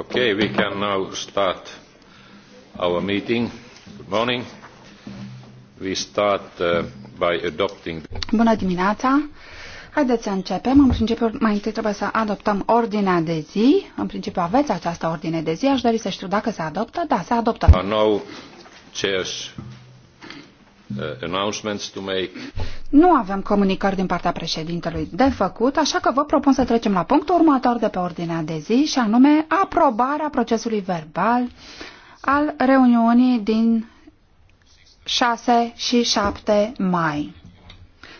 Okay, we can now start our meeting. Good morning. We start uh, by adopting. Bună dimineața. Haideți să începem. În principiu, mai întâi trebuie să adoptăm ordinea de zi. În principiu aveți această ordine de zi. Aș dori să știu dacă se adoptă. Da, se adoptă. Are no chairs uh, announcements to make. Nu avem comunicări din partea președintelui de făcut, așa că vă propun să trecem la punctul următor de pe ordinea de zi, și anume aprobarea procesului verbal al reuniunii din 6 și 7 mai.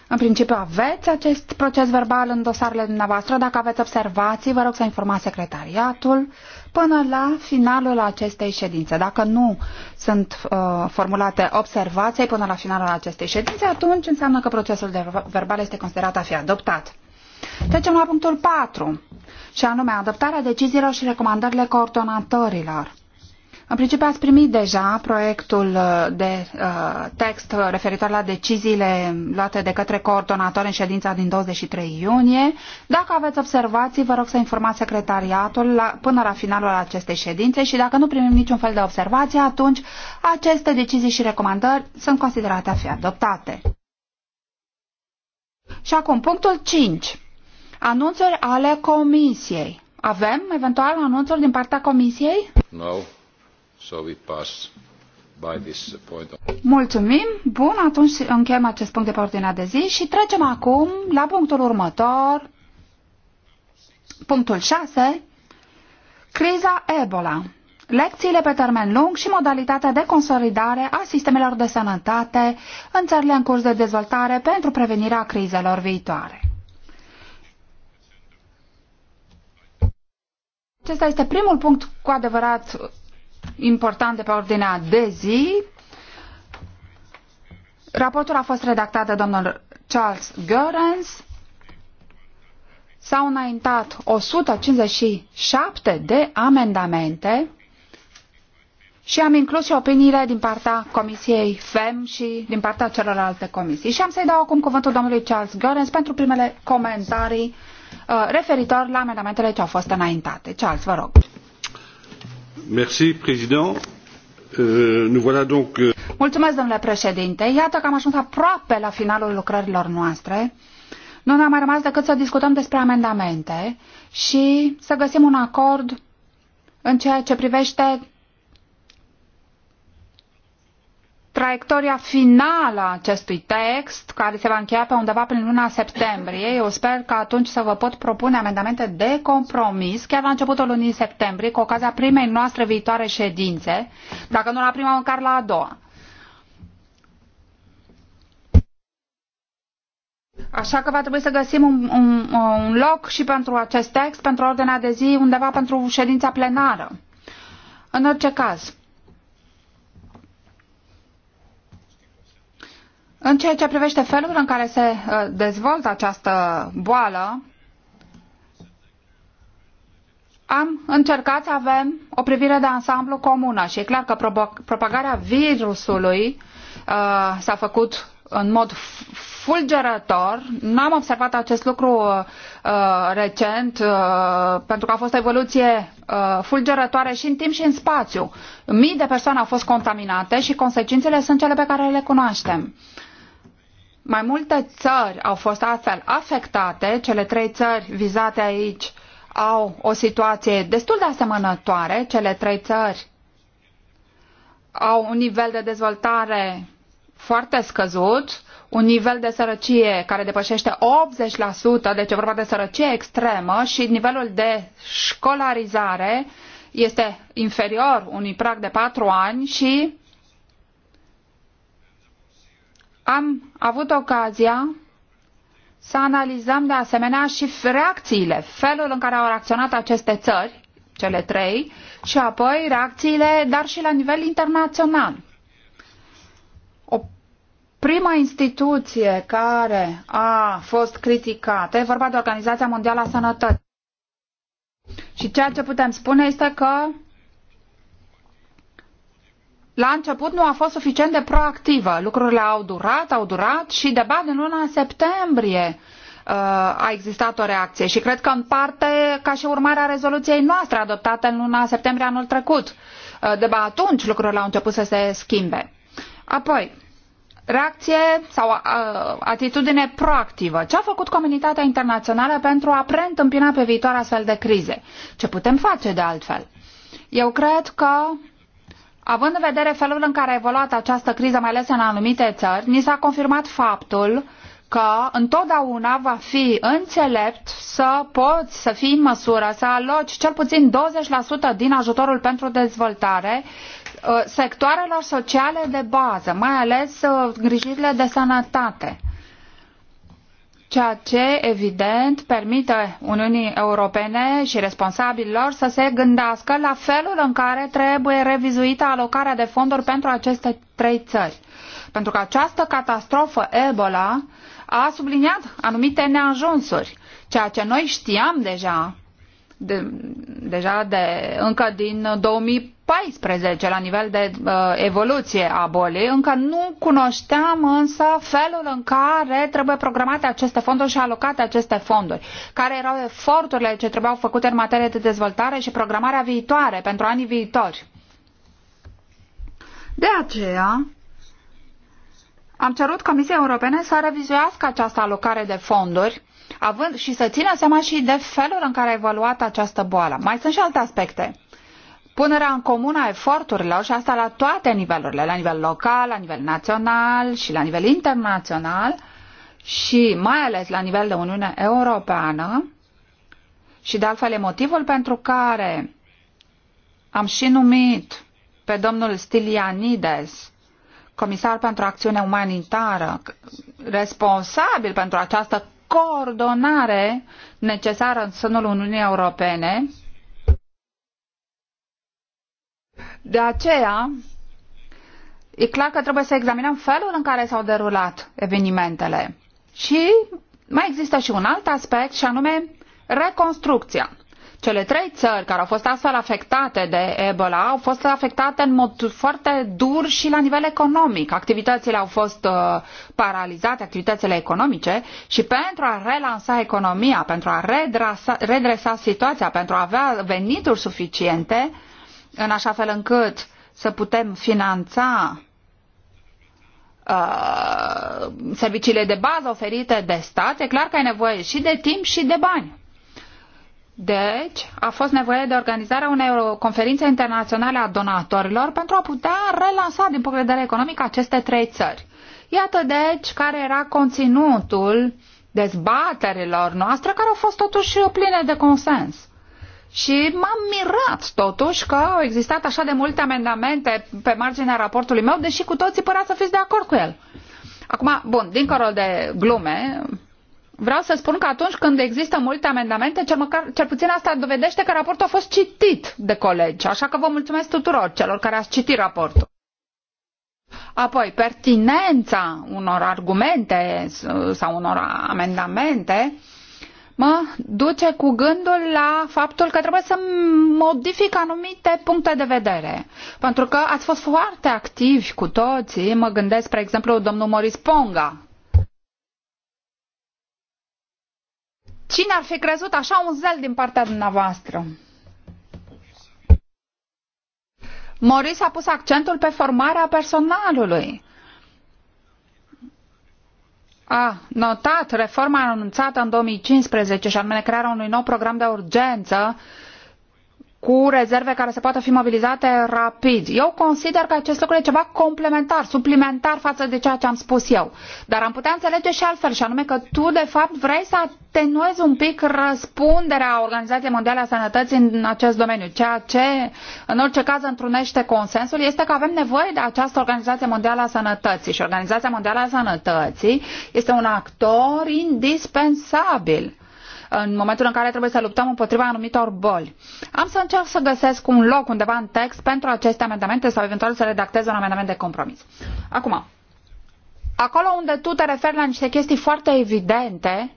În principiu aveți acest proces verbal în dosarele dumneavoastră. Dacă aveți observații, vă rog să informați secretariatul până la finalul acestei ședințe. Dacă nu sunt uh, formulate observații până la finalul acestei ședințe, atunci înseamnă că procesul de verbal este considerat a fi adoptat. Trecem la punctul 4, și anume adoptarea deciziilor și recomandările coordonatorilor. În principiu ați primit deja proiectul uh, de uh, text referitor la deciziile luate de către coordonator în ședința din 23 iunie. Dacă aveți observații, vă rog să informați secretariatul la, până la finalul acestei ședințe și dacă nu primim niciun fel de observație, atunci aceste decizii și recomandări sunt considerate a fi adoptate. Și acum, punctul 5. Anunțuri ale Comisiei. Avem eventual anunțuri din partea Comisiei? Nu. No. So we pass by this point. Mulțumim. Bun, atunci încheiem acest punct de pe ordinea de zi și trecem acum la punctul următor, punctul 6, criza Ebola. Lecțiile pe termen lung și modalitatea de consolidare a sistemelor de sănătate în țările în curs de dezvoltare pentru prevenirea crizelor viitoare. Acesta este primul punct cu adevărat Importante pe ordinea de zi. Raportul a fost redactat de domnul Charles Görens. S-au înaintat 157 de amendamente și am inclus și opiniile din partea Comisiei FEM și din partea celorlalte comisii. Și am să-i dau acum cuvântul domnului Charles Görens pentru primele comentarii uh, referitor la amendamentele ce au fost înaintate. Charles, vă rog. Euh, euh, Mulțumesc, domnule președinte. Iată că am ajuns aproape la finalul lucrărilor noastre. Nu ne-a mai rămas decât să discutăm despre amendamente și să găsim un acord în ceea ce privește traiectoria finală a acestui text, care se va încheia pe undeva prin luna septembrie. Eu sper că atunci să vă pot propune amendamente de compromis, chiar la începutul lunii septembrie, cu ocazia primei noastre viitoare ședințe, dacă nu la prima, măcar la a doua. Așa că va trebui să găsim un, un, un loc și pentru acest text, pentru ordinea de zi, undeva pentru ședința plenară. În orice caz, În ceea ce privește felul în care se uh, dezvoltă această boală, am încercat să avem o privire de ansamblu comună și e clar că propagarea virusului uh, s-a făcut în mod fulgerător. N-am observat acest lucru uh, uh, recent uh, pentru că a fost o evoluție uh, fulgerătoare și în timp și în spațiu. Mii de persoane au fost contaminate și consecințele sunt cele pe care le cunoaștem. Mai multe țări au fost astfel afectate, cele trei țări vizate aici au o situație destul de asemănătoare, cele trei țări au un nivel de dezvoltare foarte scăzut, un nivel de sărăcie care depășește 80%, deci e vorba de sărăcie extremă și nivelul de școlarizare este inferior unui prag de 4 ani și am avut ocazia să analizăm de asemenea și reacțiile, felul în care au reacționat aceste țări, cele trei, și apoi reacțiile, dar și la nivel internațional. O prima instituție care a fost criticată e vorba de Organizația Mondială a Sănătății. Și ceea ce putem spune este că la început nu a fost suficient de proactivă. Lucrurile au durat, au durat și de bat în luna septembrie uh, a existat o reacție și cred că în parte ca și urmare a rezoluției noastre adoptate în luna septembrie anul trecut. Uh, de ba atunci lucrurile au început să se schimbe. Apoi, reacție sau uh, atitudine proactivă. Ce a făcut comunitatea internațională pentru a preîntâmpina pe viitor astfel de crize? Ce putem face de altfel? Eu cred că Având în vedere felul în care a evoluat această criză, mai ales în anumite țări, ni s-a confirmat faptul că întotdeauna va fi înțelept să poți să fii în măsură să aloci cel puțin 20% din ajutorul pentru dezvoltare uh, sectoarelor sociale de bază, mai ales uh, grijile de sănătate ceea ce, evident, permite Uniunii Europene și responsabililor să se gândească la felul în care trebuie revizuită alocarea de fonduri pentru aceste trei țări. Pentru că această catastrofă Ebola a subliniat anumite neajunsuri, ceea ce noi știam deja de, deja de, încă din 2014 la nivel de uh, evoluție a bolii. Încă nu cunoșteam însă felul în care trebuie programate aceste fonduri și alocate aceste fonduri, care erau eforturile ce trebuiau făcute în materie de dezvoltare și programarea viitoare pentru anii viitori. De aceea, am cerut Comisiei Europene să revizuiască această alocare de fonduri având, și să țină seama și de felul în care a evoluat această boală. Mai sunt și alte aspecte. Punerea în comun a eforturilor și asta la toate nivelurile, la nivel local, la nivel național și la nivel internațional și mai ales la nivel de Uniune Europeană și de altfel e motivul pentru care am și numit pe domnul Stilianides, comisar pentru acțiune umanitară, responsabil pentru această coordonare necesară în sânul Uniunii Europene. De aceea, e clar că trebuie să examinăm felul în care s-au derulat evenimentele. Și mai există și un alt aspect, și anume reconstrucția. Cele trei țări care au fost astfel afectate de Ebola au fost afectate în mod foarte dur și la nivel economic. Activitățile au fost uh, paralizate, activitățile economice și pentru a relansa economia, pentru a redresa, redresa situația, pentru a avea venituri suficiente, în așa fel încât să putem finanța uh, serviciile de bază oferite de stat, e clar că ai nevoie și de timp și de bani. Deci, a fost nevoie de organizarea unei conferințe internaționale a donatorilor pentru a putea relansa din punct de vedere economic aceste trei țări. Iată deci care era conținutul dezbaterilor noastre care au fost totuși pline de consens. Și m-am mirat totuși că au existat așa de multe amendamente pe marginea raportului meu, deși cu toții părea să fiți de acord cu el. Acum, bun, dincolo de glume, Vreau să spun că atunci când există multe amendamente, cel, măcar, cel puțin asta dovedește că raportul a fost citit de colegi. Așa că vă mulțumesc tuturor celor care ați citit raportul. Apoi, pertinența unor argumente sau unor amendamente mă duce cu gândul la faptul că trebuie să modific anumite puncte de vedere. Pentru că ați fost foarte activi cu toții, mă gândesc, spre exemplu, domnul Moris Ponga, Cine ar fi crezut așa un zel din partea dumneavoastră? Moris a pus accentul pe formarea personalului. A notat reforma anunțată în 2015 și anume crearea unui nou program de urgență uh, cu rezerve care să poată fi mobilizate rapid. Eu consider că acest lucru e ceva complementar, suplimentar față de ceea ce am spus eu. Dar am putea înțelege și altfel, și anume că tu, de fapt, vrei să atenuezi un pic răspunderea Organizației Mondiale a Sănătății în acest domeniu. Ceea ce, în orice caz, întrunește consensul este că avem nevoie de această Organizație Mondială a Sănătății. Și Organizația Mondială a Sănătății este un actor indispensabil în momentul în care trebuie să luptăm împotriva anumitor boli. Am să încerc să găsesc un loc undeva în text pentru aceste amendamente sau eventual să redactez un amendament de compromis. Acum, acolo unde tu te referi la niște chestii foarte evidente,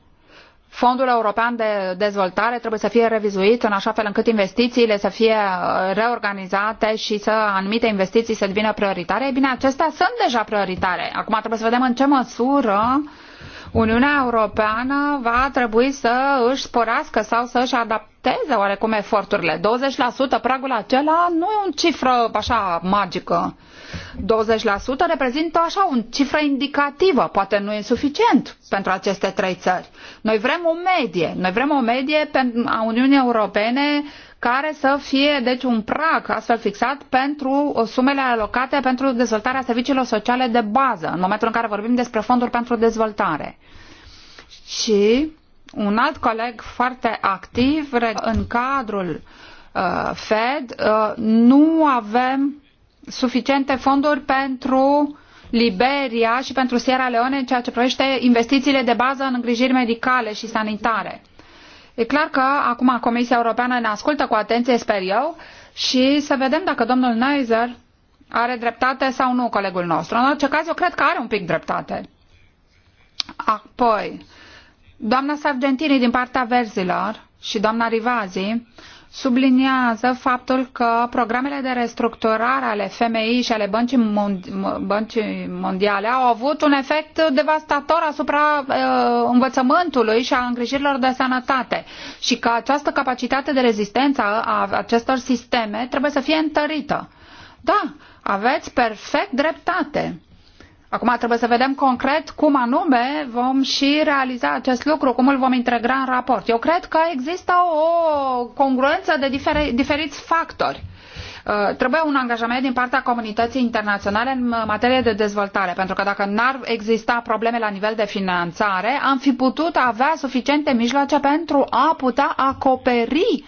Fondul European de Dezvoltare trebuie să fie revizuit în așa fel încât investițiile să fie uh, reorganizate și să anumite investiții să devină prioritare. Ei bine, acestea sunt deja prioritare. Acum trebuie să vedem în ce măsură uh, Uniunea Europeană va trebui să își sporească sau să își adapteze oarecum eforturile. 20% pragul acela nu e o cifră așa magică. 20% reprezintă așa o cifră indicativă, poate nu e suficient pentru aceste trei țări. Noi vrem o medie, noi vrem o medie a Uniunii Europene care să fie deci un prag astfel fixat pentru uh, sumele alocate pentru dezvoltarea serviciilor sociale de bază, în momentul în care vorbim despre fonduri pentru dezvoltare. Și un alt coleg foarte activ în cadrul uh, Fed uh, nu avem suficiente fonduri pentru Liberia și pentru Sierra Leone în ceea ce privește investițiile de bază în îngrijiri medicale și sanitare. E clar că acum Comisia Europeană ne ascultă cu atenție, sper eu, și să vedem dacă domnul Neiser are dreptate sau nu colegul nostru. În orice caz, eu cred că are un pic dreptate. Apoi, doamna Sargentini din partea verzilor și doamna Rivazi subliniază faptul că programele de restructurare ale FMI și ale Băncii, Mond- Băncii Mondiale au avut un efect devastator asupra uh, învățământului și a îngrijirilor de sănătate și că această capacitate de rezistență a acestor sisteme trebuie să fie întărită. Da, aveți perfect dreptate. Acum trebuie să vedem concret cum anume vom și realiza acest lucru, cum îl vom integra în raport. Eu cred că există o congruență de diferi, diferiți factori. Uh, trebuie un angajament din partea comunității internaționale în materie de dezvoltare, pentru că dacă n-ar exista probleme la nivel de finanțare, am fi putut avea suficiente mijloace pentru a putea acoperi uh,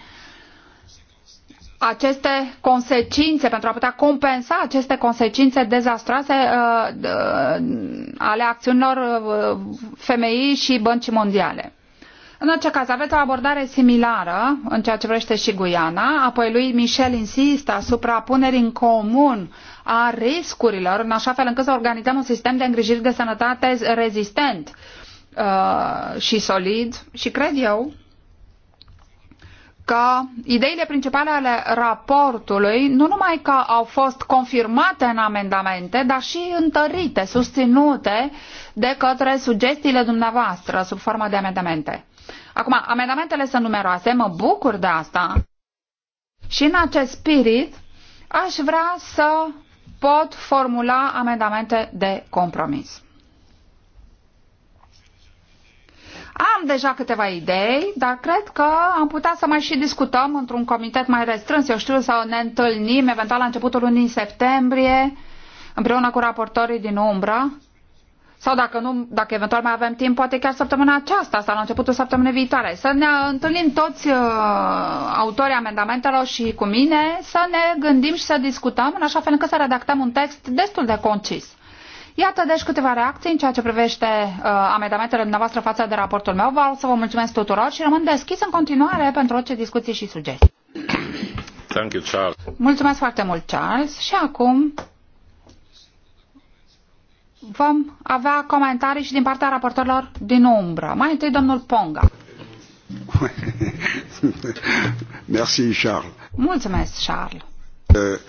aceste consecințe, pentru a putea compensa aceste consecințe dezastroase uh, uh, ale acțiunilor uh, femeii și băncii mondiale. În orice caz, aveți o abordare similară în ceea ce vrește și Guiana, apoi lui Michel insistă asupra punerii în comun a riscurilor, în așa fel încât să organizăm un sistem de îngrijiri de sănătate rezistent uh, și solid și cred eu că ideile principale ale raportului nu numai că au fost confirmate în amendamente, dar și întărite, susținute de către sugestiile dumneavoastră sub formă de amendamente. Acum, amendamentele sunt numeroase, mă bucur de asta. Și în acest spirit, aș vrea să pot formula amendamente de compromis. Am deja câteva idei, dar cred că am putea să mai și discutăm într-un comitet mai restrâns. Eu știu să ne întâlnim eventual la începutul lunii septembrie împreună cu raportorii din umbră. Sau dacă nu, dacă eventual mai avem timp, poate chiar săptămâna aceasta sau la începutul săptămânii viitoare. Să ne întâlnim toți uh, autorii amendamentelor și cu mine, să ne gândim și să discutăm în așa fel încât să redactăm un text destul de concis. Iată deci câteva reacții în ceea ce privește uh, amendamentele dumneavoastră față de raportul meu. Vreau să vă mulțumesc tuturor și rămân deschis în continuare pentru orice discuții și sugestii. Thank you, Charles. Mulțumesc foarte mult, Charles. Și acum vom avea comentarii și din partea raportorilor din umbră. Mai întâi domnul Ponga. Merci, Charles. Mulțumesc, Charles. Euh,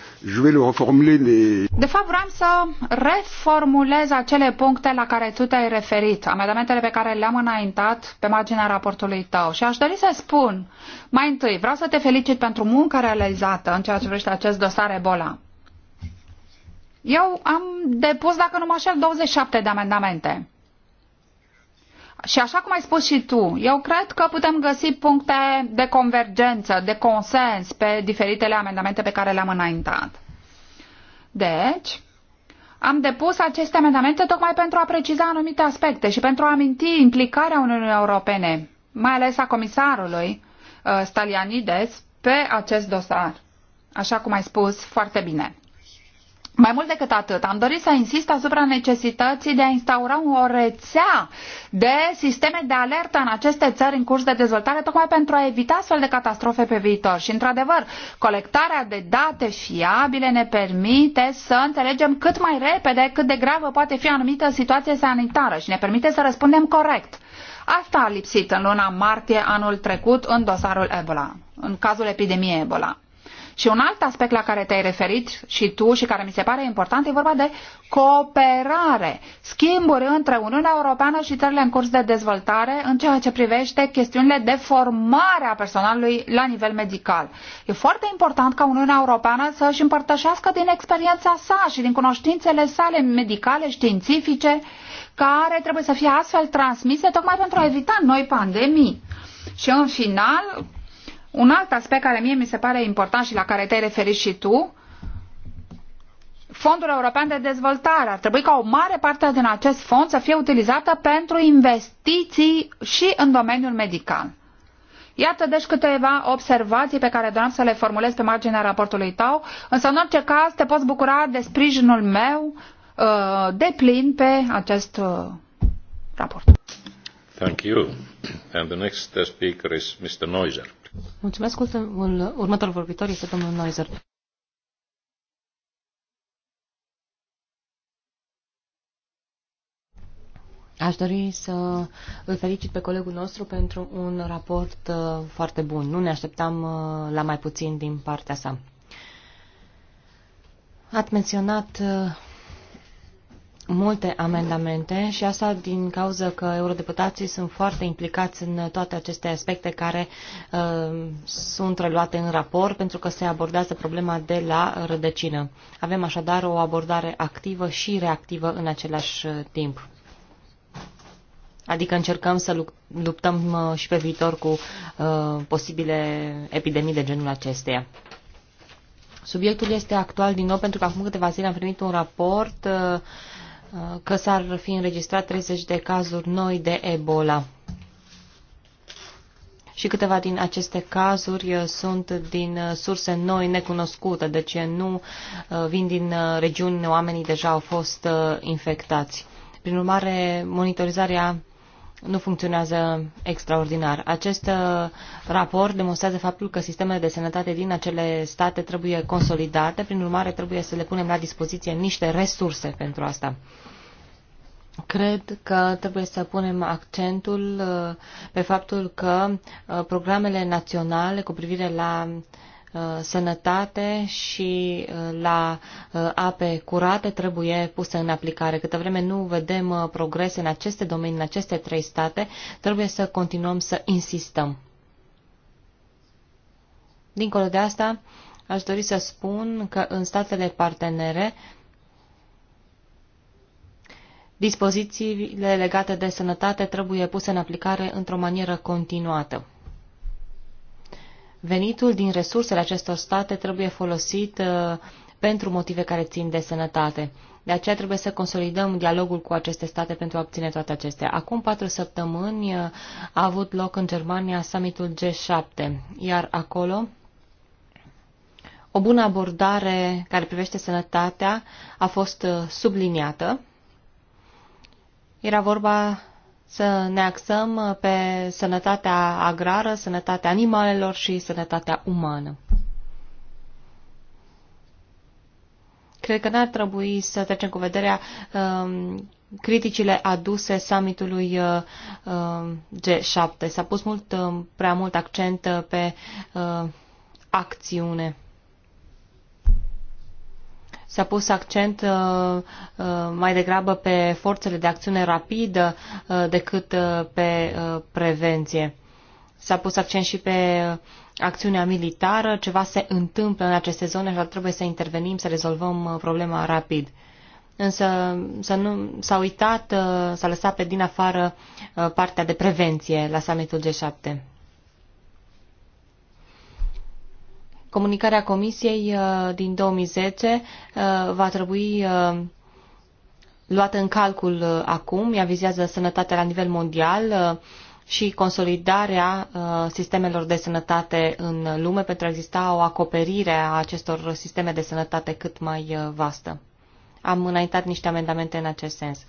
de fapt, vreau să reformulez acele puncte la care tu te-ai referit, amendamentele pe care le-am înaintat pe marginea raportului tău. Și aș dori să spun, mai întâi, vreau să te felicit pentru munca realizată în ceea ce privește acest dosar Ebola. Eu am depus, dacă nu mă așel, 27 de amendamente. Și așa cum ai spus și tu, eu cred că putem găsi puncte de convergență, de consens pe diferitele amendamente pe care le-am înaintat. Deci, am depus aceste amendamente tocmai pentru a preciza anumite aspecte și pentru a aminti implicarea Uniunii Europene, mai ales a comisarului uh, Stalianides, pe acest dosar, așa cum ai spus foarte bine. Mai mult decât atât, am dorit să insist asupra necesității de a instaura o rețea de sisteme de alertă în aceste țări în curs de dezvoltare, tocmai pentru a evita astfel de catastrofe pe viitor. Și, într-adevăr, colectarea de date fiabile ne permite să înțelegem cât mai repede cât de gravă poate fi anumită situație sanitară și ne permite să răspundem corect. Asta a lipsit în luna martie anul trecut în dosarul Ebola, în cazul epidemiei Ebola. Și un alt aspect la care te-ai referit și tu și care mi se pare important e vorba de cooperare, schimburi între Uniunea Europeană și țările în curs de dezvoltare în ceea ce privește chestiunile de formare a personalului la nivel medical. E foarte important ca Uniunea Europeană să își împărtășească din experiența sa și din cunoștințele sale medicale, științifice, care trebuie să fie astfel transmise tocmai pentru a evita noi pandemii. Și în final, un alt aspect care mie mi se pare important și la care te-ai referit și tu, Fondul European de Dezvoltare. Ar trebui ca o mare parte din acest fond să fie utilizată pentru investiții și în domeniul medical. Iată deci câteva observații pe care doream să le formulez pe marginea raportului tău, însă în orice caz te poți bucura de sprijinul meu uh, de plin pe acest uh, raport. Thank you. And the next speaker is Mr. Neuser. Mulțumesc. următorul vorbitor este domnul Noizer. Aș dori să îl felicit pe colegul nostru pentru un raport uh, foarte bun. Nu ne așteptam uh, la mai puțin din partea sa. Ați menționat uh, multe amendamente și asta din cauza că eurodeputații sunt foarte implicați în toate aceste aspecte care uh, sunt reluate în raport pentru că se abordează problema de la rădăcină. Avem așadar o abordare activă și reactivă în același uh, timp. Adică încercăm să luptăm uh, și pe viitor cu uh, posibile epidemii de genul acesteia. Subiectul este actual din nou pentru că acum câteva zile am primit un raport uh, Uh, că s-ar fi înregistrat 30 de cazuri noi de Ebola. Și câteva din aceste cazuri uh, sunt din uh, surse noi necunoscute, deci nu vin din regiuni oamenii deja au fost infectați. Prin urmare, monitorizarea nu funcționează extraordinar. Acest uh, raport demonstrează faptul că sistemele de sănătate din acele state trebuie consolidate, prin urmare trebuie să le punem la dispoziție niște resurse pentru asta. Cred că trebuie să punem accentul uh, pe faptul că uh, programele naționale cu privire la Uh, sănătate și uh, la uh, ape curate trebuie pusă în aplicare. Câtă vreme nu vedem progrese în aceste domenii, în aceste trei state, trebuie să continuăm să insistăm. Dincolo de asta, aș dori să spun că în statele partenere dispozițiile legate de sănătate trebuie puse în aplicare într-o manieră continuată. Venitul din resursele acestor state trebuie folosit uh, pentru motive care țin de sănătate. De aceea trebuie să consolidăm dialogul cu aceste state pentru a obține toate acestea. Acum patru săptămâni uh, a avut loc în Germania summitul G7, iar acolo o bună abordare care privește sănătatea a fost uh, subliniată. Era vorba să ne axăm uh, pe sănătatea agrară, sănătatea animalelor și sănătatea umană. Cred că n-ar trebui să trecem cu vederea um, criticile aduse summitului uh, um, G7. S-a pus mult, um, prea mult accent uh, pe uh, acțiune. S-a pus accent uh, uh, mai degrabă pe forțele de acțiune rapidă uh, decât pe prevenție. S-a pus accent și pe acțiunea militară, ceva se întâmplă în aceste zone și trebuie să intervenim, să rezolvăm problema rapid. Însă să nu, s-a uitat, s-a lăsat pe din afară partea de prevenție la summitul G7. Comunicarea Comisiei uh, din 2010 uh, va trebui uh, luată în calcul acum. Ea vizează sănătatea la nivel mondial și consolidarea sistemelor de sănătate în lume pentru a exista o acoperire a acestor sisteme de sănătate cât mai vastă. Am înaintat niște amendamente în acest sens.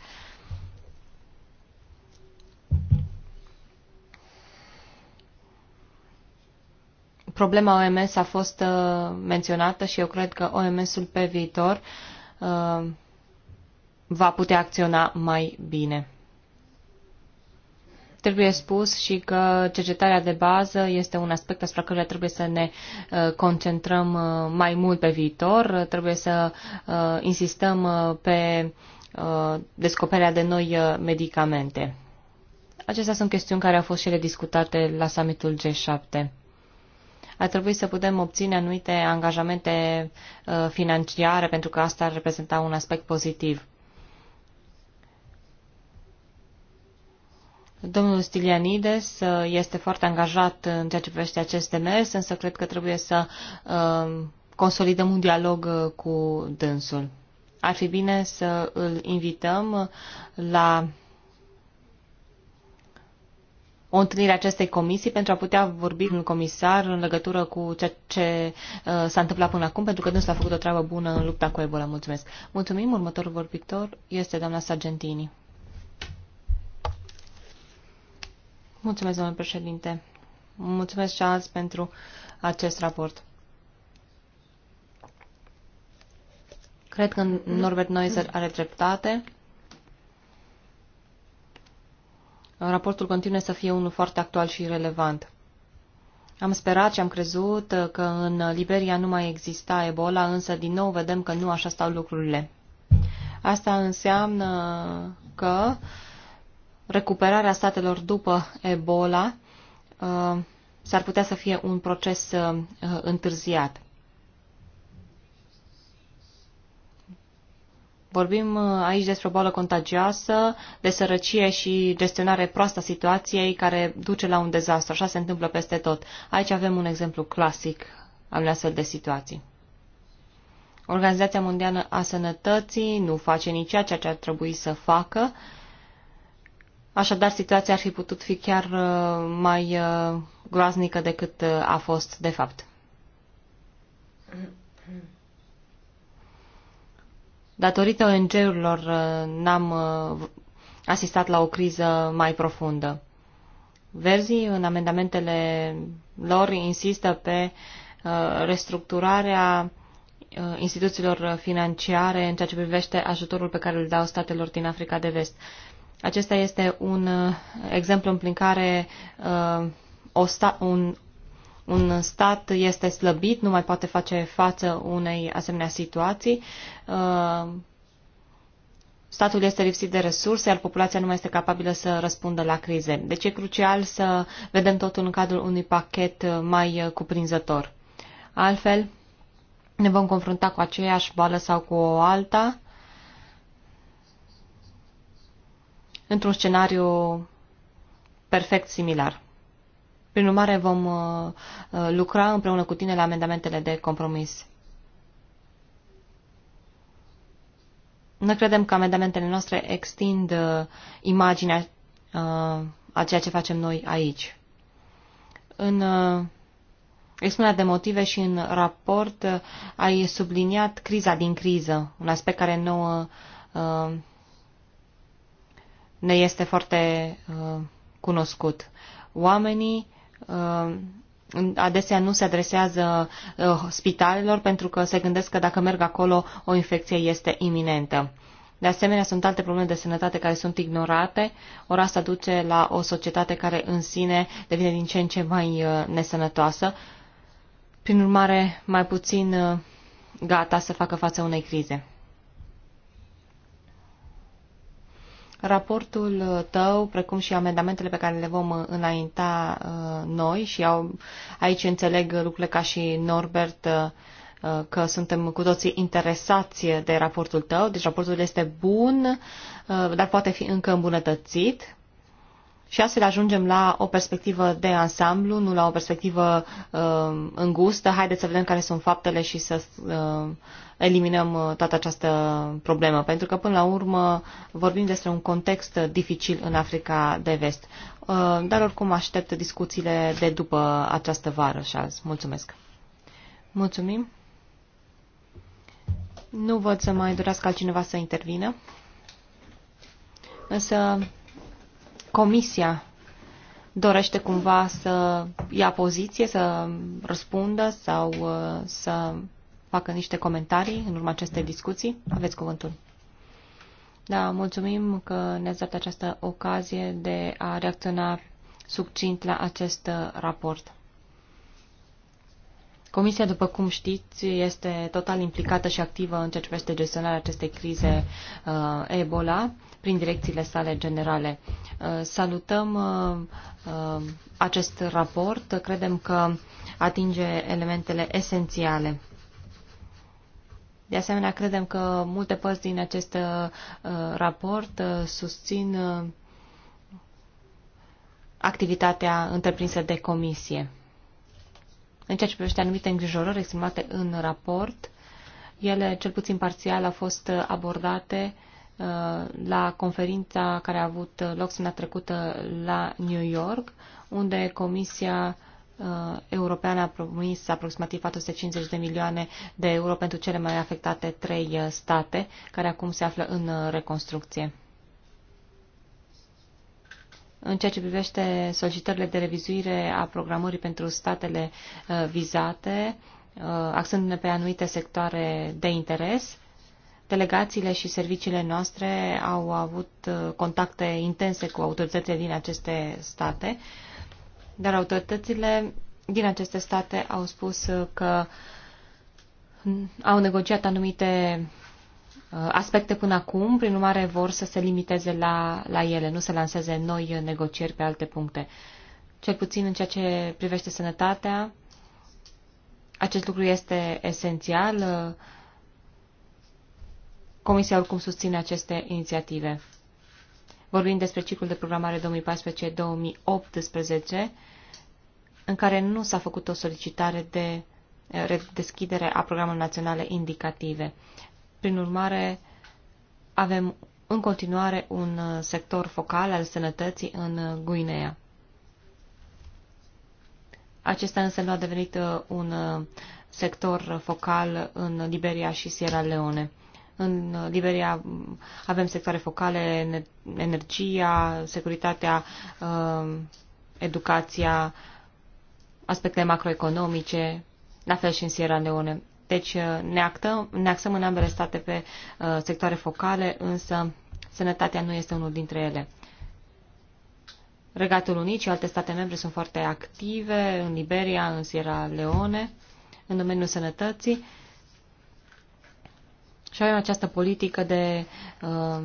Problema OMS a fost uh, menționată și eu cred că OMS-ul pe viitor uh, va putea acționa mai bine. Trebuie spus și că cercetarea de bază este un aspect asupra căruia trebuie să ne uh, concentrăm mai mult pe viitor, trebuie să insistăm pe descoperirea de noi medicamente. Acestea sunt chestiuni care au fost și ele discutate la summitul G7 ar trebui să putem obține anumite angajamente uh, financiare, pentru că asta ar reprezenta un aspect pozitiv. Domnul Stilianides uh, este foarte angajat în ceea ce privește acest demers, însă cred că trebuie să uh, consolidăm un dialog cu dânsul. Ar fi bine să îl invităm la o întâlnire a acestei comisii pentru a putea vorbi cu un comisar în legătură cu ceea ce uh, s-a întâmplat până acum, pentru că nu s-a făcut o treabă bună în lupta cu Ebola. Mulțumesc. Mulțumim. Următorul vorbitor este doamna Sargentini. Mulțumesc, domnule președinte. Mulțumesc și azi pentru acest raport. Cred că Norbert Neuser are dreptate raportul continuă să fie unul foarte actual și relevant. Am sperat și am crezut uh, că în Liberia nu mai exista Ebola, însă din nou vedem că nu așa stau lucrurile. Asta înseamnă că recuperarea statelor după Ebola uh, s-ar putea să fie un proces uh, întârziat. Vorbim uh, aici despre o boală contagioasă, de sărăcie și gestionare proastă a situației care duce la un dezastru. Așa se întâmplă peste tot. Aici avem un exemplu clasic al unei astfel de situații. Organizația Mondială a Sănătății nu face nici ceea ce ar trebui să facă. Așadar, situația ar fi putut fi chiar uh, mai uh, groaznică decât a fost de fapt. Datorită ONG-urilor uh, n-am uh, asistat la o criză mai profundă. Verzii, în amendamentele lor, insistă pe uh, restructurarea instituțiilor financiare în ceea ce privește ajutorul pe care îl dau statelor din Africa de Vest. Acesta este un exemplu în care o sta, un, un stat este slăbit, nu mai poate face față unei asemenea situații. Uh, statul este lipsit de resurse, iar populația nu mai este capabilă să răspundă la crize. Deci e crucial să vedem totul în cadrul unui pachet mai cuprinzător. Altfel, ne vom confrunta cu aceeași boală sau cu o alta într-un scenariu perfect similar. Prin urmare, vom uh, uh, lucra împreună cu tine la amendamentele de compromis. Noi credem că amendamentele noastre extind uh, imaginea a ceea ce facem noi aici. În expunerea de motive și în raport ai subliniat criza din criză, un aspect care nouă ne este foarte cunoscut. Oamenii Uh, adesea nu se adresează uh, spitalelor pentru că se gândesc că dacă merg acolo o infecție este iminentă. De asemenea, sunt alte probleme de sănătate care sunt ignorate, ori asta duce la o societate care în sine devine din ce în ce mai uh, nesănătoasă, prin urmare mai puțin gata să facă față unei crize. Raportul uh, tău, precum și amendamentele pe care le vom uh, înainta uh, noi și au, aici înțeleg lucrurile ca și Norbert că suntem cu toții interesați de raportul tău, deci raportul este bun, dar poate fi încă îmbunătățit și astfel ajungem la o perspectivă de ansamblu, nu la o perspectivă uh, îngustă. Haideți să vedem care sunt faptele și să uh, eliminăm uh, toată această problemă, pentru că până la urmă vorbim despre un context dificil în Africa de Vest. Uh, dar oricum aștept discuțiile de după această vară și azi. Mulțumesc! Mulțumim! Nu văd să mai dorească altcineva să intervină. Însă Comisia dorește cumva să ia poziție, să răspundă sau uh, să facă niște comentarii în urma acestei discuții? Aveți cuvântul. Da, mulțumim că ne-ați dat această ocazie de a reacționa succint la acest uh, raport. Comisia, după cum știți, este total implicată și activă în ceea ce privește gestionarea acestei crize uh, Ebola prin direcțiile sale generale. Uh, salutăm uh, uh, acest raport, credem că atinge elementele esențiale. De asemenea, credem că multe părți din acest uh, raport uh, susțin uh, activitatea întreprinsă de comisie. În ceea ce privește anumite îngrijorări exprimate în raport, ele, cel puțin parțial, au fost abordate uh, la conferința care a avut loc săptămâna trecută la New York, unde Comisia uh, Europeană a promis aproximativ 450 de milioane de euro pentru cele mai afectate trei uh, state, care acum se află în reconstrucție în ceea ce privește solicitările de revizuire a programării pentru statele uh, vizate, uh, axându-ne pe anumite sectoare de interes. Delegațiile și serviciile noastre au avut uh, contacte intense cu autoritățile din aceste state, dar autoritățile din aceste state au spus că mm, au negociat anumite Uh, aspecte până acum, prin urmare vor să se limiteze la, la ele, nu să lanseze noi negocieri pe alte puncte. Cel puțin în ceea ce privește sănătatea, acest lucru este esențial. Uh, Comisia oricum susține aceste inițiative. Vorbim despre ciclul de programare 2014-2018, în care nu s-a făcut o solicitare de uh, deschidere a programelor naționale indicative. Prin urmare, avem în continuare un uh, sector focal al sănătății în uh, Guinea. Acesta însă nu a devenit uh, un sector focal în Liberia și Sierra Leone. În Liberia mm, avem sectoare focale, energia, securitatea, educația, aspecte macroeconomice, la fel și în Sierra Leone. Deci uh, ne, actăm, ne axăm în ambele state pe uh, sectoare focale, însă sănătatea nu este unul dintre ele. Regatul Unit și alte state membre sunt foarte active în Liberia, în Sierra Leone, în domeniul sănătății și avem această politică de uh,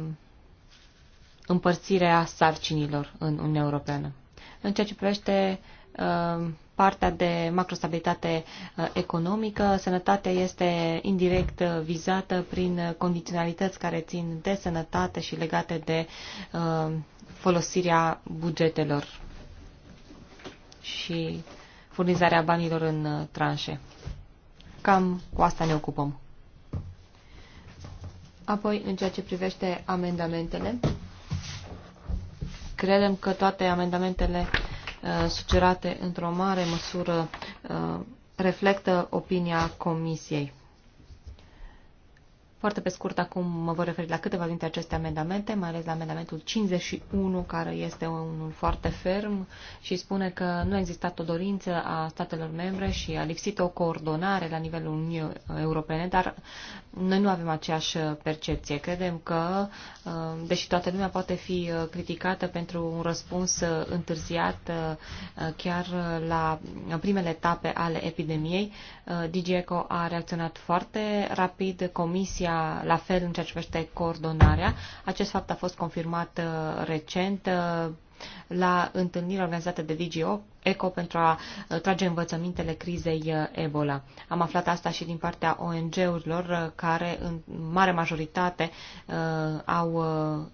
împărțire a sarcinilor în Uniunea Europeană. În ceea ce privește uh, partea de macrostabilitate uh, economică. Sănătatea este indirect uh, vizată prin uh, condiționalități care țin de sănătate și legate de folosirea bugetelor și furnizarea banilor în tranșe. Cam cu asta ne ocupăm. Apoi, în ceea ce privește amendamentele, credem că toate amendamentele Uh, sugerate într-o mare măsură uh, reflectă opinia Comisiei. Foarte pe scurt, acum mă voi referi la câteva dintre aceste amendamente, mai ales la amendamentul 51, care este unul foarte ferm și spune că nu a existat o dorință a statelor membre și a lipsit o coordonare la nivelul Uniunii Europene, dar noi nu avem aceeași percepție. Credem că Uh, deși toată lumea poate fi uh, criticată pentru un răspuns uh, întârziat chiar la primele etape ale epidemiei, DGECO a reacționat foarte rapid, Comisia la fel în ceea ce privește coordonarea. Acest fapt a fost confirmat recent la întâlnirea organizată de DG ECO pentru a uh, trage învățămintele crizei uh, Ebola. Am aflat asta și din partea ONG-urilor uh, care în mare majoritate au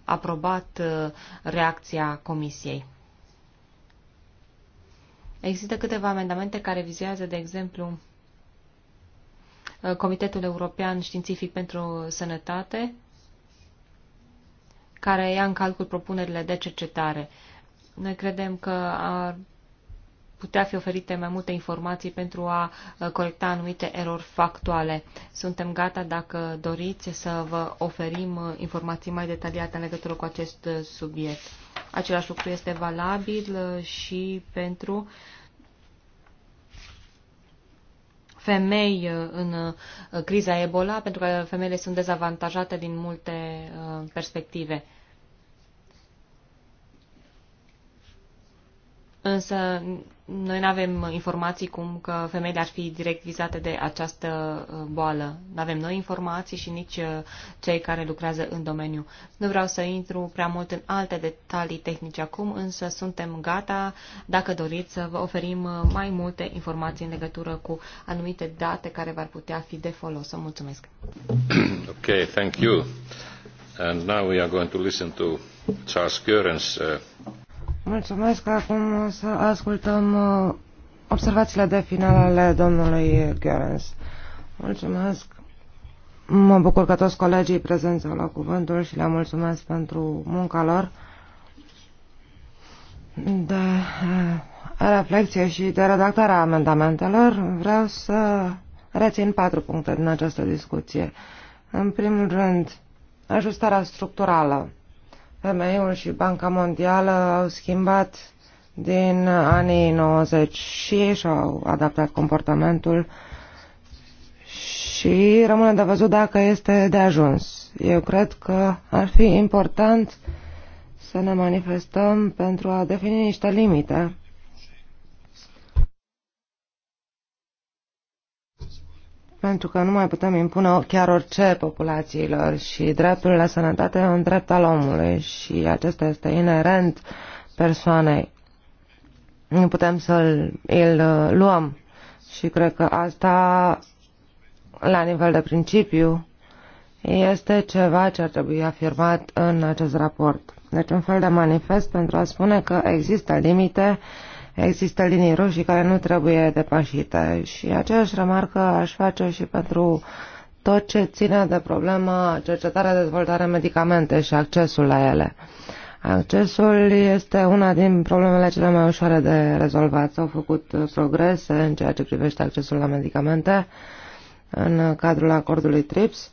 aprobat reacția Comisiei. Există câteva amendamente care vizează, de exemplu, Comitetul European Științific pentru Sănătate, care ia în calcul propunerile de cercetare. Noi credem că ar putea fi oferite mai multe informații pentru a corecta anumite erori factuale. Suntem gata, dacă doriți, să vă oferim informații mai detaliate în legătură cu acest subiect. Același lucru este valabil și pentru femei în criza Ebola, pentru că femeile sunt dezavantajate din multe perspective. Însă noi nu avem informații cum că femeile ar fi direct vizate de această uh, boală. Nu avem noi informații și nici uh, cei care lucrează în domeniu. Nu vreau să intru prea mult în alte detalii tehnice acum, însă suntem gata, dacă doriți, să vă oferim uh, mai multe informații în legătură cu anumite date care v-ar putea fi de folos. Mulțumesc! Ok, thank you. And now we are going to listen to Charles Görens. Uh... Mulțumesc. Acum o să ascultăm uh, observațiile de final ale domnului Gerens. Mulțumesc. Mă bucur că toți colegii prezenți au luat cuvântul și le mulțumesc pentru munca lor de uh, reflexie și de redactarea amendamentelor. Vreau să rețin patru puncte din această discuție. În primul rând, ajustarea structurală. FMI-ul și Banca Mondială au schimbat din anii 90 și și-au adaptat comportamentul și rămâne de văzut dacă este de ajuns. Eu cred că ar fi important să ne manifestăm pentru a defini niște limite pentru că nu mai putem impune chiar orice populațiilor și dreptul la sănătate e un drept al omului și acesta este inerent persoanei. Nu putem să-l îl uh, luăm și cred că asta la nivel de principiu este ceva ce ar trebui afirmat în acest raport. Deci un fel de manifest pentru a spune că există limite uh, Există linii roșii care nu trebuie depășite și aceeași remarcă aș face și pentru tot ce ține de problema cercetarea, dezvoltare, medicamente și accesul la ele. Accesul este una din problemele cele mai ușoare de rezolvat. S-au făcut progrese în ceea ce privește accesul la medicamente în cadrul acordului TRIPS.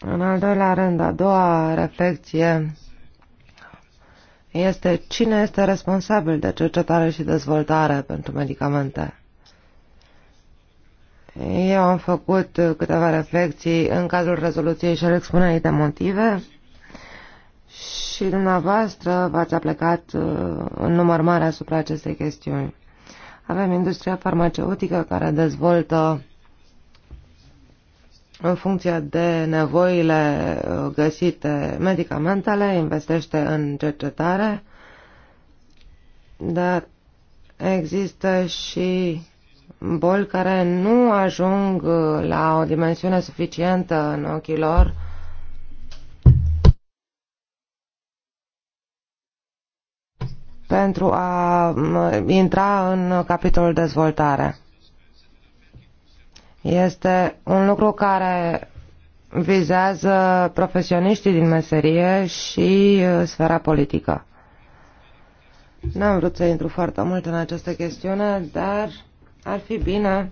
În al doilea rând, a doua reflecție este cine este responsabil de cercetare și dezvoltare pentru medicamente. Eu am făcut câteva reflexii în cadrul rezoluției și al expunerii de motive și dumneavoastră v-ați aplicat uh, în număr mare asupra acestei chestiuni. Avem industria farmaceutică care dezvoltă în funcție de nevoile uh, găsite medicamentele, investește în cercetare, dar există și boli care nu ajung uh, la o dimensiune suficientă în ochii lor pentru a intra în capitolul dezvoltare. Este un lucru care vizează profesioniștii din meserie și uh, sfera politică. N-am vrut să intru foarte mult în această chestiune, dar ar fi bine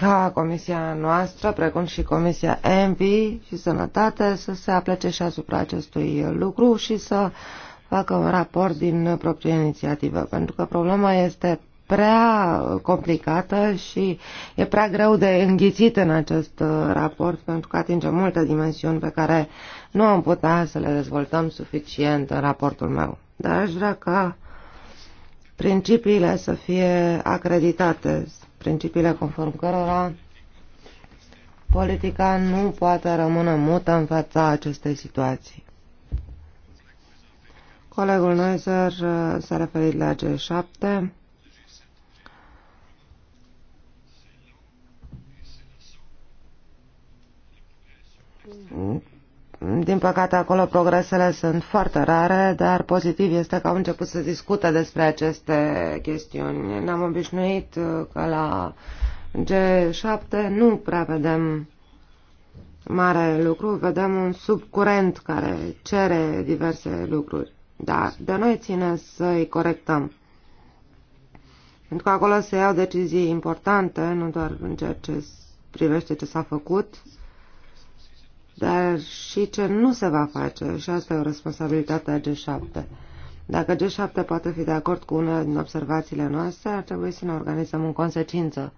ca comisia noastră, precum și comisia ENVI și Sănătate, să se aplece și asupra acestui lucru și să facă un raport din proprie inițiativă, pentru că problema este prea complicată și e prea greu de înghițit în acest uh, raport pentru că atinge multe dimensiuni pe care nu am putea să le dezvoltăm suficient în raportul meu. Dar aș vrea ca principiile să fie acreditate, principiile conform cărora politica nu poate rămâne mută în fața acestei situații. Colegul Neuser uh, s-a referit la G7. păcate, acolo progresele sunt foarte rare, dar pozitiv este că au început să discute despre aceste chestiuni. Ne-am obișnuit uh, că la G7 nu prea vedem mare lucru, vedem un subcurent care cere diverse lucruri. Dar de noi ține să-i corectăm. Pentru că acolo se iau decizii importante, nu doar în ceea ce privește ce s-a făcut, dar și ce nu se va face, și asta e o responsabilitate a G7. Dacă G7 poate fi de acord cu una din observațiile noastre, ar trebui să ne organizăm în consecință,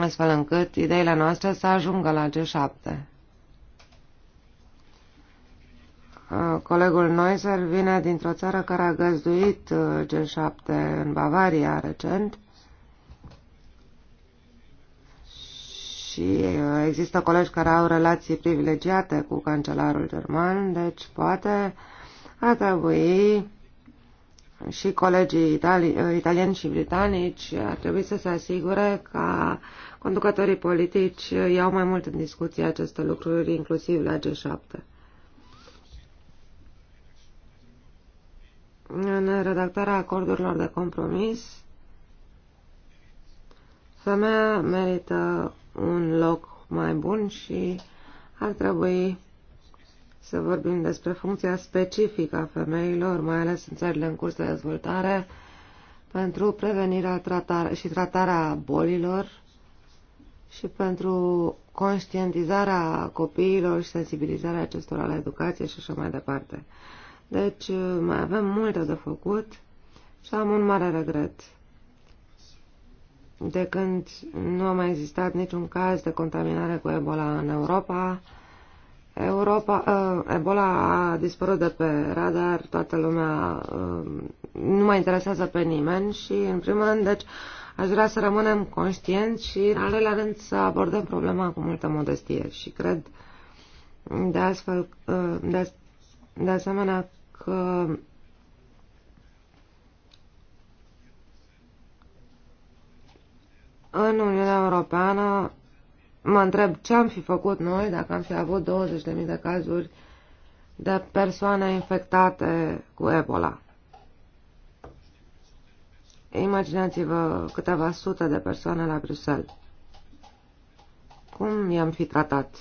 astfel încât ideile noastre să ajungă la G7. Colegul Neuser vine dintr-o țară care a găzduit uh, G7 în Bavaria recent și uh, există colegi care au relații privilegiate cu cancelarul german, deci poate ar trebui și colegii itali uh, italieni și britanici ar trebui să se asigure că conducătorii politici iau mai mult în discuție aceste lucruri, inclusiv la G7. În redactarea acordurilor de compromis, femeia merită un loc mai bun și ar trebui să vorbim despre funcția specifică a femeilor, mai ales în țările în curs de dezvoltare, pentru prevenirea tratare și tratarea bolilor și pentru conștientizarea copiilor și sensibilizarea acestora la educație și așa mai departe. Deci mai avem multe de făcut și am un mare regret de când nu a mai existat niciun caz de contaminare cu Ebola în Europa, Europa, uh, Ebola a dispărut de pe radar, toată lumea uh, nu mai interesează pe nimeni și, în primul rând, deci, aș vrea să rămânem conștienți și, în al doilea rând, să abordăm problema cu multă modestie și cred de, astfel, uh, de, de asemenea că în Uniunea Europeană mă întreb ce am fi făcut noi dacă am fi avut 20.000 de cazuri de persoane infectate cu Ebola. Imaginați-vă câteva sute de persoane la Bruxelles. Cum i-am fi tratat?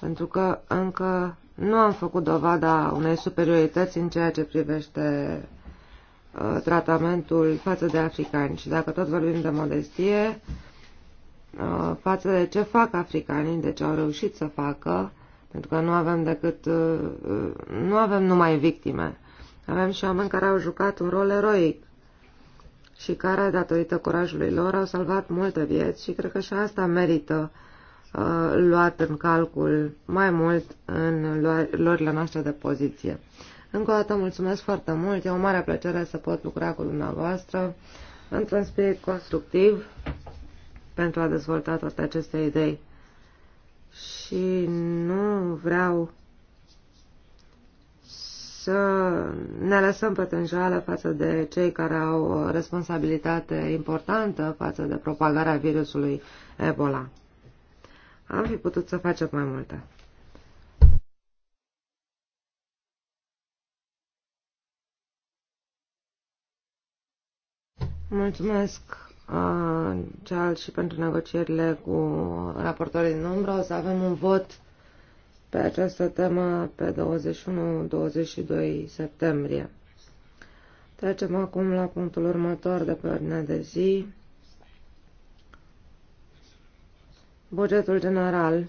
Pentru că încă nu am făcut dovada unei superiorități în ceea ce privește Uh, tratamentul față de africani. Și dacă tot vorbim de modestie, uh, față de ce fac africanii, de ce au reușit să facă, pentru că nu avem decât, uh, nu avem numai victime. Avem și oameni care au jucat un rol eroic și care, datorită curajului lor, au salvat multe vieți și cred că și asta merită luat în calcul mai mult în luările noastre de poziție. Încă o dată mulțumesc foarte mult, e o mare plăcere să pot lucra cu dumneavoastră într-un spirit constructiv pentru a dezvolta toate aceste idei. Și nu vreau să ne lăsăm pătânjoală față de cei care au o responsabilitate importantă față de propagarea virusului Ebola. Am fi putut să facem mai multe. Mulțumesc, uh, Charles, și pentru negocierile cu raportorii din umbră. O să avem un vot pe această temă pe 21-22 septembrie. Trecem acum la punctul următor de pe ordinea de zi. Bugetul general,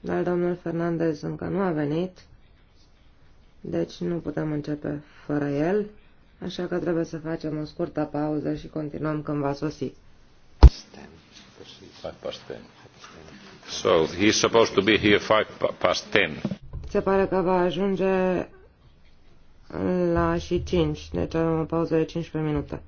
dar domnul Fernandez încă nu a venit, deci nu putem începe fără el. Așa că trebuie să facem o scurtă pauză și continuăm când va sosi. So, he's supposed to be here five past ten. Se pare că va ajunge la și 5, deci avem o pauză de 15 minute.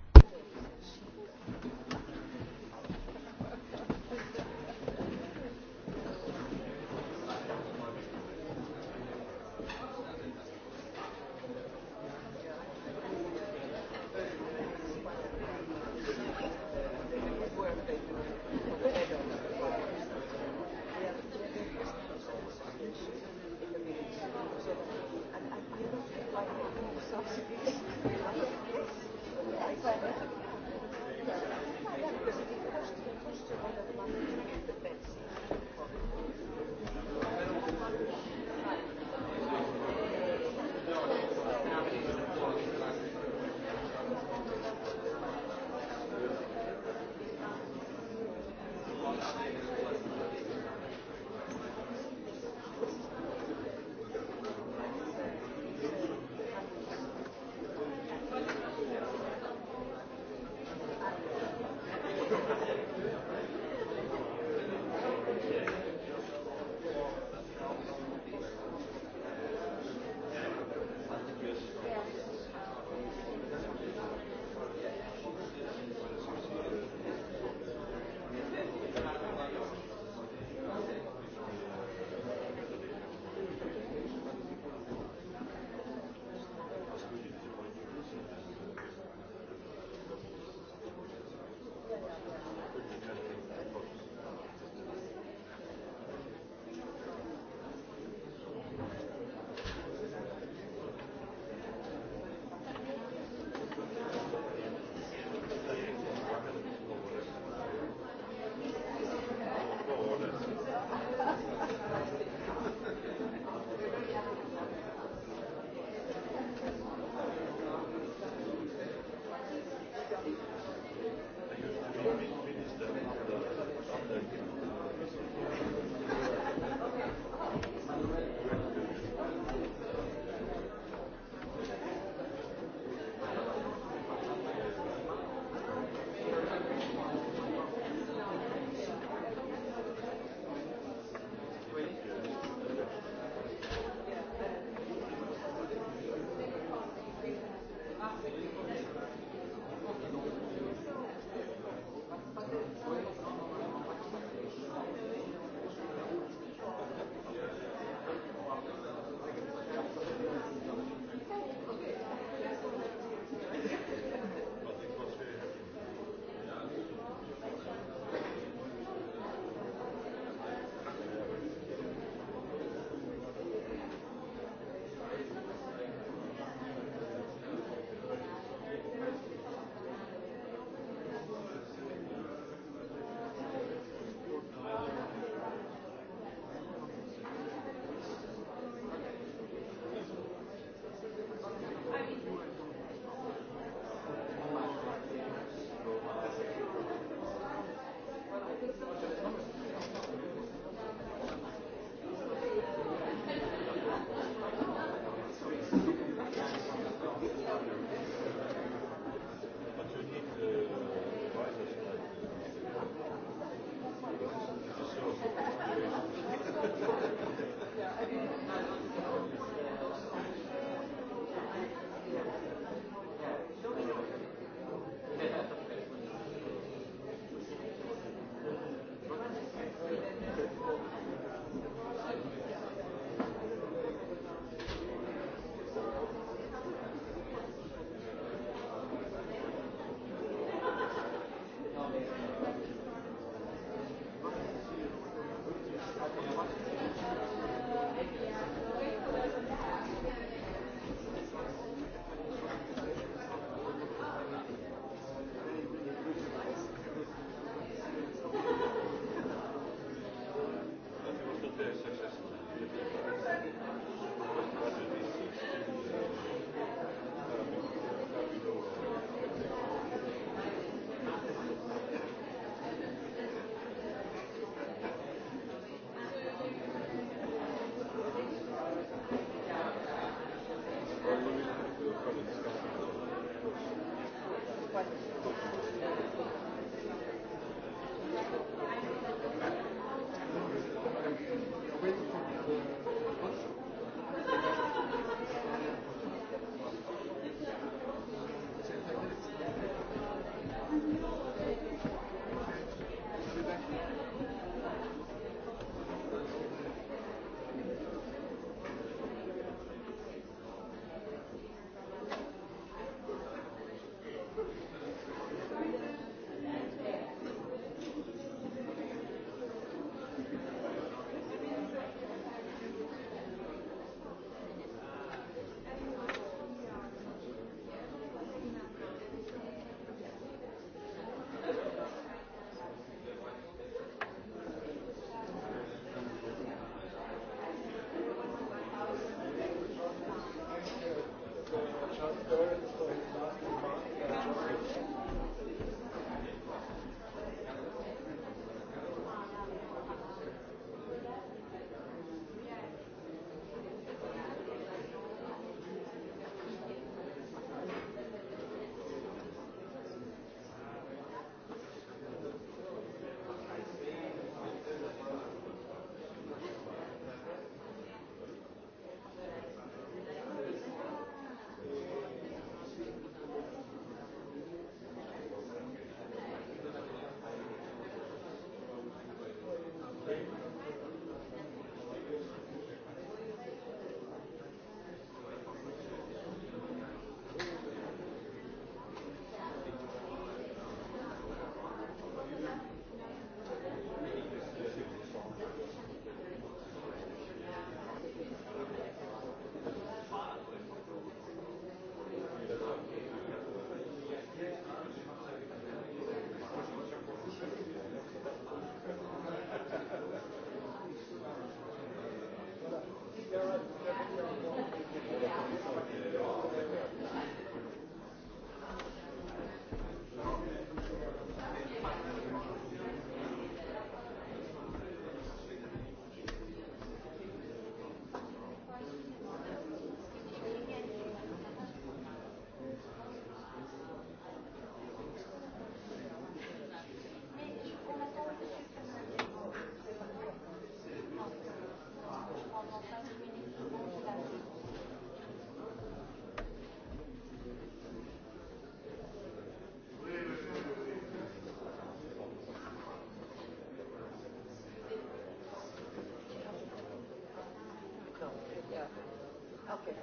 Okay.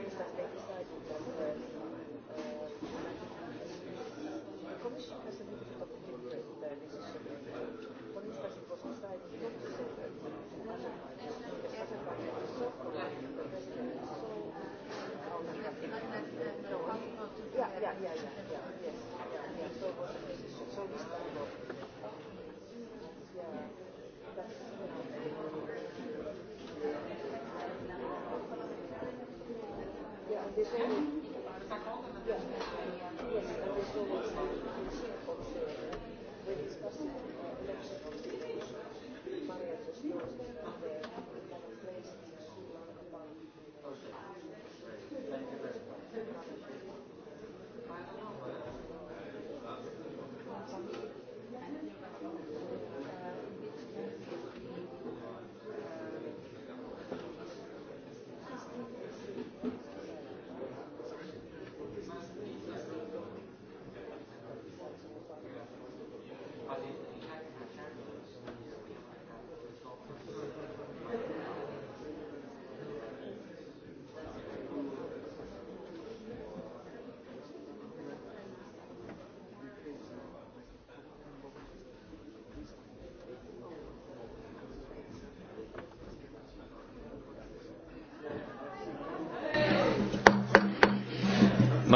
Commission has a difficult to take this decision. What is that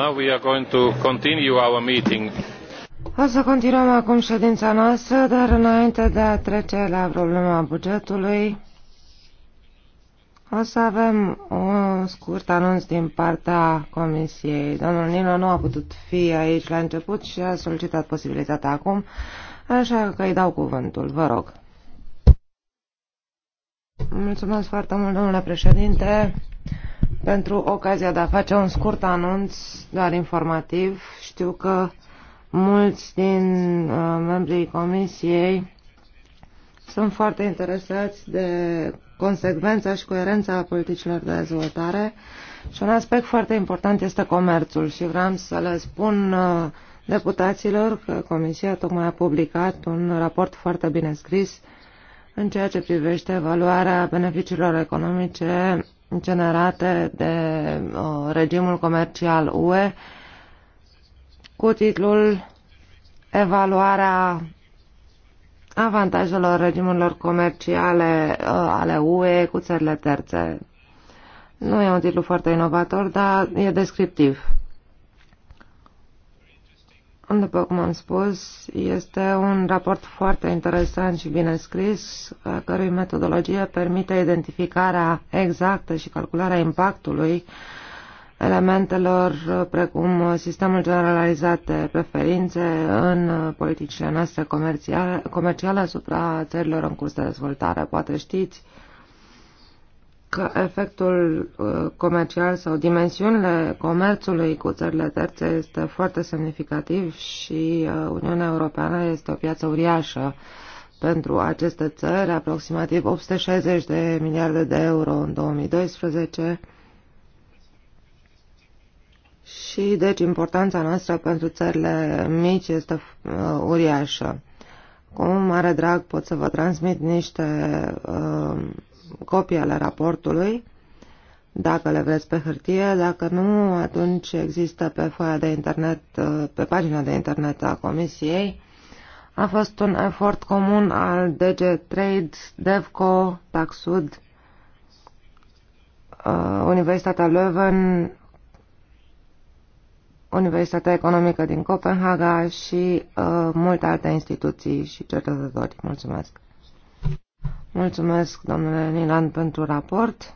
Now we are going to continue our meeting. O să continuăm acum ședința noastră, dar înainte de a trece la problema bugetului, o să avem un scurt anunț din partea Comisiei. Domnul Nino nu a putut fi aici la început și a solicitat posibilitatea acum, așa că îi dau cuvântul. Vă rog. Mulțumesc foarte mult, domnule președinte pentru ocazia de a face un scurt anunț, doar informativ. Știu că mulți din uh, membrii comisiei sunt foarte interesați de consecvența și coerența politicilor de dezvoltare și un aspect foarte important este comerțul și vreau să le spun uh, deputaților că Comisia tocmai a publicat un raport foarte bine scris în ceea ce privește evaluarea beneficiilor economice generate de uh, regimul comercial UE cu titlul Evaluarea avantajelor regimurilor comerciale uh, ale UE cu țările terțe. Nu e un titlu foarte inovator, dar e descriptiv. După cum am spus, este un raport foarte interesant și bine scris, a cărui metodologie permite identificarea exactă și calcularea impactului elementelor precum sistemul generalizat de preferințe în politicile noastre comerciale, comerciale asupra țărilor în curs de dezvoltare. Poate știți că efectul uh, comercial sau dimensiunile comerțului cu țările terțe este foarte semnificativ și uh, Uniunea Europeană este o piață uriașă pentru aceste țări, aproximativ 860 de miliarde de euro în 2012 și deci importanța noastră pentru țările mici este uh, uriașă. Cu mare drag pot să vă transmit niște uh, copii ale raportului, dacă le vreți pe hârtie, dacă nu, atunci există pe foaia de internet, pe pagina de internet a Comisiei. A fost un efort comun al DG Trade, DevCo, Taxud, uh, Universitatea Leuven, Universitatea Economică din Copenhaga și uh, multe alte instituții și cercetători. Mulțumesc! Mulțumesc, domnule Nilan, pentru raport.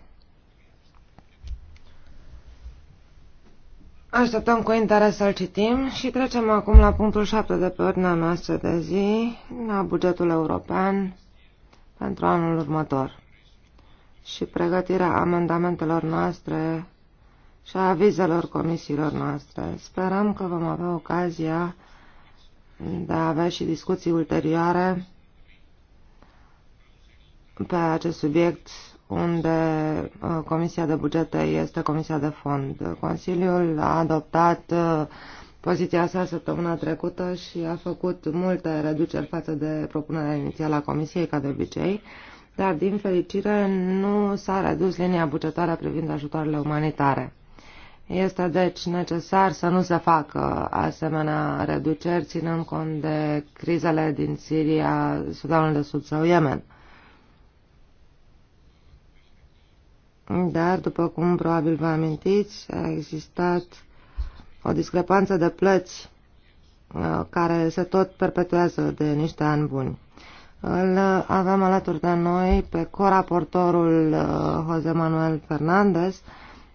Așteptăm cu interes să-l citim și trecem acum la punctul 7 de pe ordinea noastră de zi, la bugetul european pentru anul următor și pregătirea amendamentelor noastre și a avizelor comisiilor noastre. Sperăm că vom avea ocazia de a avea și discuții ulterioare pe acest subiect unde uh, Comisia de Bugete este Comisia de Fond. Consiliul a adoptat uh, poziția sa săptămâna trecută și a făcut multe reduceri față de propunerea inițială a Comisiei, ca de obicei, dar, din fericire, nu s-a redus linia bugetară privind ajutoarele umanitare. Este deci necesar să nu se facă asemenea reduceri, ținând cont de crizele din Siria, Sudanul de Sud sau Yemen. Dar, după cum probabil vă amintiți, a existat o discrepanță de plăți uh, care se tot perpetuează de niște ani buni. Îl avem alături de noi pe coraportorul uh, Jose Manuel Fernandez,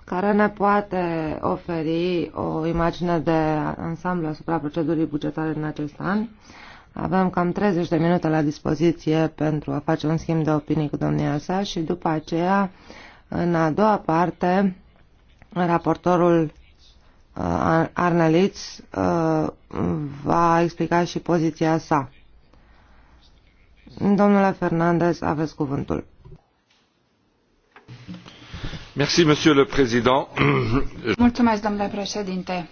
care ne poate oferi o imagine de ansamblu asupra procedurii bugetare în acest an. Avem cam 30 de minute la dispoziție pentru a face un schimb de opinii cu domnia sa și după aceea în a doua parte, raportorul uh, Arneliț uh, va explica și poziția sa. Domnule Fernandez, aveți cuvântul. Merci, monsieur le président. Mulțumesc, domnule președinte.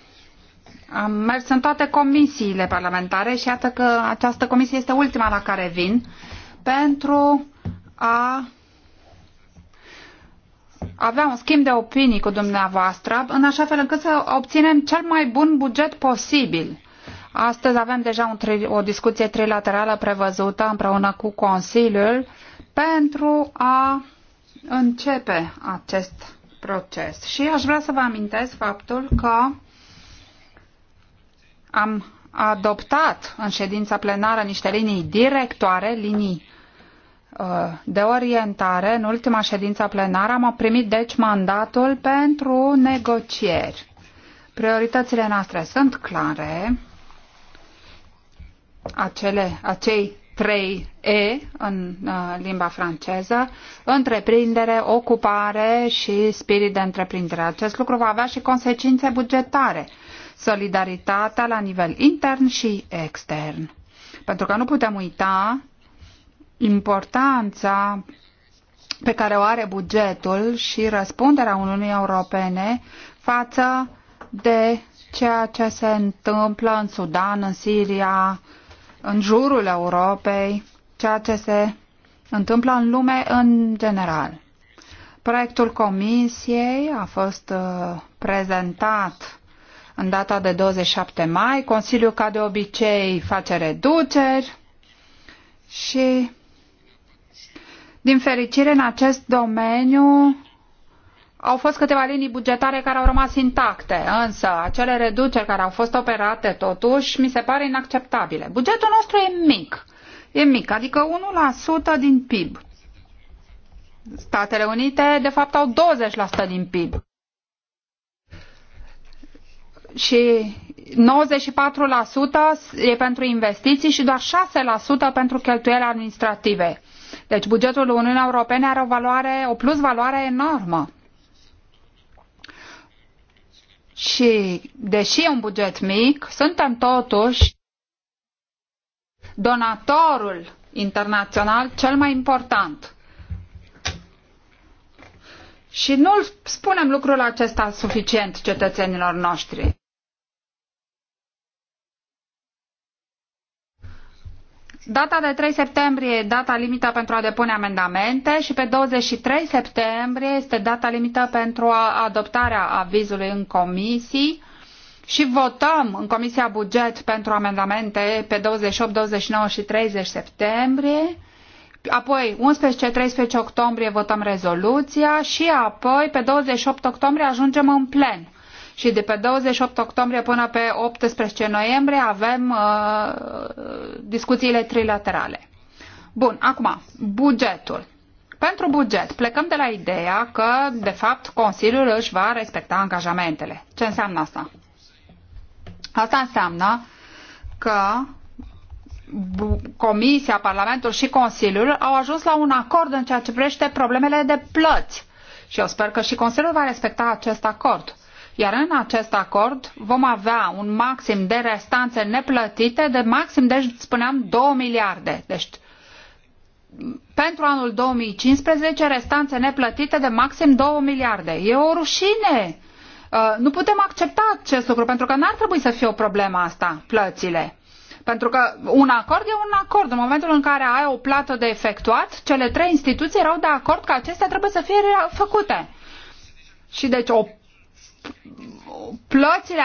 Am mers în toate comisiile parlamentare și iată că această comisie este ultima la care vin pentru a avea un schimb de opinii cu dumneavoastră, în așa fel încât să obținem cel mai bun buget posibil. Astăzi avem deja un tri, o discuție trilaterală prevăzută împreună cu Consiliul pentru a începe acest proces. Și aș vrea să vă amintesc faptul că am adoptat în ședința plenară niște linii directoare, linii de orientare, în ultima ședință plenară, am primit deci mandatul pentru negocieri. Prioritățile noastre sunt clare. Acele, acei 3 E în uh, limba franceză, întreprindere, ocupare și spirit de întreprindere. Acest lucru va avea și consecințe bugetare, solidaritatea la nivel intern și extern. Pentru că nu putem uita importanța pe care o are bugetul și răspunderea Uniunii Europene față de ceea ce se întâmplă în Sudan, în Siria, în jurul Europei, ceea ce se întâmplă în lume în general. Proiectul Comisiei a fost uh, prezentat în data de 27 mai. Consiliul, ca de obicei, face reduceri și din fericire, în acest domeniu au fost câteva linii bugetare care au rămas intacte, însă acele reduceri care au fost operate totuși mi se pare inacceptabile. Bugetul nostru e mic, e mic, adică 1% din PIB. Statele Unite, de fapt, au 20% din PIB. Și 94% e pentru investiții și doar 6% pentru cheltuieli administrative. Deci bugetul Uniunii Europene are o valoare, o plus valoare enormă. Și deși e un buget mic, suntem totuși donatorul internațional cel mai important. Și nu spunem lucrul acesta suficient cetățenilor noștri. Data de 3 septembrie e data limită pentru a depune amendamente și pe 23 septembrie este data limită pentru a adoptarea avizului în comisii și votăm în Comisia Buget pentru amendamente pe 28, 29 și 30 septembrie. Apoi, 11-13 octombrie votăm rezoluția și apoi, pe 28 octombrie, ajungem în plen și de pe 28 octombrie până pe 18 noiembrie avem uh, discuțiile trilaterale. Bun, acum, bugetul. Pentru buget, plecăm de la ideea că, de fapt, Consiliul își va respecta angajamentele. Ce înseamnă asta? Asta înseamnă că Comisia, Parlamentul și Consiliul au ajuns la un acord în ceea ce privește problemele de plăți. Și eu sper că și Consiliul va respecta acest acord. Iar în acest acord vom avea un maxim de restanțe neplătite de maxim, deci spuneam, 2 miliarde. Deci pentru anul 2015 restanțe neplătite de maxim 2 miliarde. E o rușine! Uh, nu putem accepta acest lucru, pentru că n-ar trebui să fie o problemă asta, plățile. Pentru că un acord e un acord. În momentul în care ai o plată de efectuat, cele trei instituții erau de acord că acestea trebuie să fie făcute. Și deci o plățile,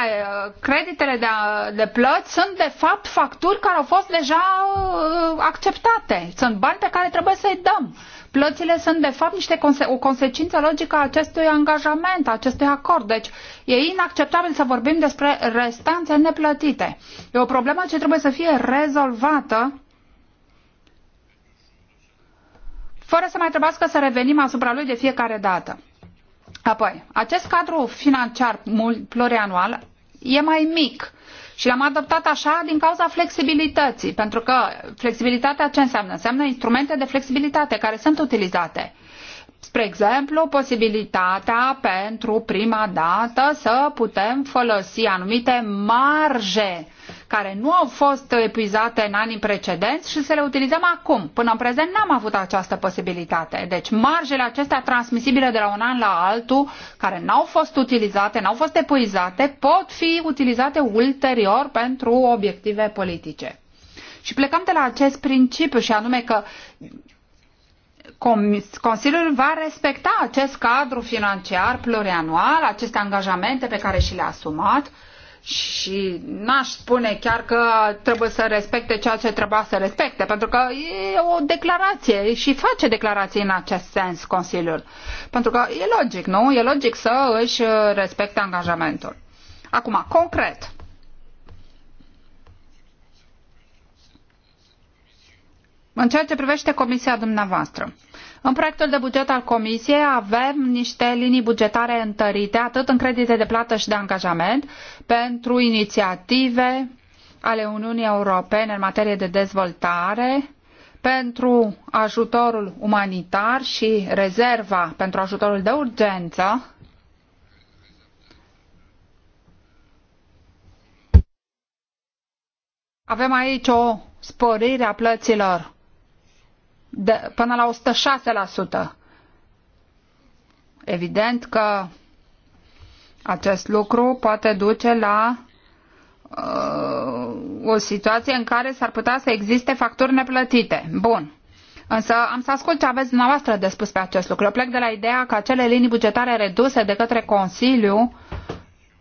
creditele de, de plăți sunt de fapt facturi care au fost deja uh, acceptate. Sunt bani pe care trebuie să-i dăm. Plățile sunt de fapt niște conse- o consecință logică a acestui angajament, a acestui acord. Deci e inacceptabil să vorbim despre restanțe neplătite. E o problemă ce trebuie să fie rezolvată fără să mai trebuiască să revenim asupra lui de fiecare dată. Apoi, acest cadru financiar plurianual e mai mic și l-am adoptat așa din cauza flexibilității, pentru că flexibilitatea ce înseamnă? Înseamnă instrumente de flexibilitate care sunt utilizate. Spre exemplu, posibilitatea pentru prima dată să putem folosi anumite marje care nu au fost epuizate în anii precedenți și să le utilizăm acum. Până în prezent n-am avut această posibilitate. Deci marjele acestea transmisibile de la un an la altul, care n-au fost utilizate, n-au fost epuizate, pot fi utilizate ulterior pentru obiective politice. Și plecăm de la acest principiu și anume că Consiliul va respecta acest cadru financiar plurianual, aceste angajamente pe care și le-a asumat și n-aș spune chiar că trebuie să respecte ceea ce trebuia să respecte, pentru că e o declarație și face declarații în acest sens Consiliul. Pentru că e logic, nu? E logic să își respecte angajamentul. Acum, concret. În ceea ce privește comisia dumneavoastră, în proiectul de buget al Comisiei avem niște linii bugetare întărite, atât în credite de plată și de angajament, pentru inițiative ale Uniunii Europene în materie de dezvoltare, pentru ajutorul umanitar și rezerva pentru ajutorul de urgență, Avem aici o sporire a plăților de, până la 106%. Evident că acest lucru poate duce la uh, o situație în care s-ar putea să existe facturi neplătite. Bun. Însă am să ascult ce aveți dumneavoastră de spus pe acest lucru. Eu plec de la ideea că acele linii bugetare reduse de către Consiliu uh,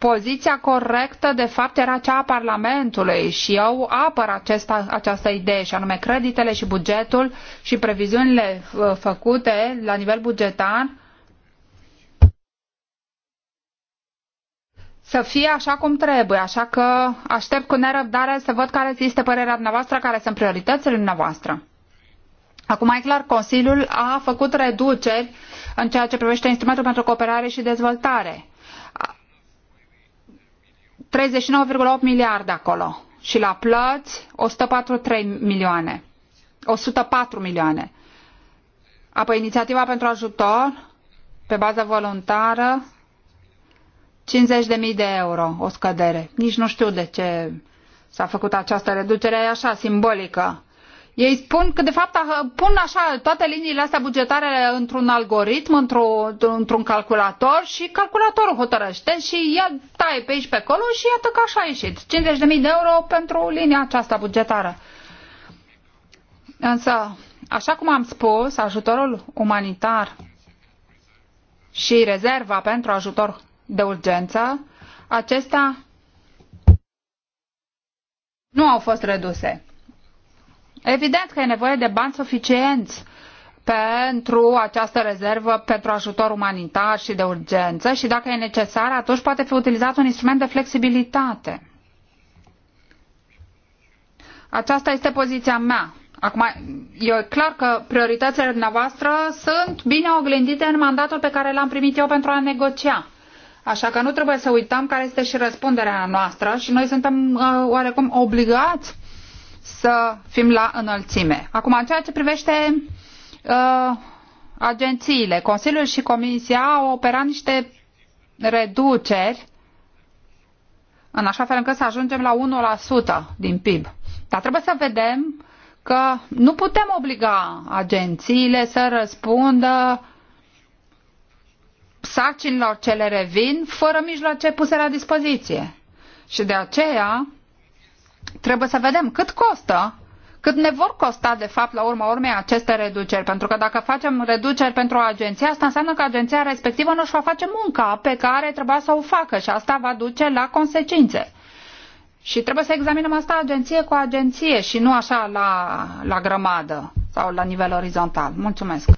poziția corectă, de fapt, era cea a Parlamentului și eu apăr acesta, această idee, și anume creditele și bugetul și previziunile uh, făcute la nivel bugetar să fie așa cum trebuie, așa că aștept cu nerăbdare să văd care este părerea dumneavoastră, care sunt prioritățile dumneavoastră. Acum e clar, Consiliul a făcut reduceri în ceea ce privește instrumentul pentru cooperare și dezvoltare. 39,8 miliarde acolo și la plăți 143 milioane, 104 milioane. Apoi inițiativa pentru ajutor pe bază voluntară 50.000 de euro, o scădere. Nici nu știu de ce s-a făcut această reducere, e așa, simbolică. Ei spun că, de fapt, pun așa toate liniile astea bugetare într-un algoritm, într-un într calculator și calculatorul hotărăște și el taie pe aici pe acolo și iată că așa a ieșit. 50.000 de euro pentru linia aceasta bugetară. Însă, așa cum am spus, ajutorul umanitar și rezerva pentru ajutor de urgență, acestea nu au fost reduse. Evident că e nevoie de bani suficienți pentru această rezervă pentru ajutor umanitar și de urgență și dacă e necesar, atunci poate fi utilizat un instrument de flexibilitate. Aceasta este poziția mea. Acum, e clar că prioritățile dumneavoastră sunt bine oglindite în mandatul pe care l-am primit eu pentru a negocia. Așa că nu trebuie să uităm care este și răspunderea noastră și noi suntem uh, oarecum obligați să fim la înălțime. Acum, în ceea ce privește uh, agențiile, Consiliul și Comisia au operat niște reduceri în așa fel încât să ajungem la 1% din PIB. Dar trebuie să vedem că nu putem obliga agențiile să răspundă sarcinilor ce le revin fără mijloace puse la dispoziție. Și de aceea trebuie să vedem cât costă, cât ne vor costa de fapt la urma urmei aceste reduceri, pentru că dacă facem reduceri pentru o agenție, asta înseamnă că agenția respectivă nu își va face munca pe care trebuia să o facă și asta va duce la consecințe. Și trebuie să examinăm asta agenție cu agenție și nu așa la, la grămadă sau la nivel orizontal. Mulțumesc.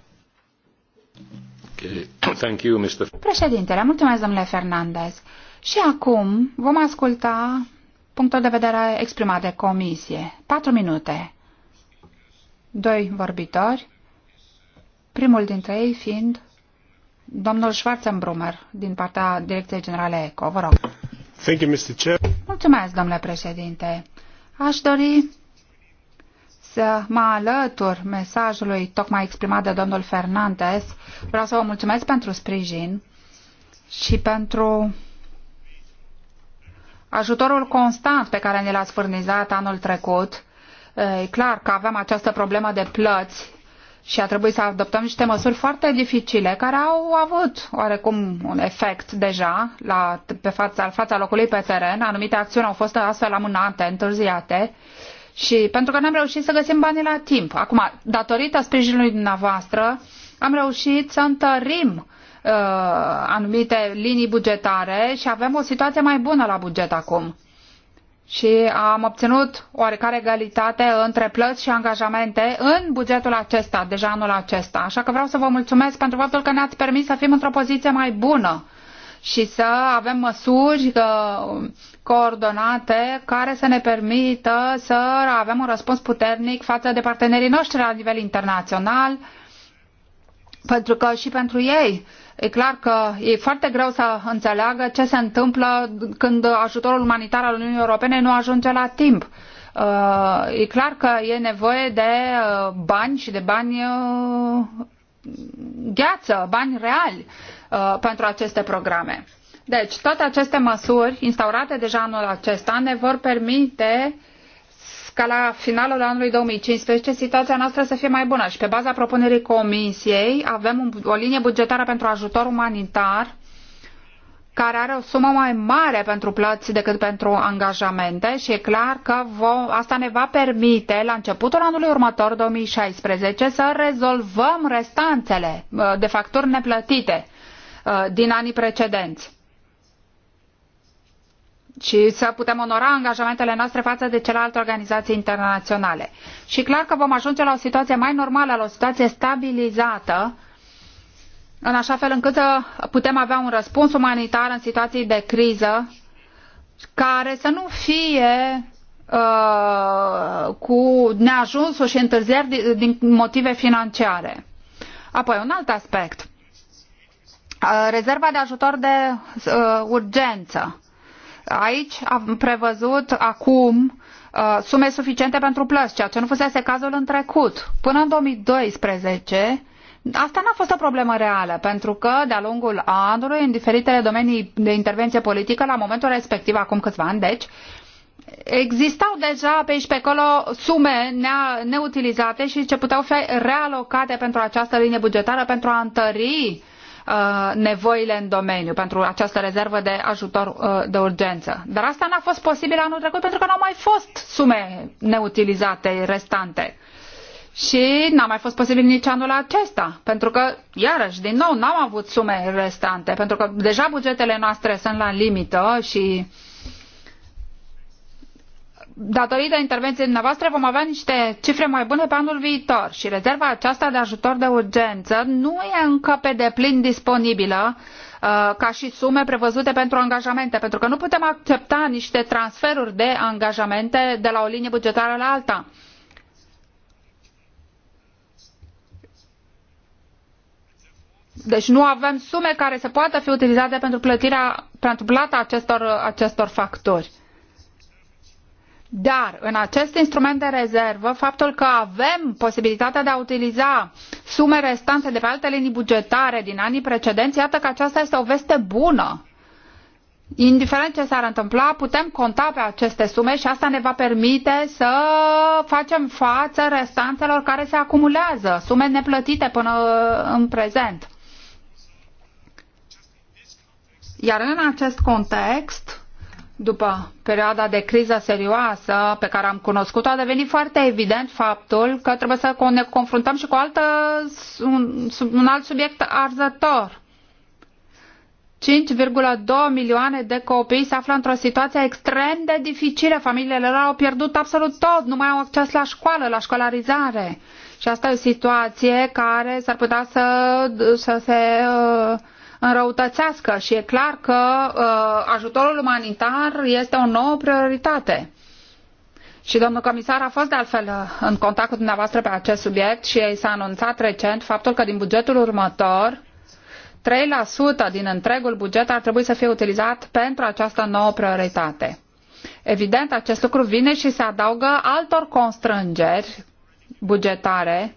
Okay. Thank you, Mr. Președintele, mulțumesc, domnule Fernandez. Și acum vom asculta punctul de vedere exprimat de comisie. Patru minute. Doi vorbitori, primul dintre ei fiind domnul Schwarzenbrummer din partea Direcției Generale ECO. Vă rog. Thank you, Mr. Chair. Mulțumesc, domnule președinte. Aș dori să mă alătur mesajului tocmai exprimat de domnul Fernandez. Vreau să vă mulțumesc pentru sprijin și pentru ajutorul constant pe care ne l-ați furnizat anul trecut, e clar că aveam această problemă de plăți și a trebuit să adoptăm niște măsuri foarte dificile care au avut oarecum un efect deja la, pe fața, fața locului pe teren. Anumite acțiuni au fost astfel amânate, întârziate și pentru că n-am reușit să găsim banii la timp. Acum, datorită sprijinului dumneavoastră, am reușit să întărim uh, anumite linii bugetare și avem o situație mai bună la buget acum. Și am obținut oarecare egalitate între plăți și angajamente în bugetul acesta, deja anul acesta. Așa că vreau să vă mulțumesc pentru faptul că ne-ați permis să fim într-o poziție mai bună și să avem măsuri uh, coordonate care să ne permită să avem un răspuns puternic față de partenerii noștri la nivel internațional, pentru că și pentru ei E clar că e foarte greu să înțeleagă ce se întâmplă când ajutorul umanitar al Uniunii Europene nu ajunge la timp. Uh, e clar că e nevoie de uh, bani și de bani uh, gheață, bani reali pentru aceste programe. Deci, toate aceste măsuri instaurate deja anul acesta ne vor permite ca la finalul anului 2015 situația noastră să fie mai bună și pe baza propunerii Comisiei avem o linie bugetară pentru ajutor umanitar care are o sumă mai mare pentru plăți decât pentru angajamente și e clar că vom, asta ne va permite la începutul anului următor, 2016, să rezolvăm restanțele uh, de facturi neplătite uh, din anii precedenți și să putem onora angajamentele noastre față de celelalte organizații internaționale. Și clar că vom ajunge la o situație mai normală, la o situație stabilizată, în așa fel încât să putem avea un răspuns umanitar în situații de criză care să nu fie uh, cu neajunsuri și întârzieri din motive financiare. Apoi, un alt aspect. Uh, rezerva de ajutor de uh, urgență Aici am prevăzut acum uh, sume suficiente pentru plăți, ceea ce nu fusese cazul în trecut. Până în 2012, asta n-a fost o problemă reală, pentru că de-a lungul anului, în diferitele domenii de intervenție politică, la momentul respectiv, acum câțiva ani, deci, existau deja pe aici pe acolo sume neutilizate și ce puteau fi realocate pentru această linie bugetară pentru a întări uh, Uh, nevoile în domeniu, pentru această rezervă de ajutor uh, de urgență. Dar asta n-a fost posibil anul trecut pentru că n-au mai fost sume neutilizate restante. Și n-a mai fost posibil nici anul acesta, pentru că, iarăși, din nou, n-am avut sume restante, pentru că deja bugetele noastre sunt la limită și uh, datorită intervenției dumneavoastră vom avea niște cifre mai bune pe anul viitor și rezerva aceasta de ajutor de urgență nu e încă pe deplin disponibilă uh, ca și sume prevăzute pentru angajamente, pentru că nu putem accepta niște transferuri de angajamente de la o linie bugetară la alta. Deci nu avem sume care să poată fi utilizate pentru plătirea, pentru plata acestor, acestor factori. Dar în acest instrument de rezervă, faptul că avem posibilitatea de a utiliza sume restante de pe alte linii bugetare din anii precedenți, iată că aceasta este o veste bună. Indiferent ce s-ar întâmpla, putem conta pe aceste sume și asta ne va permite să facem față restanțelor care se acumulează, sume neplătite până în prezent. Iar în acest context, după perioada de criză serioasă pe care am cunoscut-o, a devenit foarte evident faptul că trebuie să ne confruntăm și cu altă, un, un alt subiect arzător. 5,2 milioane de copii se află într-o situație extrem de dificilă. Familiile lor au pierdut absolut tot, nu mai au acces la școală, la școlarizare. Și asta e o situație care s-ar putea să, să se uh, înrăutățească și e clar că uh, ajutorul umanitar este o nouă prioritate. Și domnul comisar a fost de altfel uh, în contact cu dumneavoastră pe acest subiect și ei s-a anunțat recent faptul că din bugetul următor 3% din întregul buget ar trebui să fie utilizat pentru această nouă prioritate. Evident, acest lucru vine și se adaugă altor constrângeri bugetare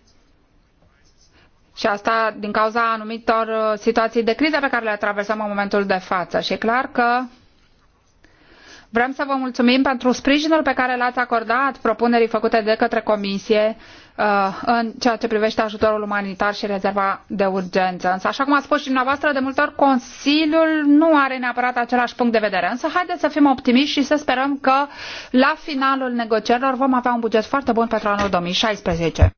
și asta din cauza anumitor uh, situații de criză pe care le traversăm în momentul de față. Și e clar că vrem să vă mulțumim pentru sprijinul pe care l-ați acordat propunerii făcute de către Comisie uh, în ceea ce privește ajutorul umanitar și rezerva de urgență. Însă, așa cum a spus și dumneavoastră, de multe ori Consiliul nu are neapărat același punct de vedere. Însă, haideți să fim optimiști și să sperăm că la finalul negocierilor vom avea un buget foarte bun pentru anul 2016.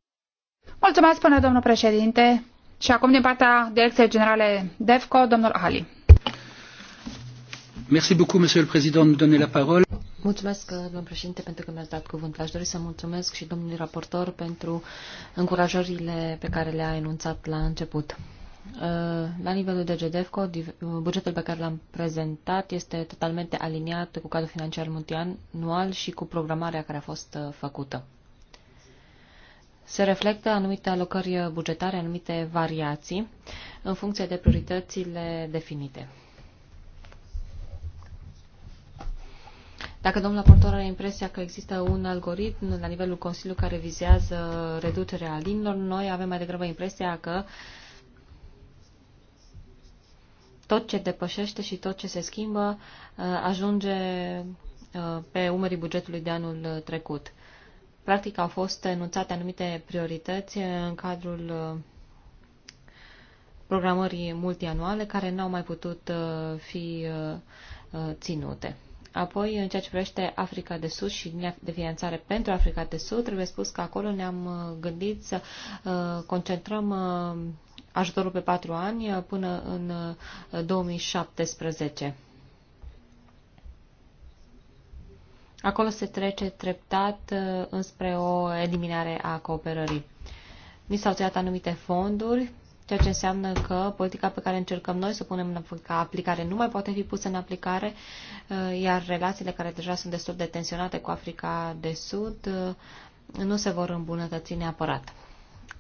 Mulțumesc, până domnul președinte. Și acum, din partea Direcției Generale DEFCO, domnul Ali. Merci beaucoup, monsieur le président, de donner la parole. Mulțumesc, domnul președinte, pentru că mi-ați dat cuvântul. Aș dori să mulțumesc și domnului raportor pentru încurajările pe care le-a enunțat la început. Uh, la nivelul de GDFCO, bugetul pe care l-am prezentat este totalmente aliniat cu cadrul financiar multianual și cu programarea care a fost uh, făcută se reflectă anumite alocări bugetare, anumite variații, în funcție de prioritățile definite. Dacă domnul raportor are impresia că există un algoritm la nivelul Consiliului care vizează reducerea linilor, noi avem mai degrabă impresia că tot ce depășește și tot ce se schimbă uh, ajunge uh, pe umerii bugetului de anul trecut. Practic au fost enunțate anumite priorități eh, în cadrul eh, programării multianuale care n-au mai putut eh, fi ținute. Apoi, în ceea ce privește Africa de Sud și linia de finanțare pentru Africa de Sud, trebuie spus că acolo ne-am gândit să concentrăm ajutorul pe patru ani până în 2017. Acolo se trece treptat uh, înspre o eliminare a cooperării. Ni s-au tăiat anumite fonduri, ceea ce înseamnă că politica pe care încercăm noi să punem în aplicare nu mai poate fi pusă în aplicare, uh, iar relațiile care deja sunt destul de tensionate cu Africa de Sud uh, nu se vor îmbunătăți neapărat.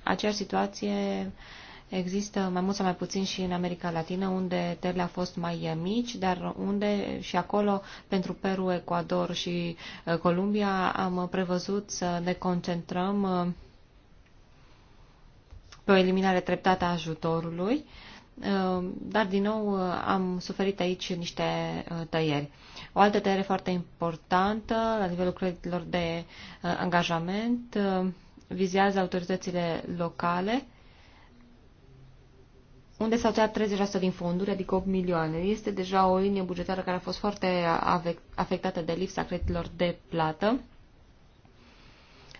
Aceeași situație Există mai mult sau mai puțin și în America Latină, unde terile au fost mai eh, mici, dar unde și acolo, pentru Peru, Ecuador și eh, Columbia, am eh, prevăzut să ne concentrăm pe o eliminare treptată a ajutorului, dar din nou am suferit aici niște tăieri. O altă tăiere foarte importantă la nivelul creditelor de angajament vizează autoritățile locale unde s-au tăiat 30% din fonduri, adică 8 milioane. Este deja o linie bugetară care a fost foarte afectată de lipsa creditelor de plată.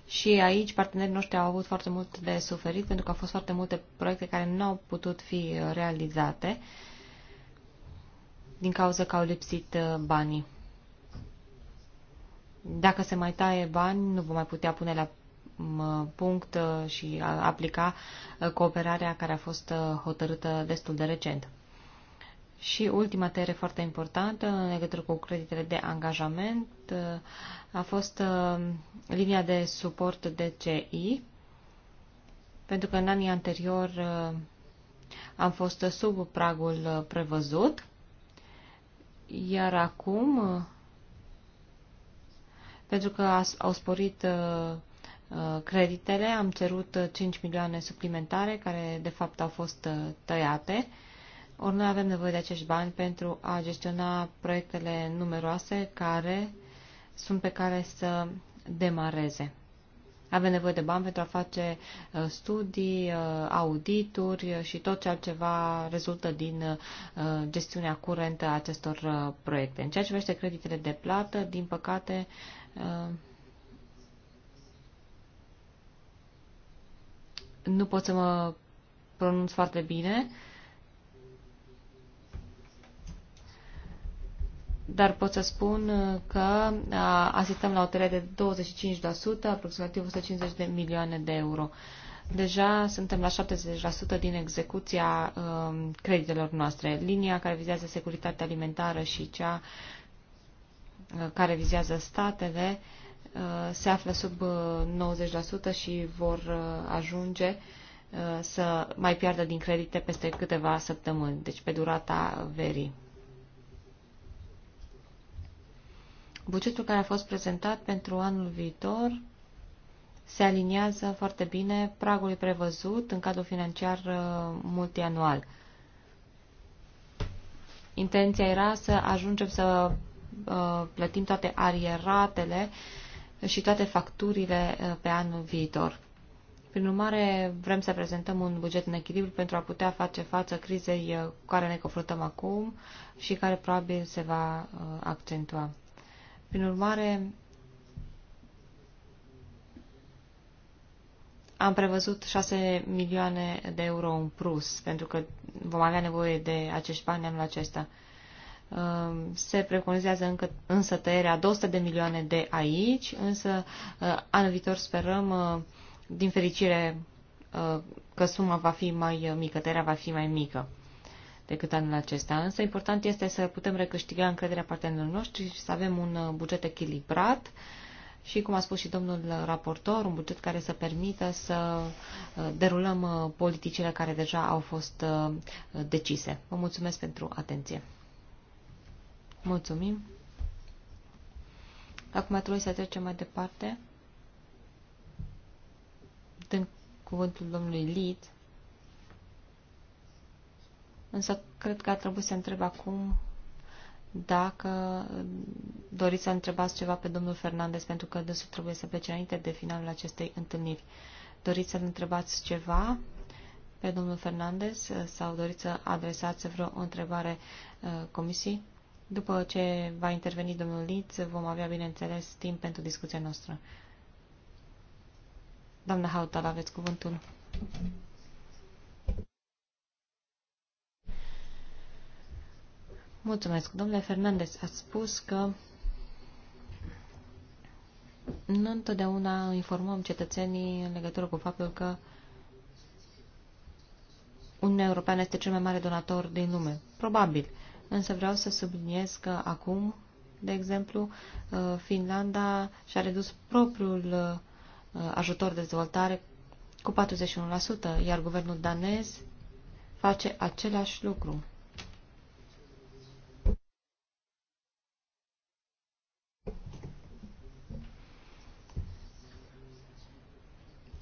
Și aici partenerii noștri au avut foarte mult de suferit, pentru că au fost foarte multe proiecte care nu au putut fi realizate din cauza că au lipsit uh, banii. Dacă se mai taie bani, nu vom mai putea pune la Uh, punct uh, și a aplica uh, cooperarea care a fost hotărâtă destul de recent. Și ultima tere foarte importantă în legătură cu creditele de angajament a fost linia de suport de CI, pentru că în anii anterior am fost sub pragul prevăzut, iar acum, pentru că au sporit creditele, am cerut 5 milioane suplimentare, care de fapt au fost uh, tăiate. Ori noi avem nevoie de acești bani pentru a gestiona proiectele numeroase care sunt pe care să demareze. Avem nevoie de bani pentru a face uh, studii, uh, audituri și tot ce altceva rezultă din gestiunea curentă a acestor proiecte. În ceea ce privește creditele de plată, din păcate, nu pot să mă pronunț foarte bine, dar pot să spun uh, că uh, asistăm la o tăiere de 25%, aproximativ 150 de milioane de euro. Deja suntem la 70% din execuția um, creditelor noastre. Linia care vizează securitatea alimentară și cea uh, care vizează statele uh, Uh, se află sub 90% uh, și vor uh, ajunge să mai piardă din credite peste câteva săptămâni, deci pe durata verii. Bugetul care a fost prezentat pentru anul viitor se aliniază foarte bine pragului prevăzut în cadrul financiar multianual. Intenția era să ajungem să plătim toate arieratele uh, și toate facturile uh, pe anul viitor. Prin urmare, vrem să prezentăm un buget în echilibru pentru a putea face față crizei uh, cu care ne confruntăm acum și care probabil se va uh, accentua. Prin urmare, am prevăzut 6 milioane de euro în plus, pentru că vom avea nevoie de acești bani anul acesta. Um, se preconizează încă, însă tăierea 200 de milioane de aici, însă uh, anul viitor sperăm, uh, din fericire, uh, că suma va fi mai mică, tăierea va fi mai mică decât anul acesta. Însă important este să putem recâștiga încrederea partenerilor noștri și să avem un buget echilibrat și, cum a spus și domnul raportor, un buget care să permită să derulăm politicile care deja au fost decise. Vă mulțumesc pentru atenție. Mulțumim. Acum trebuie să trecem mai departe. Dând cuvântul domnului Lid. Însă cred că ar trebui să întreb acum dacă doriți să întrebați ceva pe domnul Fernandez, pentru că dânsul trebuie să plece înainte de finalul acestei întâlniri. Doriți să-l întrebați ceva pe domnul Fernandez sau doriți să adresați vreo întrebare uh, comisiei? După ce va interveni domnul Liț, vom avea, bineînțeles, timp pentru discuția noastră. Doamna Hautal, aveți cuvântul. Mulțumesc. Domnule Fernandez, a spus că nu întotdeauna informăm cetățenii în legătură cu faptul că Uniunea Europeană este cel mai mare donator din lume. Probabil însă vreau să subliniez că acum, de exemplu, uh, Finlanda și-a redus propriul uh, ajutor de dezvoltare cu 41%, iar guvernul danez face același lucru.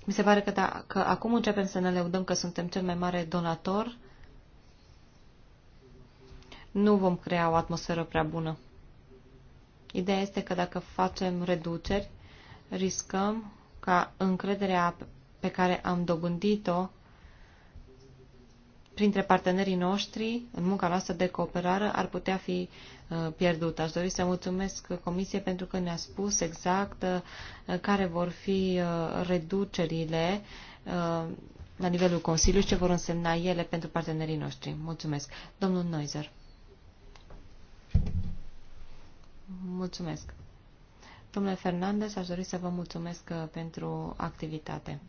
Mi se pare că, da, că acum începem să ne leudăm că suntem cel mai mare donator nu vom crea o atmosferă prea bună. Ideea este că dacă facem reduceri, riscăm ca încrederea pe care am dobândit-o printre partenerii noștri, în munca noastră de cooperare, ar putea fi uh, pierdută. Aș dori să mulțumesc Comisiei pentru că ne-a spus exact uh, care vor fi uh, reducerile la nivelul Consiliului și ce vor însemna ele pentru partenerii noștri. Mulțumesc. Domnul Neuser. Mulțumesc. Domnule Fernandez, aș dori să vă mulțumesc uh, pentru activitate.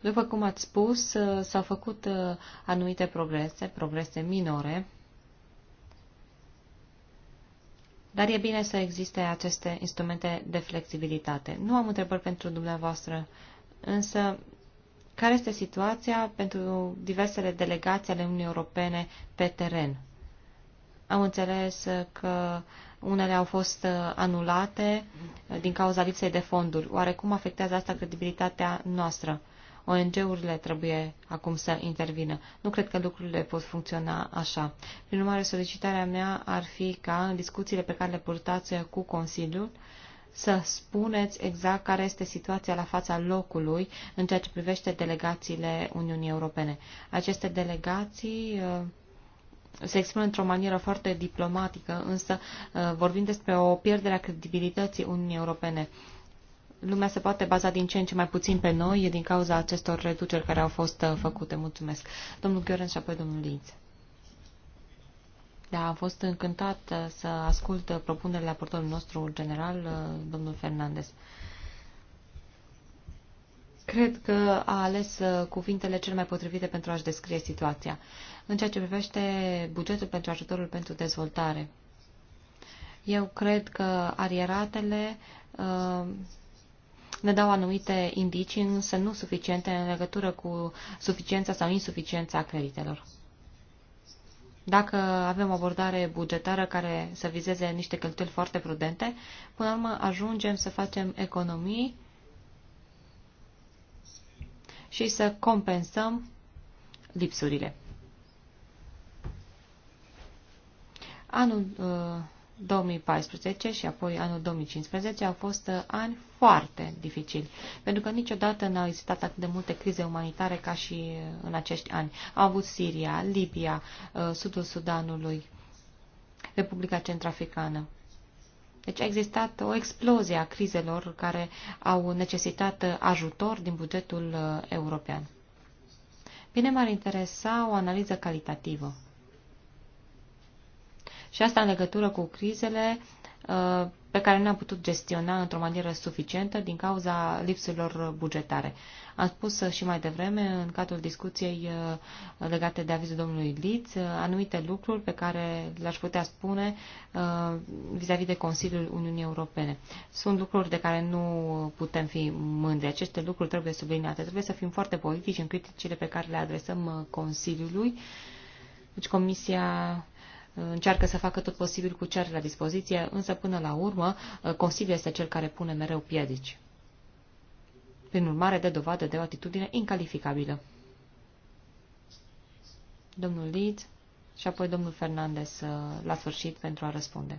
După cum ați spus, uh, s-au făcut uh, anumite progrese, progrese minore, dar e bine să existe aceste instrumente de flexibilitate. Nu am întrebări pentru dumneavoastră, însă care este situația pentru diversele delegații ale Uniunii Europene pe teren? Am înțeles că unele au fost anulate din cauza lipsei de fonduri. Oare cum afectează asta credibilitatea noastră? ONG-urile trebuie acum să intervină. Nu cred că lucrurile pot funcționa așa. Prin urmare, solicitarea mea ar fi ca în discuțiile pe care le purtați cu Consiliul, uh, să spuneți exact care este situația la fața locului în ceea ce privește delegațiile Uniunii Europene. Aceste delegații uh, se exprimă într-o manieră foarte diplomatică, însă uh, vorbim despre o pierdere a credibilității Uniunii Europene. Lumea se poate baza din ce în ce mai puțin pe noi din cauza acestor reduceri care au fost uh, făcute. Mulțumesc. Domnul Gheorens și apoi domnul Linț. Da, a fost încântat uh, să ascult uh, propunerile aportorului nostru general, uh, domnul Fernandez. Cred că a ales cuvintele cele mai potrivite pentru a-și descrie situația. În ceea ce privește bugetul pentru ajutorul pentru dezvoltare, eu cred că arieratele ne dau anumite indicii, însă nu suficiente în legătură cu suficiența sau insuficiența creditelor. Dacă avem o abordare bugetară care să vizeze niște cheltuieli foarte prudente, până la urmă ajungem să facem economii și să compensăm lipsurile. Anul uh, 2014 și apoi anul 2015 au fost uh, ani foarte dificili, pentru că niciodată n-au existat atât de multe crize umanitare ca și uh, în acești ani. Au avut Siria, Libia, uh, Sudul Sudanului, Republica Centrafricană. Deci a existat o explozie a crizelor care au necesitat ajutor din bugetul european. Bine m-ar interesa o analiză calitativă. Și asta în legătură cu crizele uh, pe care nu am putut gestiona într-o manieră suficientă din cauza lipsurilor bugetare. Am spus și mai devreme, în cadrul discuției uh, legate de avizul domnului Liț, uh, anumite lucruri pe care le-aș putea spune vis-a-vis -vis de Consiliul Uniunii Europene. Sunt lucruri de care nu putem fi mândri. Aceste lucruri trebuie subliniate. Trebuie să fim foarte politici în criticile pe care le adresăm Consiliului. Deci Comisia încearcă să facă tot posibil cu ce are la dispoziție, însă până la urmă uh, Consiliul este cel care pune mereu piedici. Prin urmare, de dovadă de o atitudine incalificabilă. Domnul Leeds și apoi domnul Fernandez uh, la sfârșit pentru a răspunde.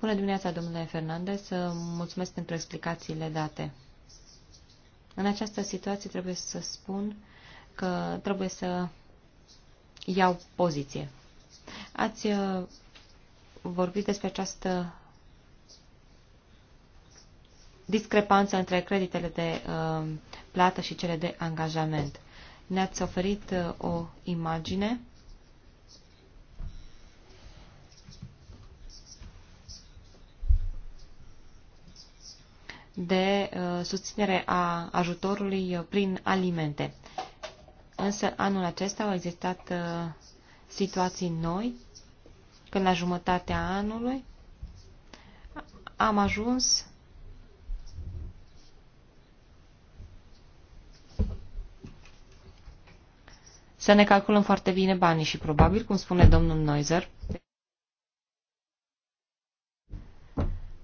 Bună dimineața, domnule Fernandez. Uh, mulțumesc pentru explicațiile date. În această situație trebuie să spun că trebuie să iau poziție. Ați uh, vorbit despre această discrepanță între creditele de uh, plată și cele de angajament. Ne-ați oferit uh, o imagine de uh, susținere a ajutorului uh, prin alimente. Însă anul acesta au existat uh, situații noi, când la jumătatea anului am ajuns să ne calculăm foarte bine banii și probabil, cum spune domnul Noizer,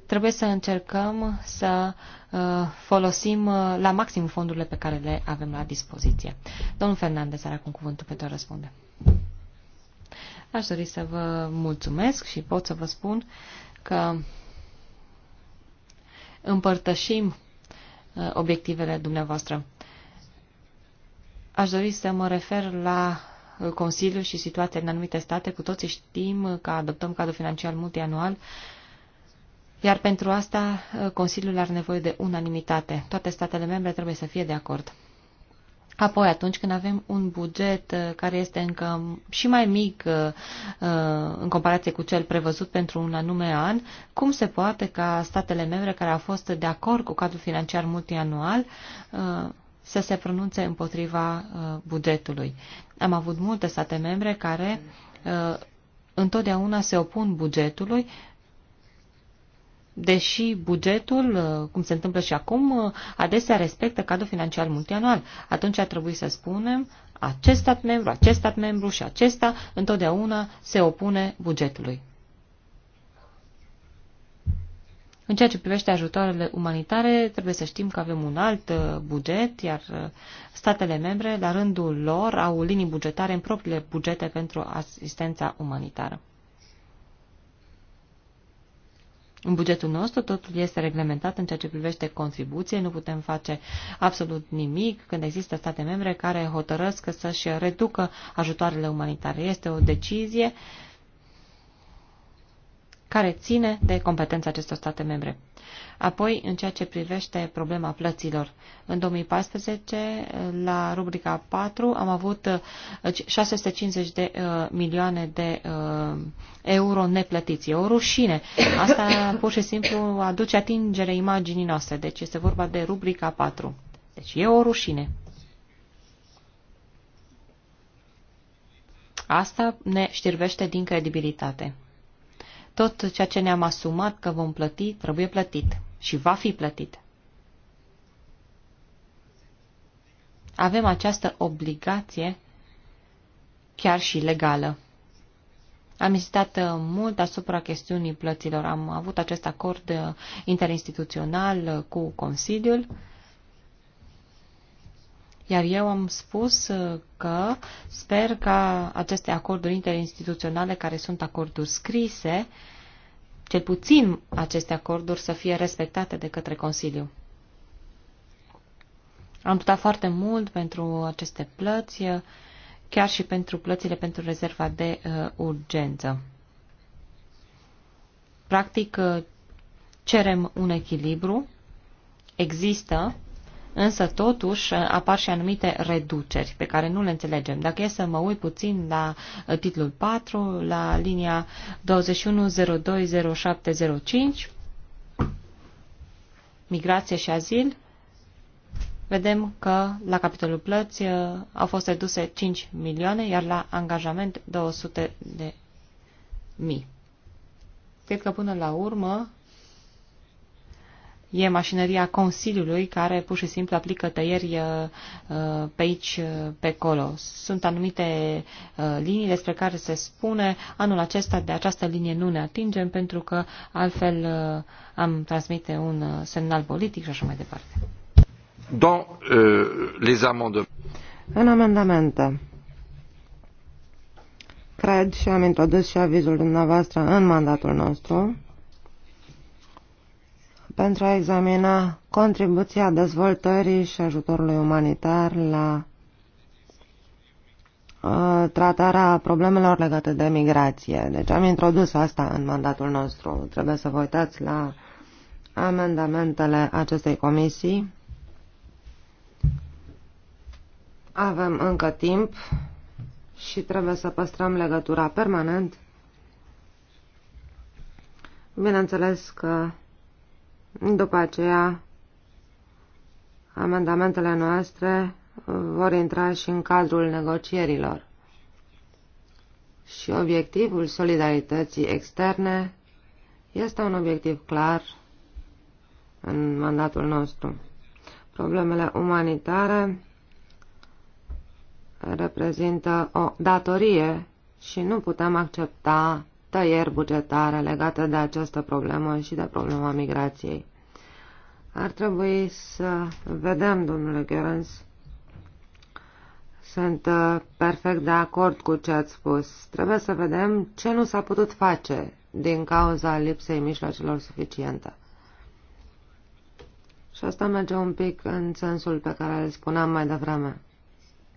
Trebuie să încercăm să uh, folosim uh, la maxim fondurile pe care le avem la dispoziție. Domnul Fernandez are acum cuvântul pentru a răspunde. Aș dori să vă mulțumesc și pot să vă spun că împărtășim uh, obiectivele dumneavoastră. Aș dori să mă refer la Consiliu și situația în anumite state. Cu toții știm că adoptăm cadrul financiar multianual iar pentru asta uh, Consiliul are nevoie de unanimitate. Toate statele membre trebuie să fie de acord. Apoi, atunci când avem un buget uh, care este încă și mai mic uh, în comparație cu cel prevăzut pentru un anume an, cum se poate ca statele membre care au fost de acord cu cadrul financiar multianual să se pronunțe împotriva bugetului? Am avut multe state membre care întotdeauna se opun bugetului deși bugetul, uh, cum se întâmplă și acum, uh, adesea respectă cadrul financiar multianual. Atunci ar trebui să spunem, acest stat membru, acest stat membru și acesta întotdeauna se opune bugetului. În ceea ce privește ajutoarele umanitare, trebuie să știm că avem un alt uh, buget, iar statele membre, la rândul lor, au linii bugetare în propriile bugete pentru asistența umanitară. În bugetul nostru totul este reglementat în ceea ce privește contribuție, nu putem face absolut nimic când există state membre care hotărăsc să-și reducă ajutoarele umanitare. Este o decizie uh, care ține de competența acestor state membre. Apoi, în ceea ce privește problema plăților, în 2014, la rubrica 4, am avut 650 uh, de uh, milioane de uh, euro neplătiți. E o rușine. Asta pur și simplu aduce atingere imaginii noastre. Deci este vorba de rubrica 4. Deci e o rușine. Asta ne știrvește din credibilitate. Tot ceea ce ne-am asumat că vom plăti, trebuie plătit și va fi plătit. Avem această obligație chiar și legală. Am insistat uh, mult asupra chestiunii plăților. Am avut acest acord uh, interinstituțional uh, cu Consiliul iar eu am spus uh, că sper ca aceste acorduri interinstituționale, care sunt acorduri scrise, cel puțin aceste acorduri să fie respectate de către Consiliu. Am luptat foarte mult pentru aceste plăți, uh, chiar și pentru plățile pentru rezerva de uh, urgență. Practic, uh, cerem un echilibru, există însă totuși apar și anumite reduceri pe care nu le înțelegem. Dacă e să mă uit puțin la uh, titlul 4, la linia 21020705, migrație și azil, vedem că la capitolul plăți uh, au fost reduse 5 milioane, iar la angajament 200 de mii. Cred că până la urmă e mașinăria Consiliului care pur și simplu aplică tăieri uh, uh, pe aici, uh, pe acolo. Sunt anumite linii despre care se spune anul acesta de această linie nu ne atingem pentru că altfel am transmite un semnal politic și așa mai departe. Dans, euh, les În amendamente. Cred și am introdus și avizul dumneavoastră în mandatul nostru pentru a examina contribuția dezvoltării și ajutorului umanitar la uh, tratarea problemelor legate de migrație. Deci am introdus asta în mandatul nostru. Trebuie să vă uitați la amendamentele acestei comisii. Avem încă timp și trebuie să păstrăm legătura permanent. Bineînțeles că după aceea, amendamentele noastre vor intra și în cadrul negocierilor. Și obiectivul solidarității externe este un obiectiv clar în mandatul nostru. Problemele umanitare reprezintă o datorie și nu putem accepta tăieri bugetare legate de această problemă și de problema migrației. Ar trebui să vedem, domnule Gheorens, sunt uh, perfect de acord cu ce ați spus. Trebuie să vedem ce nu s-a putut face din cauza lipsei mijloacelor suficiente. Și asta merge un pic în sensul pe care îl spuneam mai devreme.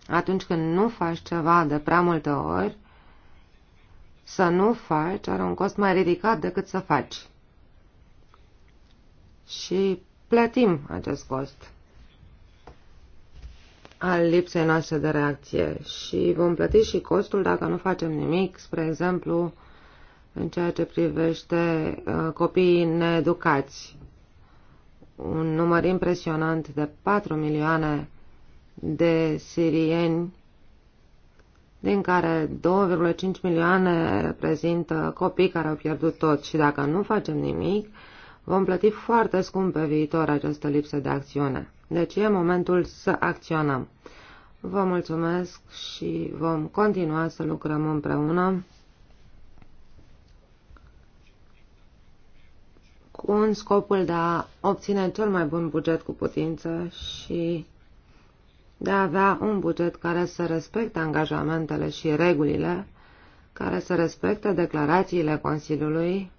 Atunci când nu faci ceva de prea multe ori, să nu faci are un cost mai ridicat decât să faci. Și plătim acest cost al lipsei noastre de reacție și vom plăti și costul dacă nu facem nimic, spre exemplu, în ceea ce privește uh, copiii needucați. Un număr impresionant de 4 milioane de sirieni din care 2,5 milioane reprezintă copii care au pierdut tot și dacă nu facem nimic, vom plăti foarte scump pe viitor această lipsă de acțiune. Deci e momentul să acționăm. Vă mulțumesc și vom continua să lucrăm împreună cu un scopul de a obține cel mai bun buget cu putință și de a avea un buget care să respecte angajamentele și regulile, care să respecte declarațiile Consiliului,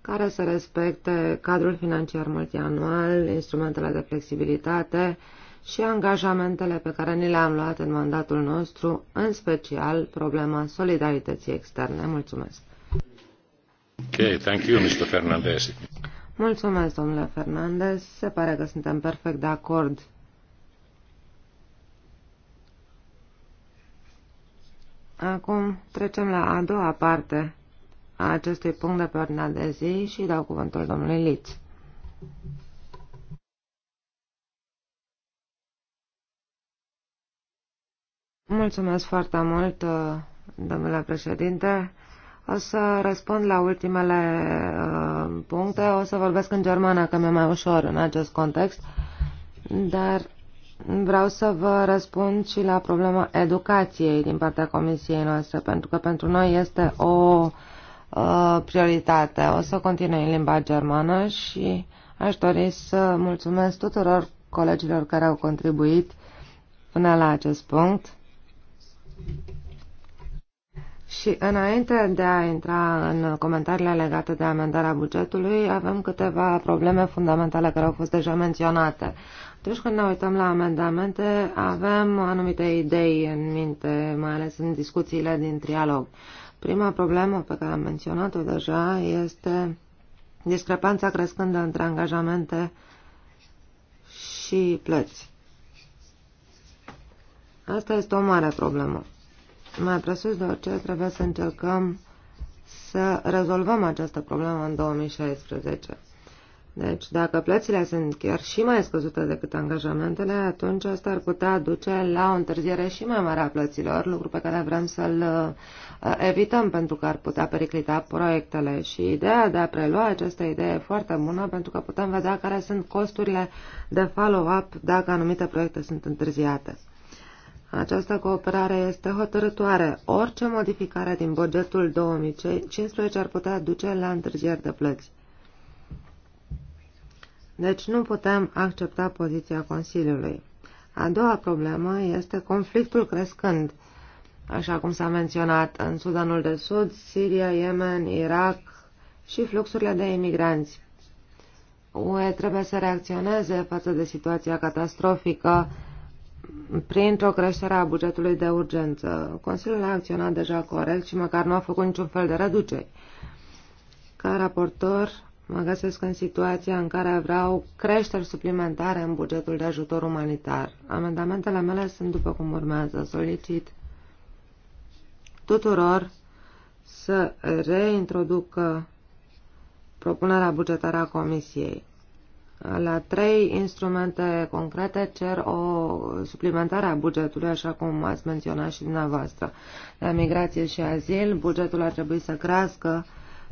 care să respecte cadrul financiar multianual, instrumentele de flexibilitate și angajamentele pe care ni le-am luat în mandatul nostru, în special problema solidarității externe. Mulțumesc! Okay, thank you, Mr. Fernandez. Mulțumesc, domnule Fernandez. Se pare că suntem perfect de acord Acum trecem la a doua parte a acestui punct de pe ordinea de zi și dau cuvântul domnului Liț. Mulțumesc foarte mult, domnule președinte. O să răspund la ultimele uh, puncte. O să vorbesc în germană, că mi-e mai ușor în acest context. Dar Vreau să vă răspund și la problema educației din partea comisiei noastre, pentru că pentru noi este o uh, prioritate. O să continui în limba germană și aș dori să mulțumesc tuturor colegilor care au contribuit până la acest punct. Și înainte de a intra în comentariile legate de amendarea bugetului, avem câteva probleme fundamentale care au fost deja menționate. Atunci când ne uităm la amendamente, avem anumite idei în minte, mai ales în discuțiile din trialog. Prima problemă pe care am menționat-o deja este discrepanța crescândă între angajamente și plăți. Asta este o mare problemă. Mai presus de orice, trebuie să încercăm să rezolvăm această problemă în 2016. Deci, dacă plățile sunt chiar și mai scăzute decât angajamentele, atunci asta ar putea duce la o întârziere și mai mare a plăților, lucru pe care vrem să-l uh, evităm pentru că ar putea periclita proiectele. Și ideea de a prelua această idee e foarte bună pentru că putem vedea care sunt costurile de follow-up dacă anumite proiecte sunt întârziate. Această cooperare este hotărătoare. Orice modificare din bugetul 2015 ar putea duce la întârzieri de plăți. Deci nu putem accepta poziția Consiliului. A doua problemă este conflictul crescând, așa cum s-a menționat în Sudanul de Sud, Siria, Yemen, Irak și fluxurile de imigranți. UE trebuie să reacționeze față de situația catastrofică printr-o creștere a bugetului de urgență. Consiliul a acționat deja corect și măcar nu a făcut niciun fel de reduceri. Ca raportor, Mă găsesc în situația în care vreau creșteri suplimentare în bugetul de ajutor umanitar. Amendamentele mele sunt după cum urmează. Solicit tuturor să reintroducă propunerea bugetară a Comisiei. La trei instrumente concrete cer o suplimentare a bugetului, așa cum ați menționat și dumneavoastră. La migrație și azil, bugetul ar trebui să crească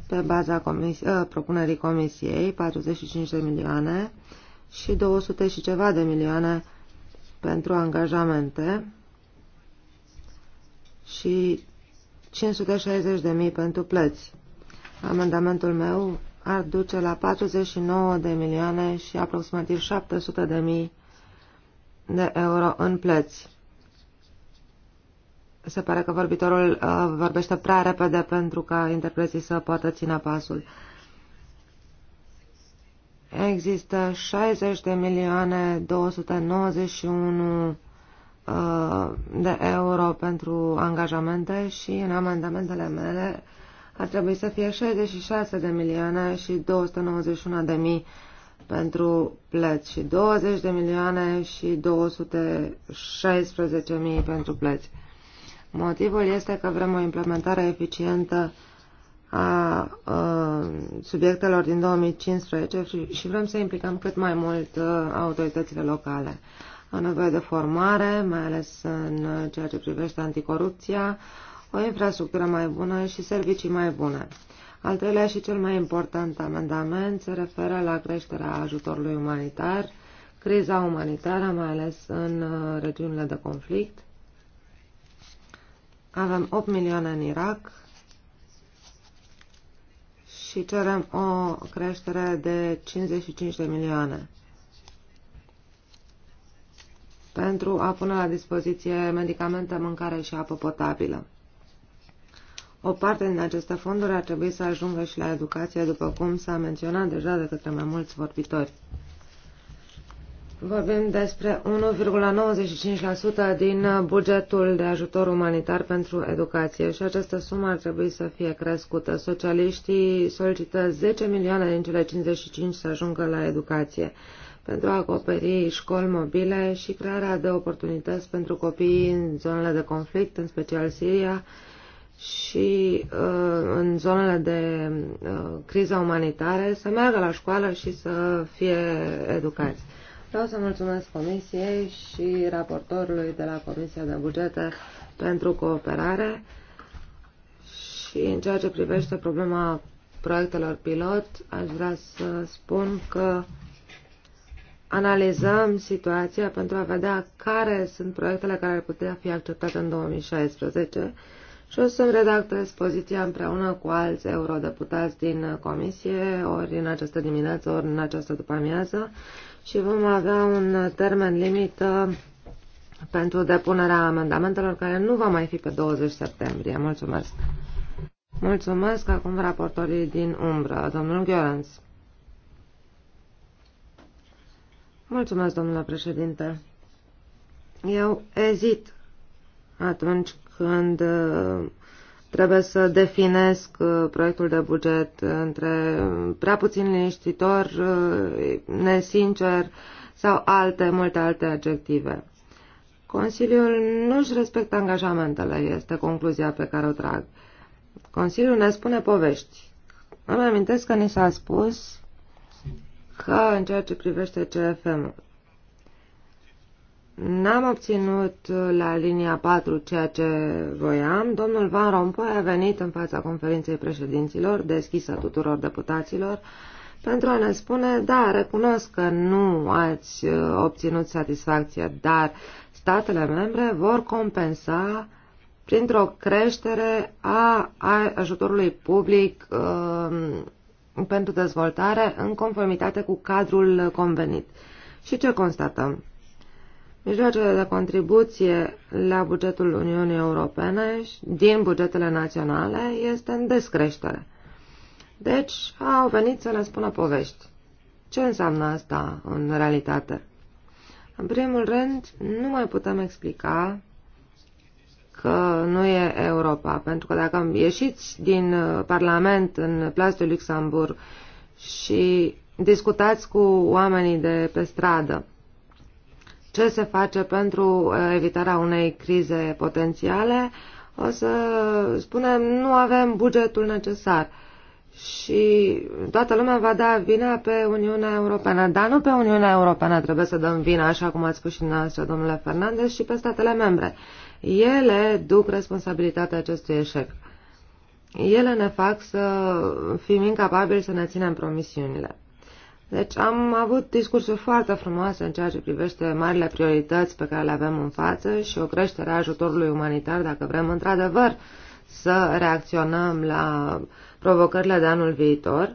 pe baza uh, propunerii comisiei, 45 de milioane și 200 și ceva de milioane pentru angajamente și 560 de mii pentru plăți. Amendamentul meu ar duce la 49 de milioane și aproximativ 700 de mii de euro în plăți. Se pare că vorbitorul uh, vorbește prea repede pentru ca interpreții să poată ține pasul. Există 60 de milioane 291 uh, de euro pentru angajamente și în amendamentele mele ar trebui să fie 66 de milioane și 291 de mii pentru plăți și 20 de milioane și 216 mii pentru plăți. Motivul este că vrem o implementare eficientă a, subiectelor din 2015 și vrem să implicăm cât mai mult autoritățile locale. Au nevoie de formare, mai ales în ceea ce privește anticorupția, o infrastructură mai bună și servicii mai bune. Al treilea și cel mai important amendament se referă la creșterea ajutorului umanitar, criza umanitară, mai ales în regiunile de conflict, avem 8 milioane în Irak și cerem o creștere de 55 de milioane pentru a pune la dispoziție medicamente, mâncare și apă potabilă. O parte din aceste fonduri ar trebui să ajungă și la educație, după cum s-a menționat deja de către mai mulți vorbitori. Vorbim despre 1,95% din uh, bugetul de ajutor umanitar pentru educație și această sumă ar trebui să fie crescută. Socialiștii solicită 10 milioane din cele 55 să ajungă la educație pentru a acoperi școli mobile și crearea de oportunități pentru copiii în zonele de conflict, în special Siria, și uh, în zonele de uh, criză umanitare să meargă la școală și să fie educați. Vreau să mulțumesc Comisiei și raportorului de la Comisia de Bugete pentru cooperare și în ceea ce privește problema proiectelor pilot, aș vrea să spun că analizăm situația pentru a vedea care sunt proiectele care ar putea fi acceptate în 2016 și o să-mi redactez poziția împreună cu alți eurodeputați din comisie, ori în această dimineață, ori în această după amiază, și vom avea un termen limită pentru depunerea amendamentelor care nu va mai fi pe 20 septembrie. Mulțumesc! Mulțumesc acum raportorii din umbră, domnul Gheorenț. Mulțumesc, domnule președinte. Eu ezit atunci când uh, trebuie să definesc uh, proiectul de buget între prea puțin liniștitor, uh, nesincer sau alte, multe alte adjective. Consiliul nu își respectă angajamentele, este concluzia pe care o trag. Consiliul ne spune povești. Îmi amintesc că ni s-a spus că în ceea ce privește CFM, N-am obținut uh, la linia 4 ceea ce voiam. Domnul Van Rompuy a venit în fața conferinței președinților, deschisă tuturor deputaților, pentru a ne spune, da, recunosc că nu ați uh, obținut satisfacție, dar statele membre vor compensa printr-o creștere a ajutorului public um, pentru dezvoltare în conformitate cu cadrul convenit. Și ce constatăm? Mijloacele deci de contribuție la bugetul Uniunii Europene din bugetele naționale este în descreștere. Deci au venit să ne spună povești. Ce înseamnă asta în realitate? În primul rând, nu mai putem explica că nu e Europa, pentru că dacă ieșiți din Parlament în Place de Luxemburg și discutați cu oamenii de pe stradă, ce se face pentru uh, evitarea unei crize potențiale, o să spunem nu avem bugetul necesar și toată lumea va da vina pe Uniunea Europeană. Dar nu pe Uniunea Europeană trebuie să dăm vina, așa cum ați spus și dumneavoastră, domnule Fernandez, și pe statele membre. Ele duc responsabilitatea acestui eșec. Ele ne fac să fim incapabili să ne ținem promisiunile. Deci am avut discursuri foarte frumoase în ceea ce privește marile priorități pe care le avem în față și o creștere a ajutorului umanitar dacă vrem într-adevăr să reacționăm la provocările de anul viitor.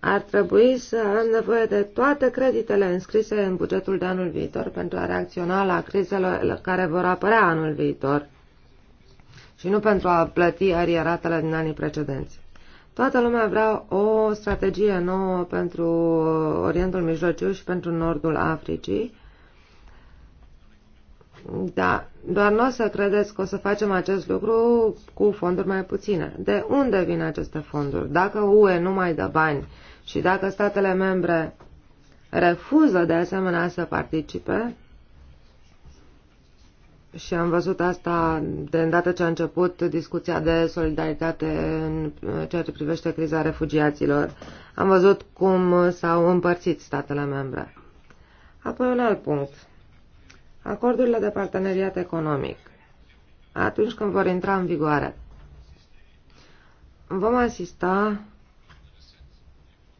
Ar trebui să am nevoie de toate creditele înscrise în bugetul de anul viitor pentru a reacționa la crizele care vor apărea anul viitor și nu pentru a plăti arieratele din anii precedenți. Toată lumea vrea o strategie nouă pentru Orientul Mijlociu și pentru Nordul Africii. Da, doar nu o să credeți că o să facem acest lucru cu fonduri mai puține. De unde vin aceste fonduri? Dacă UE nu mai dă bani și dacă statele membre refuză de asemenea să participe, și am văzut asta de îndată ce a început discuția de solidaritate în ceea ce privește criza refugiaților. Am văzut cum s-au împărțit statele membre. Apoi un alt punct. Acordurile de parteneriat economic. Atunci când vor intra în vigoare. Vom asista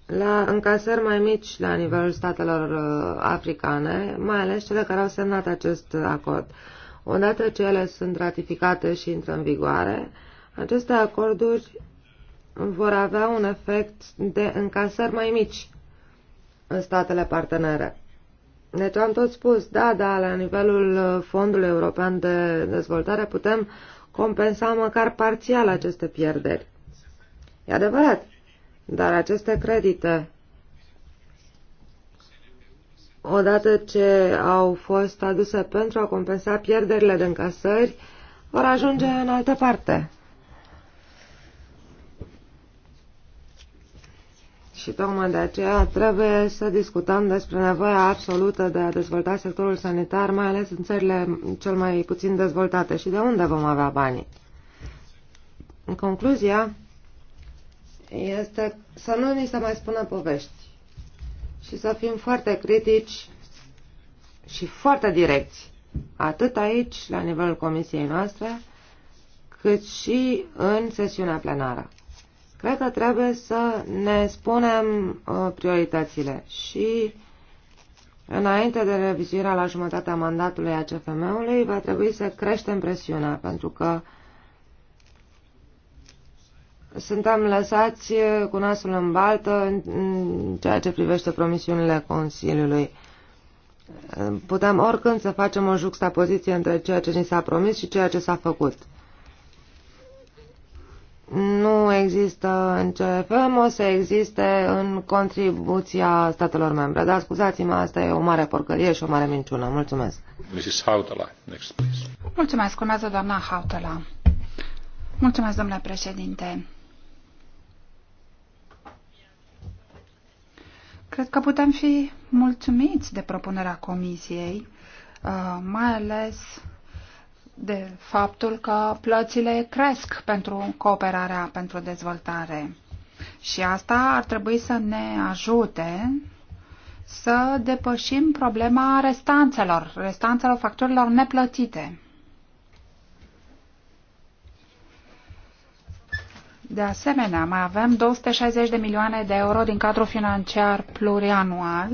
la încasări mai mici la nivelul statelor uh, africane, mai ales cele care au semnat acest acord. Odată ce ele sunt ratificate și intră în vigoare, aceste acorduri vor avea un efect de încasări mai mici în statele partenere. Deci am tot spus, da, da, la nivelul Fondului European de Dezvoltare putem compensa măcar parțial aceste pierderi. E adevărat, dar aceste credite odată ce au fost aduse pentru a compensa pierderile de încasări, vor ajunge în altă parte. Și tocmai de aceea trebuie să discutăm despre nevoia absolută de a dezvolta sectorul sanitar, mai ales în țările cel mai puțin dezvoltate și de unde vom avea banii. În concluzia este să nu ni se mai spună povești și să fim foarte critici și foarte direcți, atât aici, la nivelul comisiei noastre, cât și în sesiunea plenară. Cred că trebuie să ne spunem uh, prioritățile și înainte de revizuirea la jumătatea mandatului a CFM-ului va trebui să creștem presiunea, pentru că suntem lăsați cu nasul în baltă în ceea ce privește promisiunile Consiliului. Putem oricând să facem o juxtapoziție între ceea ce ni s-a promis și ceea ce s-a făcut. Nu există în CFM, o să existe în contribuția statelor membre. Dar scuzați-mă, asta e o mare porcărie și o mare minciună. Mulțumesc. Mrs. Hautala, next please. Mulțumesc. Urmează doamna Hautala. Mulțumesc, domnule președinte. Cred că putem fi mulțumiți de propunerea Comisiei, uh, mai ales de faptul că plățile cresc pentru cooperarea pentru dezvoltare. Și asta ar trebui să ne ajute să depășim problema restanțelor, restanțelor facturilor neplătite. De asemenea, mai avem 260 de milioane de euro din cadrul financiar plurianual,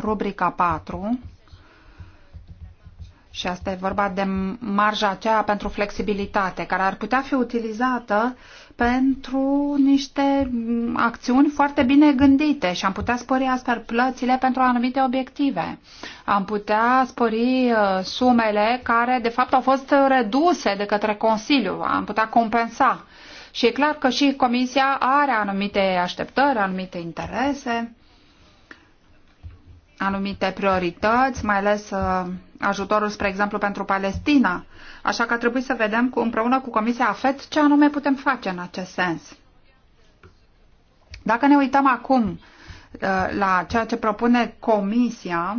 rubrica 4, și asta e vorba de marja aceea pentru flexibilitate, care ar putea fi utilizată pentru niște acțiuni foarte bine gândite și am putea spori astfel plățile pentru anumite obiective. Am putea spori uh, sumele care de fapt au fost reduse de către Consiliu, am putea compensa. Și e clar că și Comisia are anumite așteptări, anumite interese, anumite priorități, mai ales uh, ajutorul, spre exemplu, pentru Palestina. Așa că trebuie să vedem cu, împreună cu Comisia AFET ce anume putem face în acest sens. Dacă ne uităm acum uh, la ceea ce propune Comisia,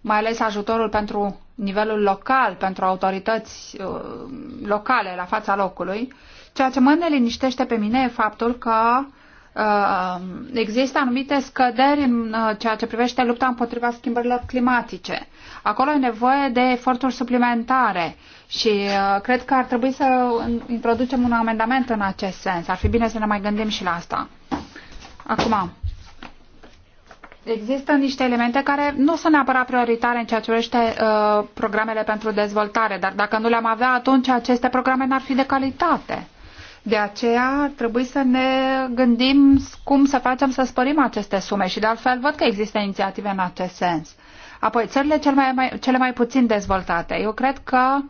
mai ales ajutorul pentru nivelul local, pentru autorități uh, locale la fața locului, ceea ce mă neliniștește pe mine e faptul că Uh, există anumite scăderi în uh, ceea ce privește lupta împotriva schimbărilor climatice. Acolo e nevoie de eforturi suplimentare și uh, cred că ar trebui să introducem un amendament în acest sens. Ar fi bine să ne mai gândim și la asta. Acum, există niște elemente care nu sunt neapărat prioritare în ceea ce privește uh, programele pentru dezvoltare, dar dacă nu le-am avea, atunci aceste programe n-ar fi de calitate. De aceea ar trebui să ne gândim cum să facem să spărim aceste sume și de altfel văd că există inițiative în acest sens. Apoi, țările cele mai, mai, cele mai puțin dezvoltate. Eu cred că uh,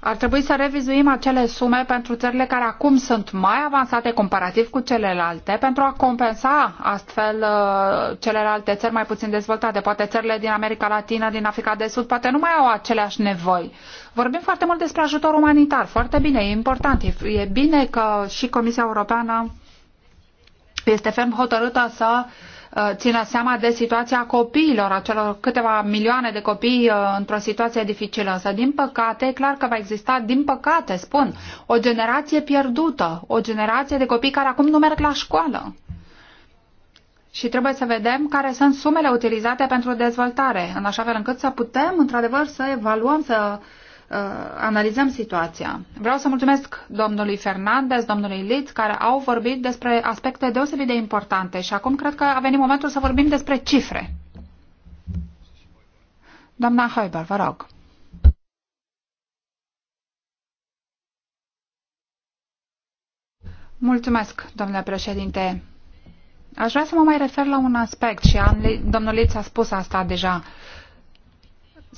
ar trebui să revizuim acele sume pentru țările care acum sunt mai avansate comparativ cu celelalte pentru a compensa astfel uh, celelalte țări mai puțin dezvoltate. Poate țările din America Latină, din Africa de Sud, poate nu mai au aceleași nevoi. Vorbim foarte mult despre ajutor umanitar. Foarte bine, e important. E bine că și Comisia Europeană este ferm hotărâtă să uh, Uh, țină seama de situația copiilor, acelor câteva milioane de copii uh, într-o situație dificilă. Însă, din păcate, e clar că va exista, din păcate, spun, o generație pierdută, o generație de copii care acum nu merg la școală. Și trebuie să vedem care sunt sumele utilizate pentru dezvoltare, în așa fel încât să putem, într-adevăr, să evaluăm, să uh, Uh, analizăm situația. Vreau să mulțumesc domnului Fernandez, domnului Litz, care au vorbit despre aspecte deosebit de importante și acum cred că a venit momentul să vorbim despre cifre. Doamna Heuber, vă rog. Mulțumesc, domnule președinte. Aș vrea să mă mai refer la un aspect și domnul Litz a spus asta deja. Uh,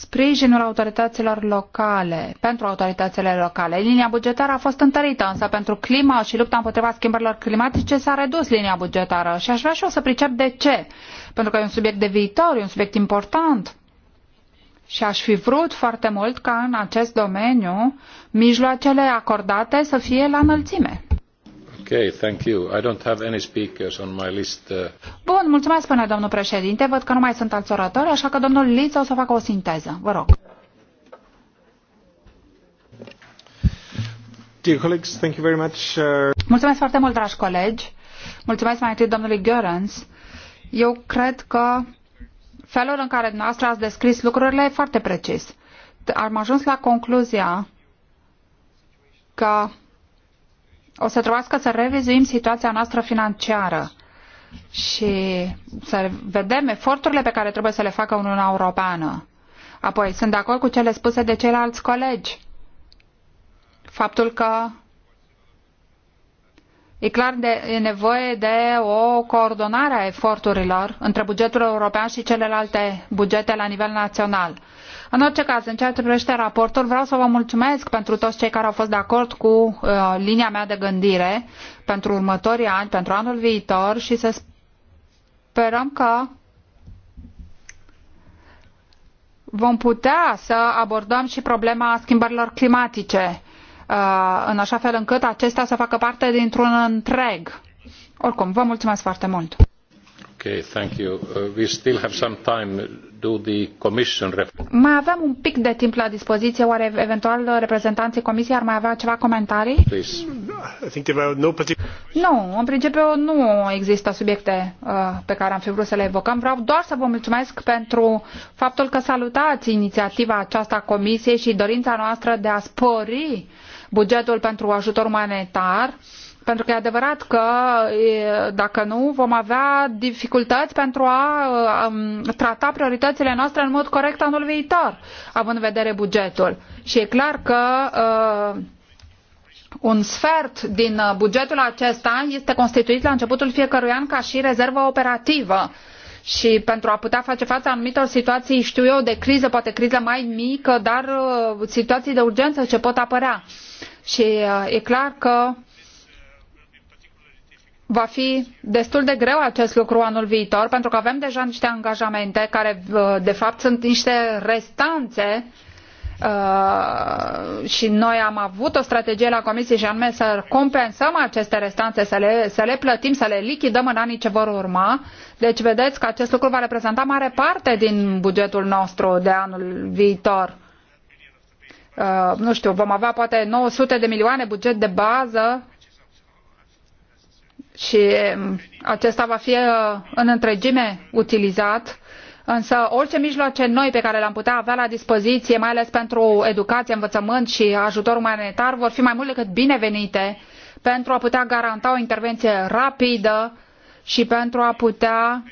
sprijinul autorităților locale, pentru autoritățile locale. Linia bugetară a fost întărită, însă pentru clima și lupta împotriva schimbărilor climatice s-a redus linia bugetară și aș vrea și eu să pricep de ce. Pentru că e un subiect de viitor, e un subiect important. Și aș fi vrut foarte mult ca în acest domeniu mijloacele acordate să fie la înălțime. Bun, mulțumesc, spune domnul președinte. Văd că nu mai sunt alți oratori, așa că domnul Liță o să facă o sinteză. Vă rog. Dear colleagues, thank you very much. Uh, mulțumesc foarte mult, dragi colegi. Mulțumesc mai întâi domnului Görens. Eu cred că felul în care dumneavoastră ați descris lucrurile e foarte precis. Am ajuns la concluzia că o să trebuiască să revizuim situația noastră financiară și să vedem eforturile pe care trebuie să le facă Uniunea Europeană. Apoi, sunt de acord cu cele spuse de ceilalți colegi. Faptul că e clar de, e nevoie de o coordonare a eforturilor între bugetul european și celelalte bugete la nivel național în orice caz, în ceea ce privește raportul, vreau să vă mulțumesc pentru toți cei care au fost de acord cu uh, linia mea de gândire pentru următorii ani, pentru anul viitor și să sperăm că vom putea să abordăm și problema schimbărilor climatice, uh, în așa fel încât acestea să facă parte dintr-un întreg. Oricum, vă mulțumesc foarte mult. Okay, thank you. Uh, we still have some time. Mai avem un pic de timp la dispoziție, oare eventual reprezentanții comisiei ar mai avea ceva comentarii? Nu, no, în principiu nu există subiecte uh, pe care am fi vrut să le evocăm. Vreau doar să vă mulțumesc pentru faptul că salutați inițiativa aceasta a comisiei și dorința noastră de a spori bugetul pentru ajutor umanitar. Pentru că e adevărat că dacă nu, vom avea dificultăți pentru a um, trata prioritățile noastre în mod corect anul viitor, având în vedere bugetul. Și e clar că uh, un sfert din uh, bugetul acesta este constituit la începutul fiecărui an ca și rezervă operativă și pentru a putea face față anumitor situații, știu eu, de criză, poate criză mai mică, dar uh, situații de urgență ce pot apărea. Și uh, e clar că va fi destul de greu acest lucru anul viitor, pentru că avem deja niște angajamente care, uh, de fapt, sunt niște restanțe uh, și noi am avut o strategie la comisie și anume să compensăm aceste restanțe, să le, să le plătim, să le lichidăm în anii ce vor urma. Deci vedeți că acest lucru va reprezenta mare parte din bugetul nostru de anul viitor. Uh, nu știu, vom avea poate 900 de milioane buget de bază și um, acesta va fi uh, în întregime utilizat însă orice mijloace noi pe care le am putea avea la dispoziție mai ales pentru educație învățământ și ajutor umanitar vor fi mai mult decât binevenite pentru a putea garanta o intervenție rapidă și pentru a putea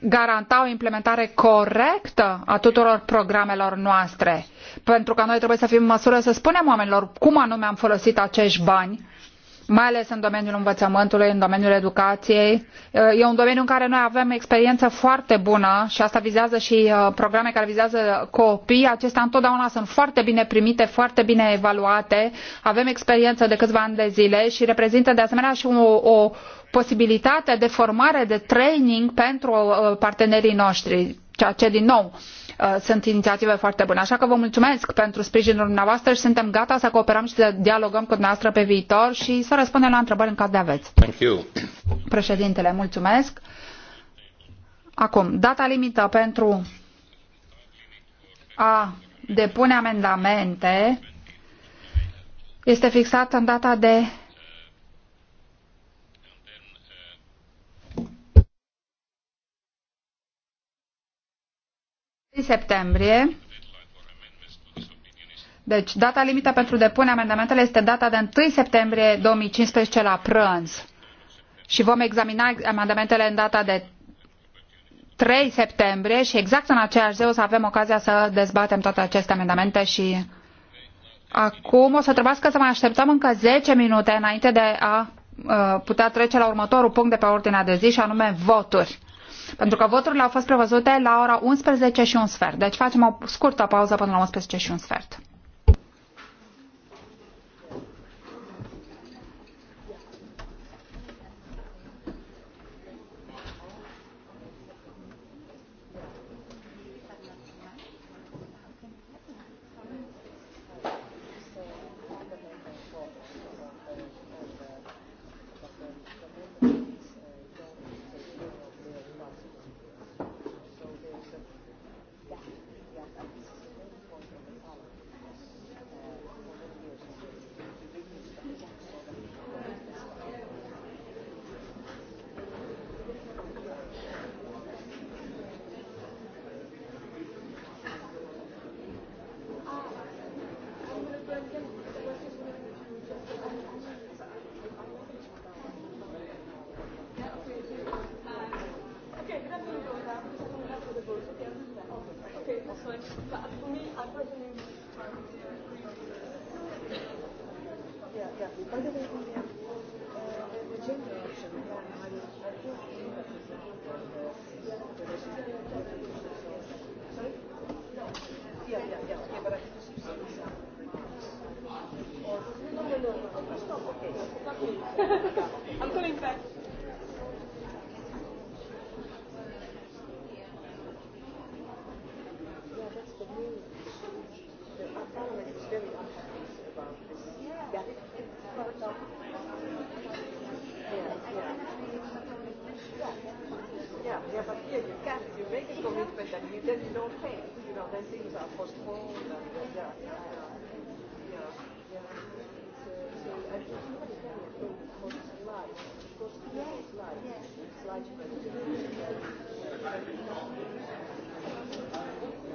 garanta o implementare corectă a tuturor programelor noastre pentru că noi trebuie să fim în măsură să spunem oamenilor cum anume am folosit acești bani mai ales în domeniul învățământului, în domeniul educației. E un domeniu în care noi avem experiență foarte bună și asta vizează și uh, programe care vizează copii. Acestea întotdeauna sunt foarte bine primite, foarte bine evaluate. Avem experiență de câțiva ani de zile și reprezintă de asemenea și o, o posibilitate de formare, de training pentru uh, partenerii noștri, ceea ce din nou Uh, sunt inițiative foarte bune. Așa că vă mulțumesc pentru sprijinul dumneavoastră și suntem gata să cooperăm și să dialogăm cu dumneavoastră pe viitor și să răspundem la întrebări în caz de aveți. Thank you. Președintele, mulțumesc. Acum, data limită pentru a depune amendamente este fixată în data de septembrie. Deci, data limită pentru depunerea amendamentelor este data de 1 septembrie 2015 la prânz. Și vom examina amendamentele în data de 3 septembrie și exact în aceeași zi o să avem ocazia să dezbatem toate aceste amendamente și acum o să trebuiască să mai așteptăm încă 10 minute înainte de a uh, putea trece la următorul punct de pe ordinea de zi și anume voturi pentru că voturile au fost prevăzute la ora 11 și un sfert. Deci facem o scurtă pauză până la 11 și un sfert. Yeah, but here you can't. You make a commitment and you, then you don't pay. You know, then things are postponed. And, uh, yeah, yeah, yeah. yeah, yeah. So, so I think it's very important for slides. Because yes, slides. Yes. Slides. Yes.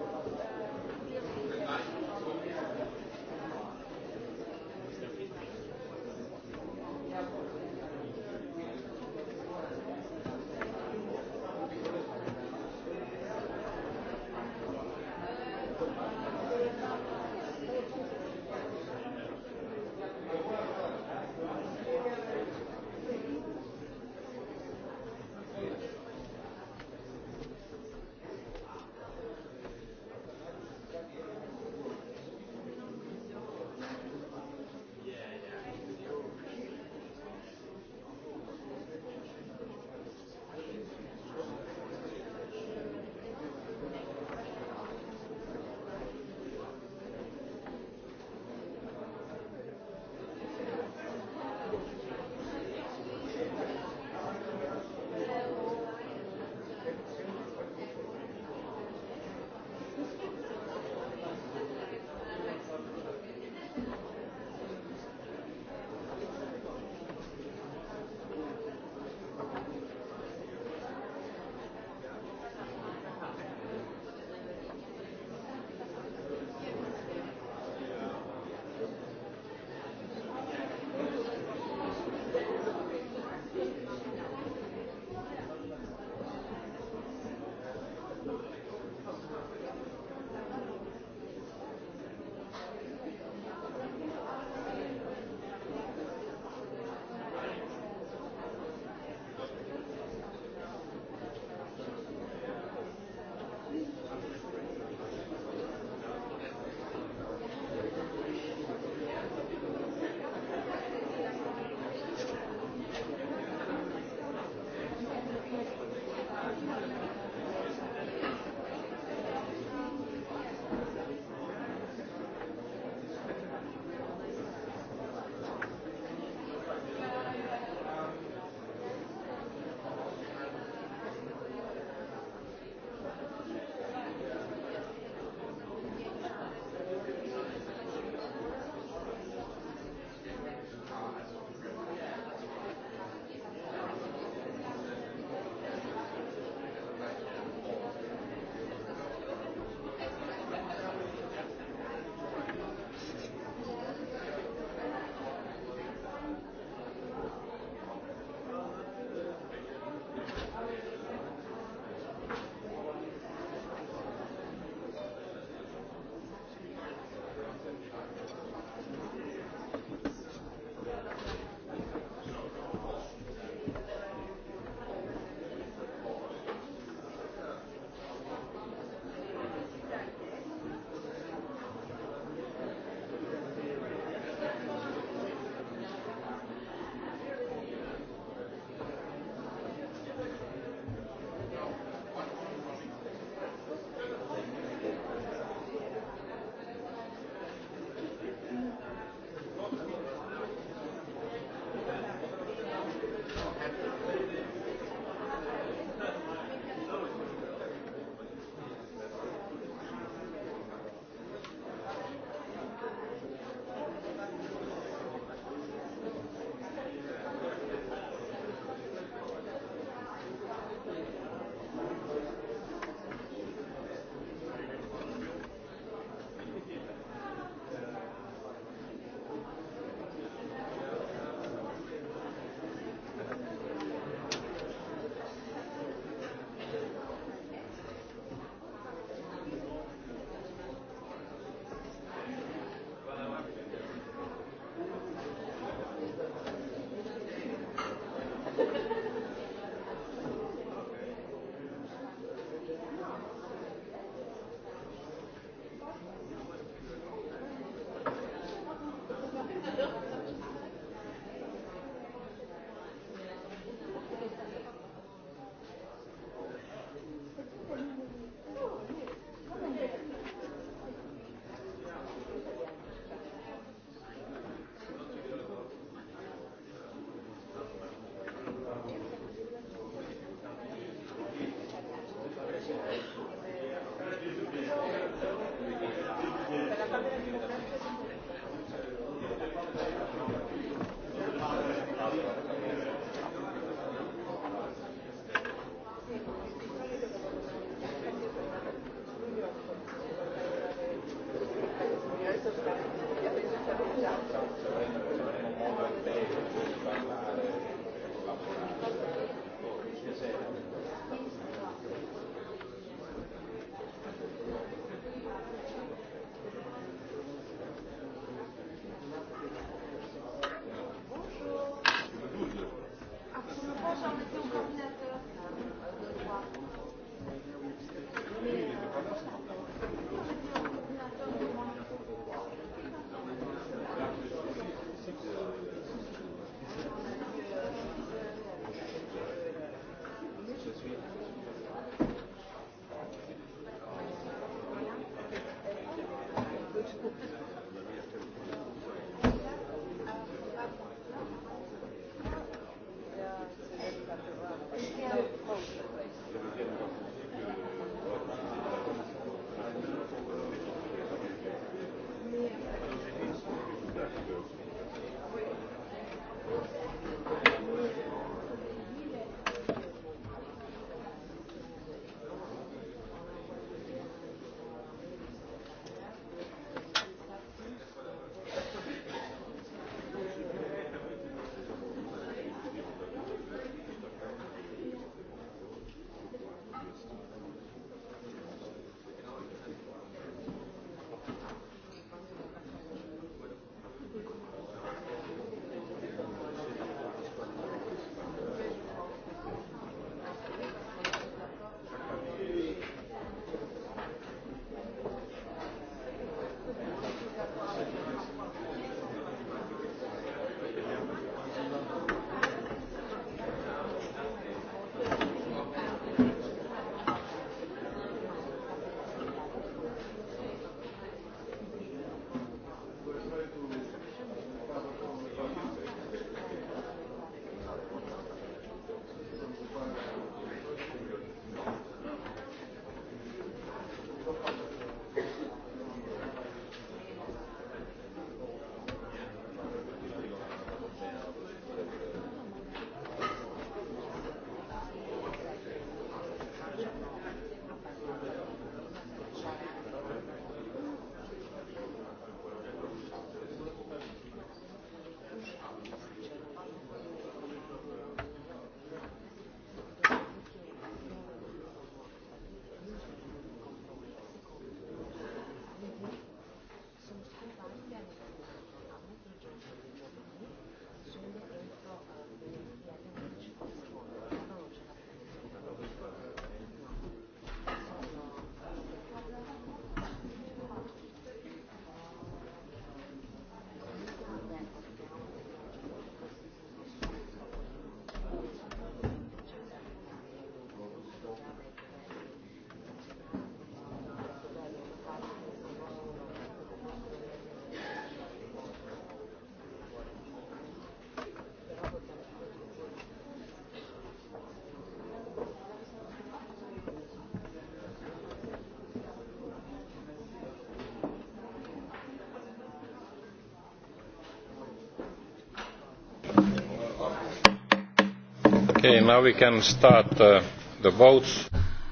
Uh,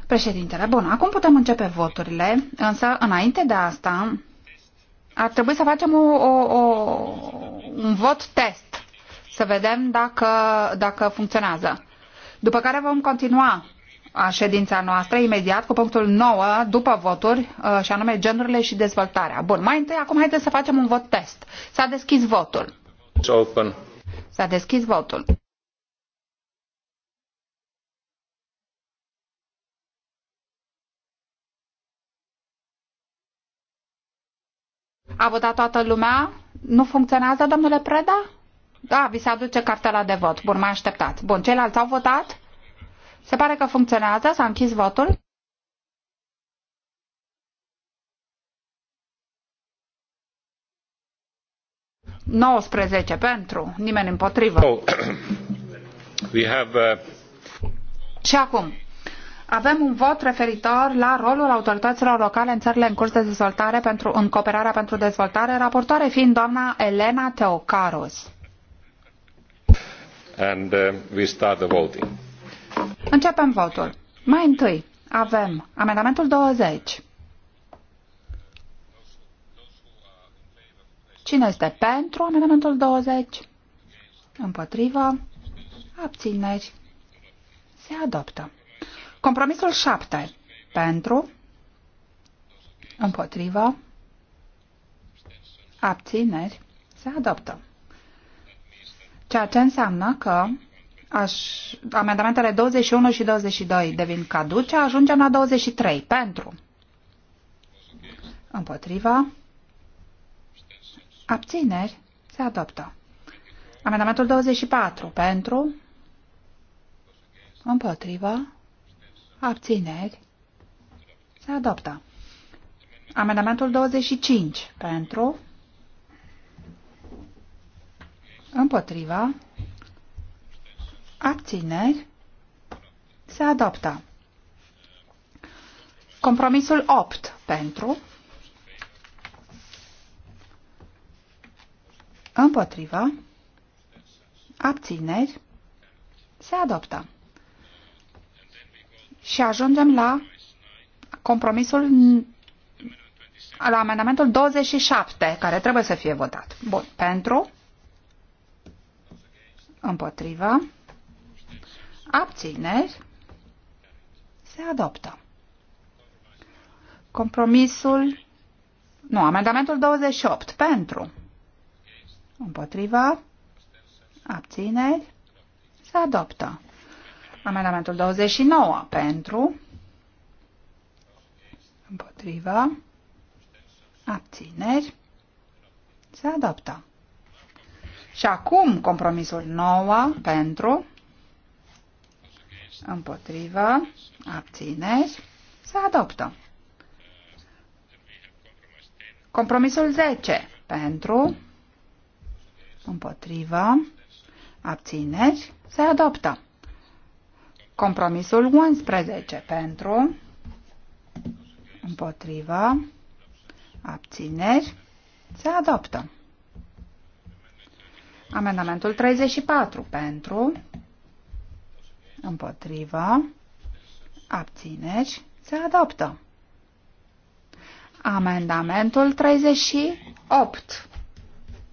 Președintele, bun, acum putem începe voturile, însă înainte de asta ar trebui să facem o, o, o, un vot test, să vedem dacă, dacă funcționează. După care vom continua a uh, ședința noastră imediat cu punctul 9 după voturi uh, și anume genurile și dezvoltarea. Bun, mai întâi acum haideți să facem un vot test. S-a deschis votul. S-a deschis votul. A votat toată lumea? Nu funcționează, domnule Preda? Da, vi se aduce cartela de vot. Bun, mai așteptați. Bun, ceilalți au votat? Se pare că funcționează, s-a închis votul. nouăsprezece pentru, nimeni împotrivă. Oh. We have, uh... Și acum, avem un vot referitor la rolul autorităților locale în țările în curs de dezvoltare pentru, în cooperarea pentru dezvoltare, raportoare fiind doamna Elena Teocaros. And, uh, we start the voting. Începem votul. Mai întâi avem amendamentul 20. Cine este pentru amendamentul 20? Împotrivă? Abțineri? Se adoptă. Compromisul 7. Pentru. Împotrivă. Abțineri. Se adoptă. Ceea ce înseamnă că aș, amendamentele 21 și 22 devin caduce, ajungem la 23. Pentru. Împotriva. Abțineri. Se adoptă. Amendamentul 24. Pentru. Împotriva abțineri, se adoptă. Amendamentul 25 pentru, împotriva, abțineri, se adoptă. Compromisul 8 pentru, împotriva, abțineri, se adoptă și ajungem la compromisul la amendamentul 27, care trebuie să fie votat. Bun. Pentru. Împotrivă. Abțineri. Se adoptă. Compromisul. Nu, amendamentul 28. Pentru. Împotriva. Abțineri. Se adoptă. Amendamentul 29 pentru, împotriva, abțineri, se adoptă. Și acum compromisul 9 pentru, împotriva, abțineri, se adoptă. Compromisul 10 pentru, împotriva, abțineri, se adoptă. Compromisul 11 pentru, împotriva, abțineri, se adoptă. Amendamentul 34 pentru, împotriva, abțineri, se adoptă. Amendamentul 38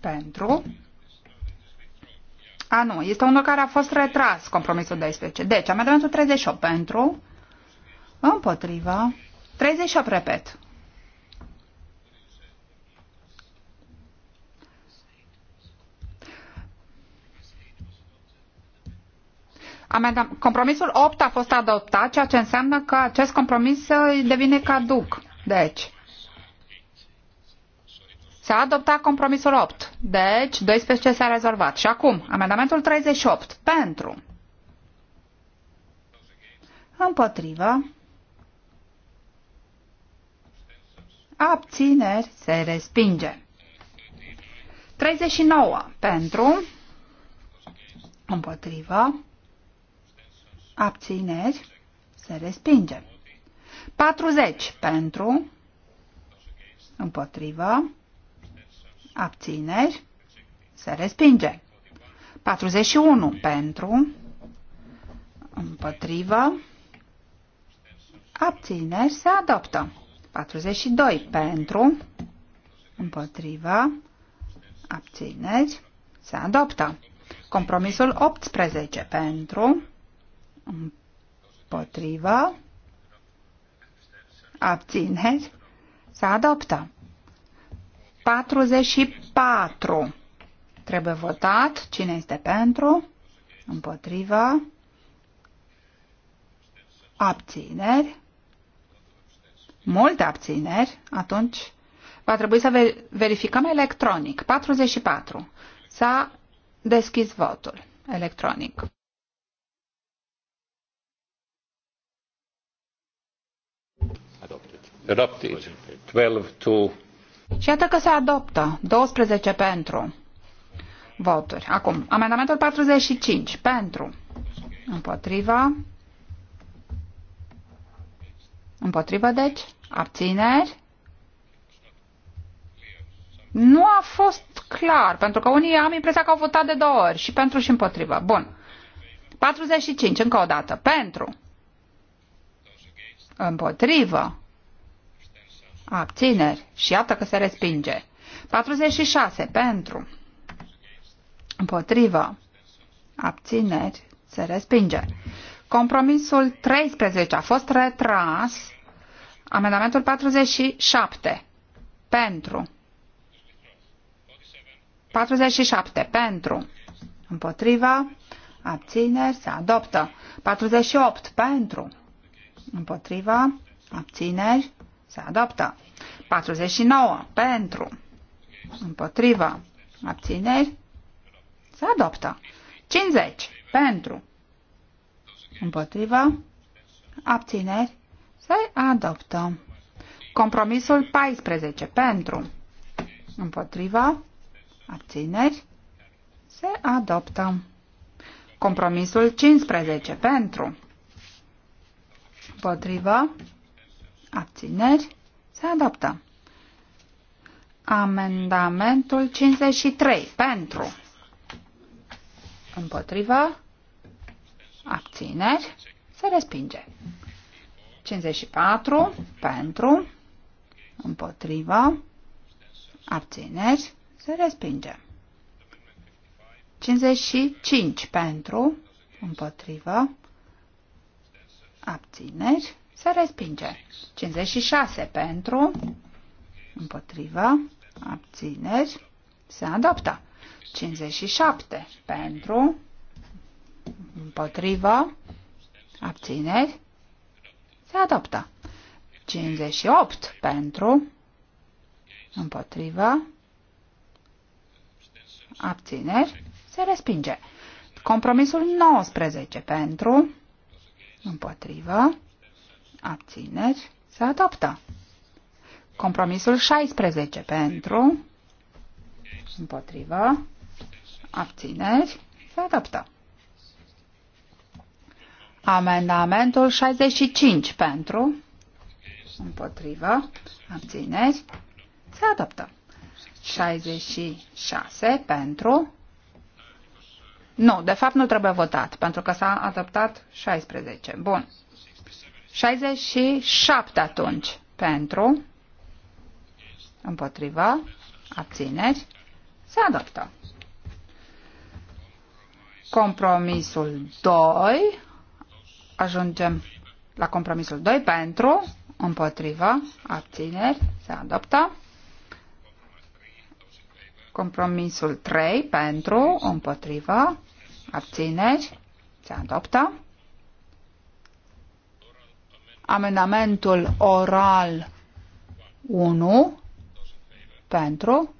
pentru, a, nu. Este unul care a fost retras, compromisul 12. Deci, amendamentul 38 pentru, împotriva, 38, repet. Amendam compromisul 8 a fost adoptat, ceea ce înseamnă că acest compromis uh, devine caduc. Deci, S-a adoptat compromisul 8. Deci 12 s-a rezolvat. Și acum, amendamentul 38. Pentru. Împotrivă. Abțineri se respinge. 39. Pentru. Împotrivă. Abțineri se respinge. 40. Pentru. Împotrivă abțineri, se respinge. 41 pentru, împotrivă, abțineri, se adoptă. 42 pentru, împotrivă, abțineri, se adoptă. Compromisul 18 pentru, împotrivă, abțineri, se adoptă. 44. Trebuie votat. Cine este pentru? Împotrivă. Abțineri. Multe abțineri. Atunci va trebui să verificăm electronic. 44. S-a deschis votul electronic. Adopted. Adopted. 12 to și iată că se adoptă. 12 pentru voturi. Acum, amendamentul 45 pentru. Împotriva. împotriva deci. Abțineri. Nu a fost clar, pentru că unii am impresia că au votat de două ori, și pentru și împotriva. Bun. 45, încă o dată. Pentru. Împotrivă abțineri și iată că se respinge. 46 pentru, împotrivă, abțineri, se respinge. Compromisul 13 a fost retras, amendamentul 47 pentru, 47 pentru, împotriva, abțineri, se adoptă. 48 pentru, împotriva, abțineri, se adoptă. 49 pentru, împotrivă, abțineri, se adoptă. 50 pentru, împotrivă, abțineri, se adoptă. Compromisul 14 pentru, împotrivă, abțineri, se adoptă. Compromisul 15 pentru, împotrivă, abțineri, se adoptă. Amendamentul 53. Pentru. Împotriva. Abțineri. Se respinge. 54. Pentru. Împotriva. Abțineri. Se respinge. 55. Pentru. Împotriva. Abțineri. Se respinge. 56 pentru, împotrivă, abțineri, se adoptă. 57 pentru, împotrivă, abțineri, se adoptă. 58 pentru, împotrivă, abțineri, se respinge. Compromisul 19 pentru, împotrivă, abțineri, se adoptă. Compromisul 16 pentru, împotrivă, abțineri, se adoptă. Amendamentul 65 pentru, împotrivă, abțineri, se adoptă. 66 pentru, nu, de fapt nu trebuie votat, pentru că s-a adoptat 16. Bun. 67 atunci pentru, împotriva, abțineri, se adoptă. Compromisul 2, ajungem la compromisul 2 pentru, împotriva, abțineri, se adoptă. Compromisul 3 pentru, împotriva, abțineri, se adoptă. Amendamentul oral 1 pentru,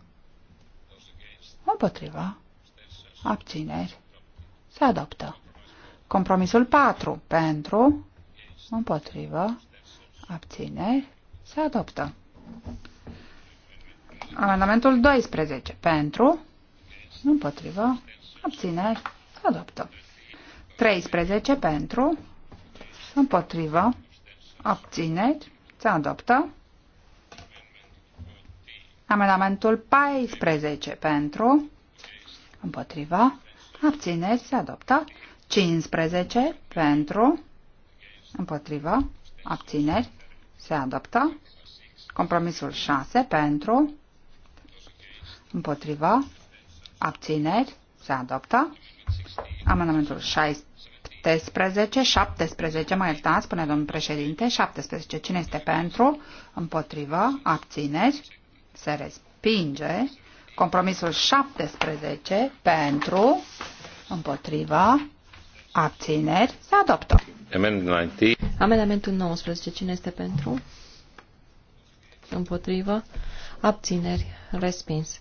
împotriva, abțineri, se adoptă. Compromisul 4 pentru, împotriva, abțineri, se adoptă. Amendamentul 12 pentru, împotriva, abțineri, se adoptă. 13 pentru, împotriva, obțineri, Se adoptă. Amendamentul 14 pentru. Împotriva. Abțineri. Se adoptă. 15 pentru. Împotriva. Abțineri. Se adoptă. Compromisul 6 pentru. Împotriva. Abțineri. Se adoptă. Amendamentul 16 17, 17, mai iertați, spune domnul președinte, 17. Cine este pentru? Împotrivă, abțineri, se respinge. Compromisul 17, pentru, împotrivă, abțineri, se adoptă. Amendamentul 19, cine este pentru? Împotrivă, abțineri, respins.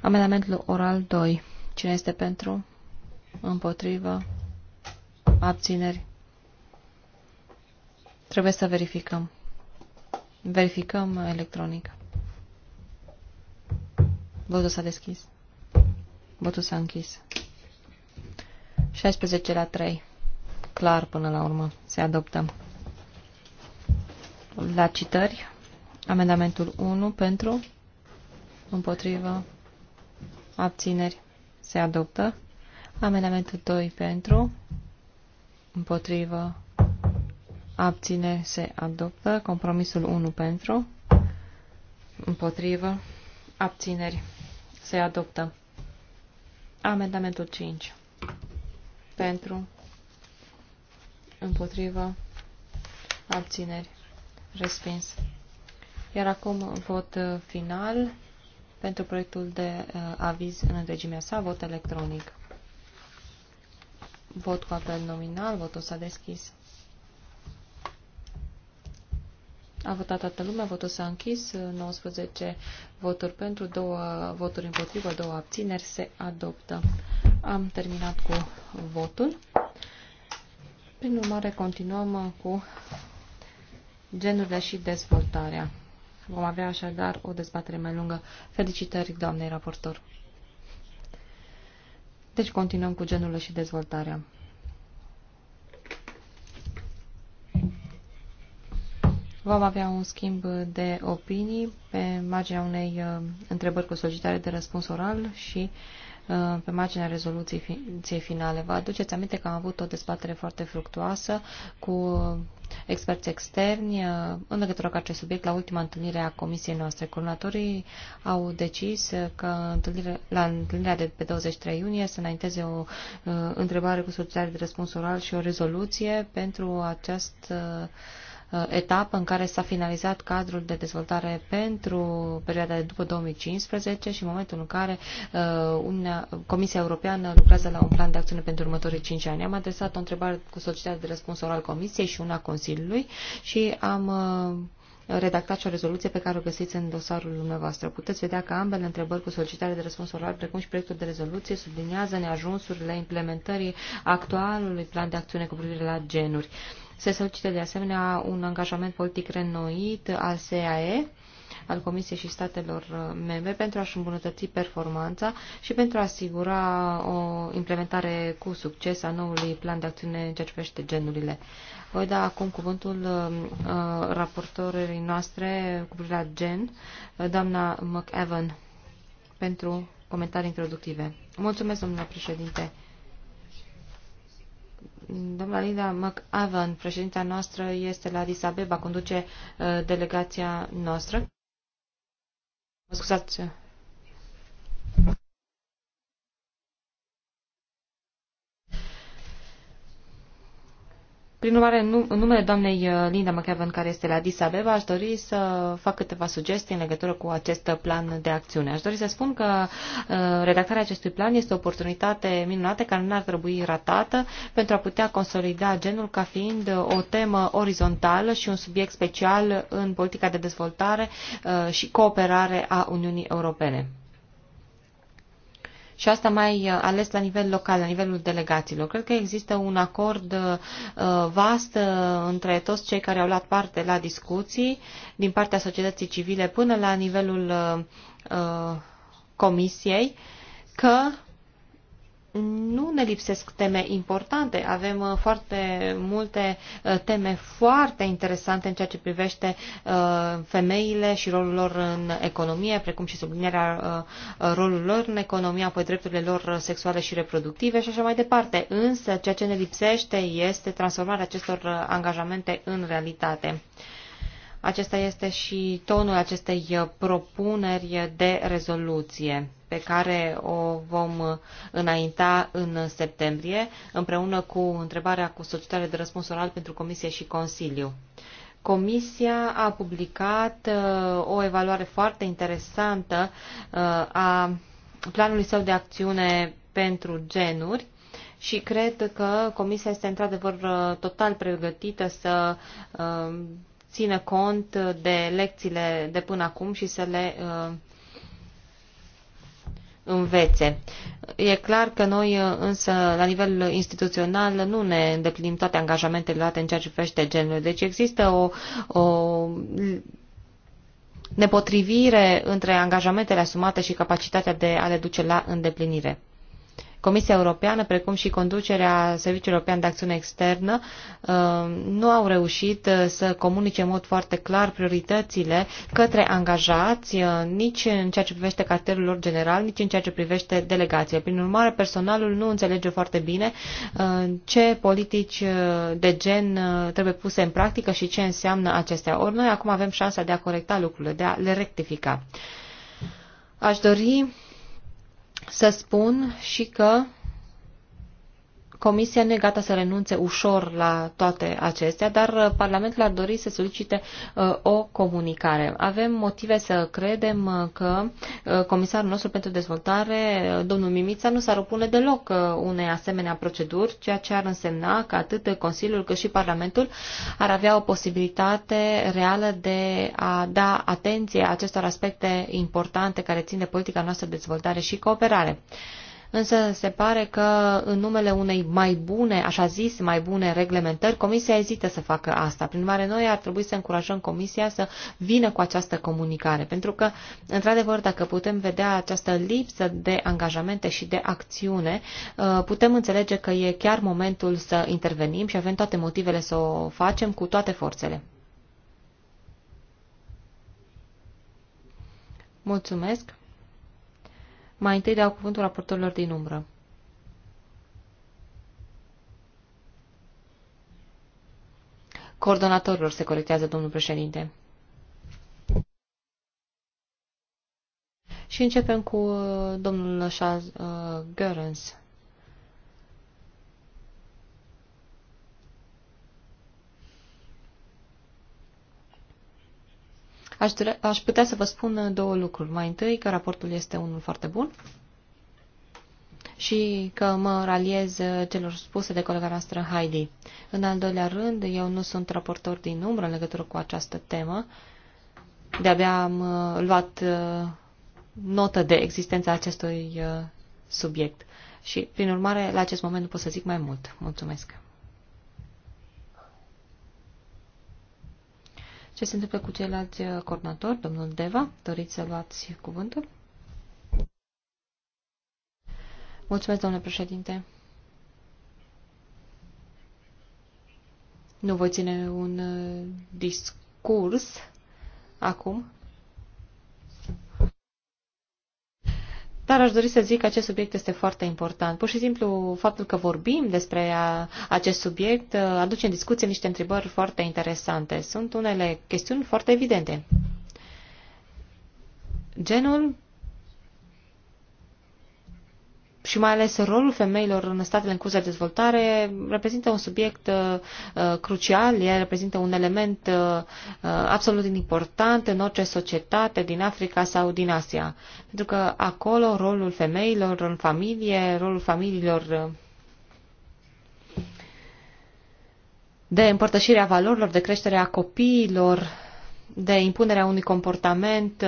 Amendamentul oral 2, cine este pentru? Împotrivă, abțineri. Trebuie să verificăm. Verificăm electronic. Votul s-a deschis. Votul s-a închis. 16 la 3. Clar până la urmă. Se adoptă. La citări, amendamentul 1 pentru, împotrivă, abțineri, se adoptă. Amendamentul 2 pentru, împotrivă, abține, se adoptă. Compromisul 1 pentru, împotrivă, abțineri, se adoptă. Amendamentul 5 pentru, împotrivă, abțineri, respins. Iar acum vot uh, final pentru proiectul de uh, aviz în întregimea sa, vot electronic. Vot cu apel nominal, votul s-a deschis. A votat toată lumea, votul s-a închis, 19 voturi pentru, 2 voturi împotrivă, 2 abțineri, se adoptă. Am terminat cu votul. Prin urmare, continuăm cu genurile și dezvoltarea. Vom avea așadar o dezbatere mai lungă. Felicitări, doamnei raportor! Deci continuăm cu genul și dezvoltarea. Vom avea un schimb de opinii pe marginea unei uh, întrebări cu solicitare de răspuns oral și Uh, pe marginea rezoluției finale. Vă aduceți aminte că am avut o dezbatere foarte fructuoasă cu experți externi uh, în legătură cu acest subiect la ultima întâlnire a comisiei noastre. Coordonatorii au decis că întâlnire, la întâlnirea de pe 23 iunie să înainteze o uh, întrebare cu solicitare de răspuns oral și o rezoluție pentru această Uh, etapă în care s-a finalizat cadrul de dezvoltare pentru perioada de după 2015 și în momentul în care uh, Uniunea, Comisia Europeană lucrează la un plan de acțiune pentru următorii 5 ani. Am adresat o întrebare cu societatea de răspuns oral Comisiei și una Consiliului și am uh, redactat și o rezoluție pe care o găsiți în dosarul dumneavoastră. Puteți vedea că ambele întrebări cu solicitare de răspuns oral, precum și proiectul de rezoluție, subliniază neajunsurile implementării actualului plan de acțiune cu privire la genuri. Uh, se solicită de asemenea un angajament politic renoit al SAE, al Comisiei și statelor membre pentru a-și îmbunătăți performanța și pentru a asigura o implementare cu succes a noului plan de acțiune în ceea ce privește genurile. Voi da acum cuvântul uh, raportorului noastre cu privire la gen, uh, doamna McEvan, pentru comentarii introductive. Mulțumesc, domnule președinte. Doamna Linda McAvan, președinta noastră, este la Addis Abeba, conduce uh, delegația noastră. Mă scuzați, Prin urmare, în numele doamnei uh, Linda McEvan, care este la Addis Abeba, aș dori să fac câteva sugestii în legătură cu acest plan de acțiune. Aș dori să spun că uh, redactarea acestui plan este o oportunitate minunată care nu ar trebui ratată pentru a putea consolida genul ca fiind uh, o temă orizontală și un subiect special în politica de dezvoltare și cooperare a Uniunii Europene și asta mai uh, ales la nivel local, la nivelul delegațiilor. Cred că există un acord uh, vast uh, între toți cei care au luat parte la discuții, din partea societății civile până la nivelul comisiei, că nu ne lipsesc teme importante. Avem uh, foarte multe uh, teme foarte interesante în ceea ce privește uh, femeile și rolul lor în economie, precum și sublinierea rolului lor în economie, apoi drepturile lor sexuale și reproductive și așa mai departe. Însă, ceea ce ne lipsește este transformarea acestor angajamente în realitate. Acesta este și tonul acestei propuneri de rezoluție pe care o vom înainta în septembrie, împreună cu întrebarea cu solicitare de răspuns oral pentru Comisie și Consiliu. Comisia a publicat uh, o evaluare foarte interesantă uh, a planului său de acțiune pentru genuri și cred că Comisia este într-adevăr uh, total pregătită să țină cont de lecțiile de până acum și să le învețe. E clar că noi uh, însă la nivel instituțional nu ne îndeplinim toate angajamentele luate în ceea ce privește genul. Deci există o, o nepotrivire între angajamentele asumate și capacitatea de a le duce la îndeplinire. Comisia Europeană, precum și conducerea Serviciului European de Acțiune Externă, uh, nu au reușit uh, să comunice în mod foarte clar prioritățile către angajați, uh, nici în ceea ce privește caracterul lor general, nici în ceea ce privește delegația. Prin urmare, personalul nu înțelege foarte bine ce politici de gen trebuie puse în practică și ce înseamnă acestea. Ori noi acum avem șansa de a corecta lucrurile, de a le rectifica. Aș dori să spun și că Comisia nu e gata să renunțe ușor la toate acestea, dar uh, Parlamentul ar dori să solicite uh, o comunicare. Avem motive să credem uh, că comisarul nostru pentru dezvoltare, domnul Mimița, nu s-ar opune deloc unei asemenea proceduri, ceea ce ar însemna că atât Consiliul cât și Parlamentul ar avea o posibilitate reală de a da atenție acestor aspecte importante care țin de politica noastră de dezvoltare și cooperare însă se pare că în numele unei mai bune, așa zis, mai bune reglementări, Comisia ezită să facă asta. Prin urmare, noi ar trebui să încurajăm Comisia să vină cu această comunicare, pentru că, într-adevăr, dacă putem vedea această lipsă de angajamente și de acțiune, uh, putem înțelege că e chiar momentul să intervenim și avem toate motivele să o facem cu toate forțele. Mulțumesc! Mai întâi dau cuvântul raportorilor din umbră. Coordonatorilor se corectează, domnul președinte. Și începem cu uh, domnul Charles uh, Görens. Aș, aș putea să vă spun două lucruri. Mai întâi că raportul este unul foarte bun și că mă raliez celor spuse de colega noastră Heidi. În al doilea rând, eu nu sunt raportor din umbră în legătură cu această temă. De-abia am uh, luat uh, notă de existența acestui uh, subiect. Și, prin urmare, la acest moment nu pot să zic mai mult. Mulțumesc! ce se întâmplă cu ceilalți uh, coordonatori. Domnul Deva, doriți să luați cuvântul? Mulțumesc, domnule președinte. Nu voi ține un uh, discurs acum, Dar aș dori să zic că acest subiect este foarte important. Pur și simplu, faptul că vorbim despre acest subiect aduce în discuție niște întrebări foarte interesante. Sunt unele chestiuni foarte evidente. Genul și mai ales rolul femeilor în statele în curs de dezvoltare reprezintă un subiect uh, uh crucial, el reprezintă un element uh, uh, absolut important în orice societate din Africa sau din Asia. Pentru că acolo rolul femeilor în familie, rolul familiilor uh, de împărtășirea valorilor, de creșterea copiilor, de impunerea unui comportament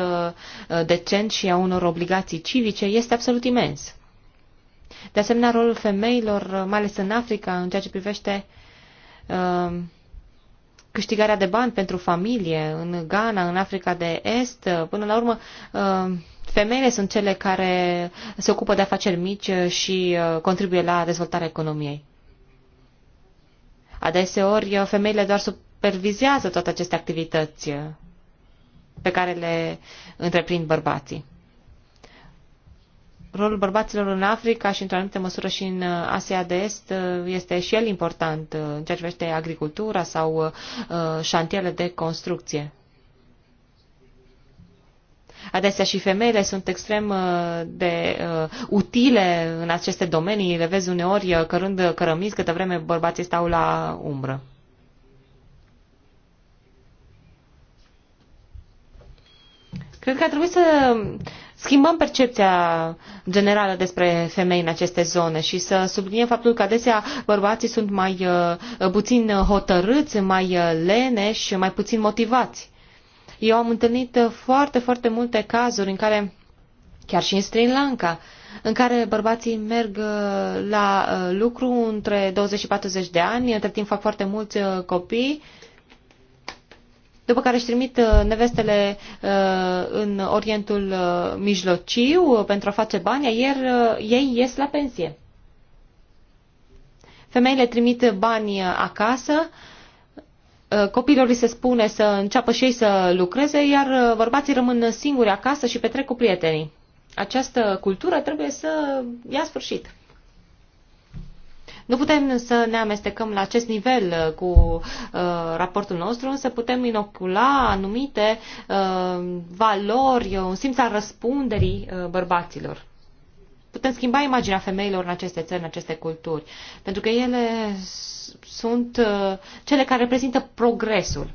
decent și a unor obligații civice este absolut imens. De asemenea, rolul femeilor, mai ales în Africa, în ceea ce privește uh, câștigarea de bani pentru familie, în Ghana, în Africa de Est, uh, până la urmă, uh, femeile sunt cele care se ocupă de afaceri mici și contribuie la dezvoltarea economiei. Adeseori, femeile doar supervizează toate aceste activități pe care le întreprind bărbații rolul bărbaților în Africa și într-o anumită măsură și în uh, Asia de Est uh, este și el important uh, în ceea ce privește agricultura sau șantierele de construcție. Adesea și femeile sunt extrem de utile în aceste domenii, le vezi uneori cărând cărămizi câtă vreme bărbații stau la umbră. Cred că ar trebui să schimbăm percepția generală despre femei în aceste zone și să subliniem faptul că adesea bărbații sunt mai uh, puțin hotărâți, mai uh, leneși, mai puțin motivați. Eu am întâlnit uh, foarte, foarte multe cazuri în care, chiar și în Sri Lanka, în care bărbații merg la lucru între 20 și 40 de ani, între timp fac foarte mulți copii, după care își trimit uh, nevestele uh, în Orientul uh, Mijlociu pentru a face bani, iar ei ies la pensie. Femeile trimit bani acasă, copilor li se spune să înceapă și ei să lucreze, iar bărbații rămân singuri acasă și petrec cu prietenii. Această cultură trebuie să ia sfârșit. Nu putem să ne amestecăm la acest nivel uh, cu uh, raportul nostru, însă putem inocula anumite uh, valori, uh, un simț al răspunderii uh, bărbaților. Putem schimba imaginea femeilor în aceste țări, în aceste culturi, pentru că ele sunt uh, cele care reprezintă progresul.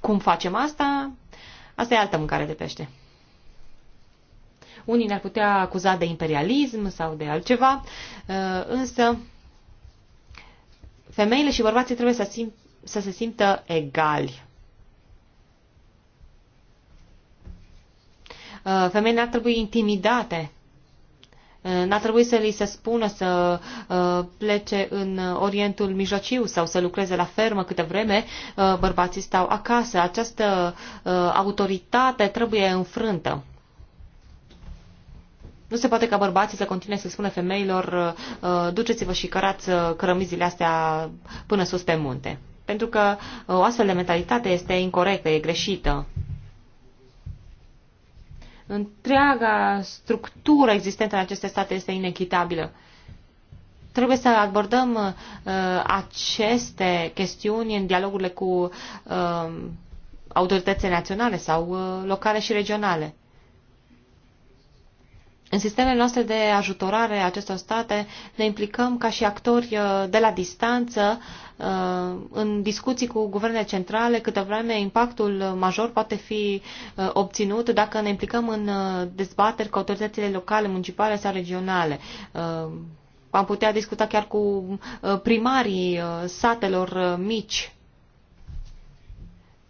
Cum facem asta? Asta e altă mâncare de pește. Unii ne-ar putea acuza de imperialism sau de altceva, uh, însă femeile și bărbații trebuie să, simt, să se simtă egali. Uh, femeile n-ar trebui intimidate. Uh, n-ar trebui să li se spună să uh, plece în Orientul Mijlociu sau să lucreze la fermă câte vreme bărbații stau acasă. Această autoritate trebuie înfrântă. Nu se poate ca bărbații să continue să spună femeilor uh, uh, duceți-vă și cărați uh, cărămizile astea până sus pe munte. Pentru că o astfel de mentalitate este incorrectă, e greșită întreaga structură existentă în aceste state este inechitabilă. Trebuie să abordăm uh, aceste chestiuni în dialogurile cu uh, autoritățile naționale sau uh, locale și regionale. În sistemele noastre de ajutorare a acestor state ne implicăm ca și actori uh, de la distanță uh, în discuții cu guvernele centrale, câtă vreme impactul major poate fi uh, obținut dacă ne implicăm în dezbateri cu autoritățile locale, municipale sau regionale. Am putea discuta chiar cu primarii satelor mici.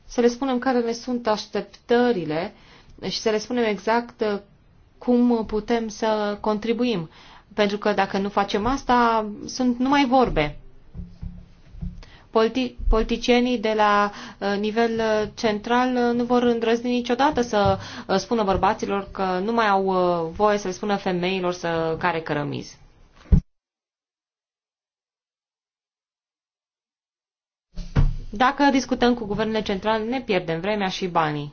Să le spunem care ne sunt așteptările și să le spunem exact cum putem să contribuim. Pentru că dacă nu facem asta, sunt numai vorbe. Politi- politicienii de la uh, nivel uh, central uh, nu vor îndrăzni niciodată să spună bărbaților că nu mai au voie să le spună femeilor să care cărămizi. Dacă discutăm cu guvernele centrale, ne pierdem vremea și banii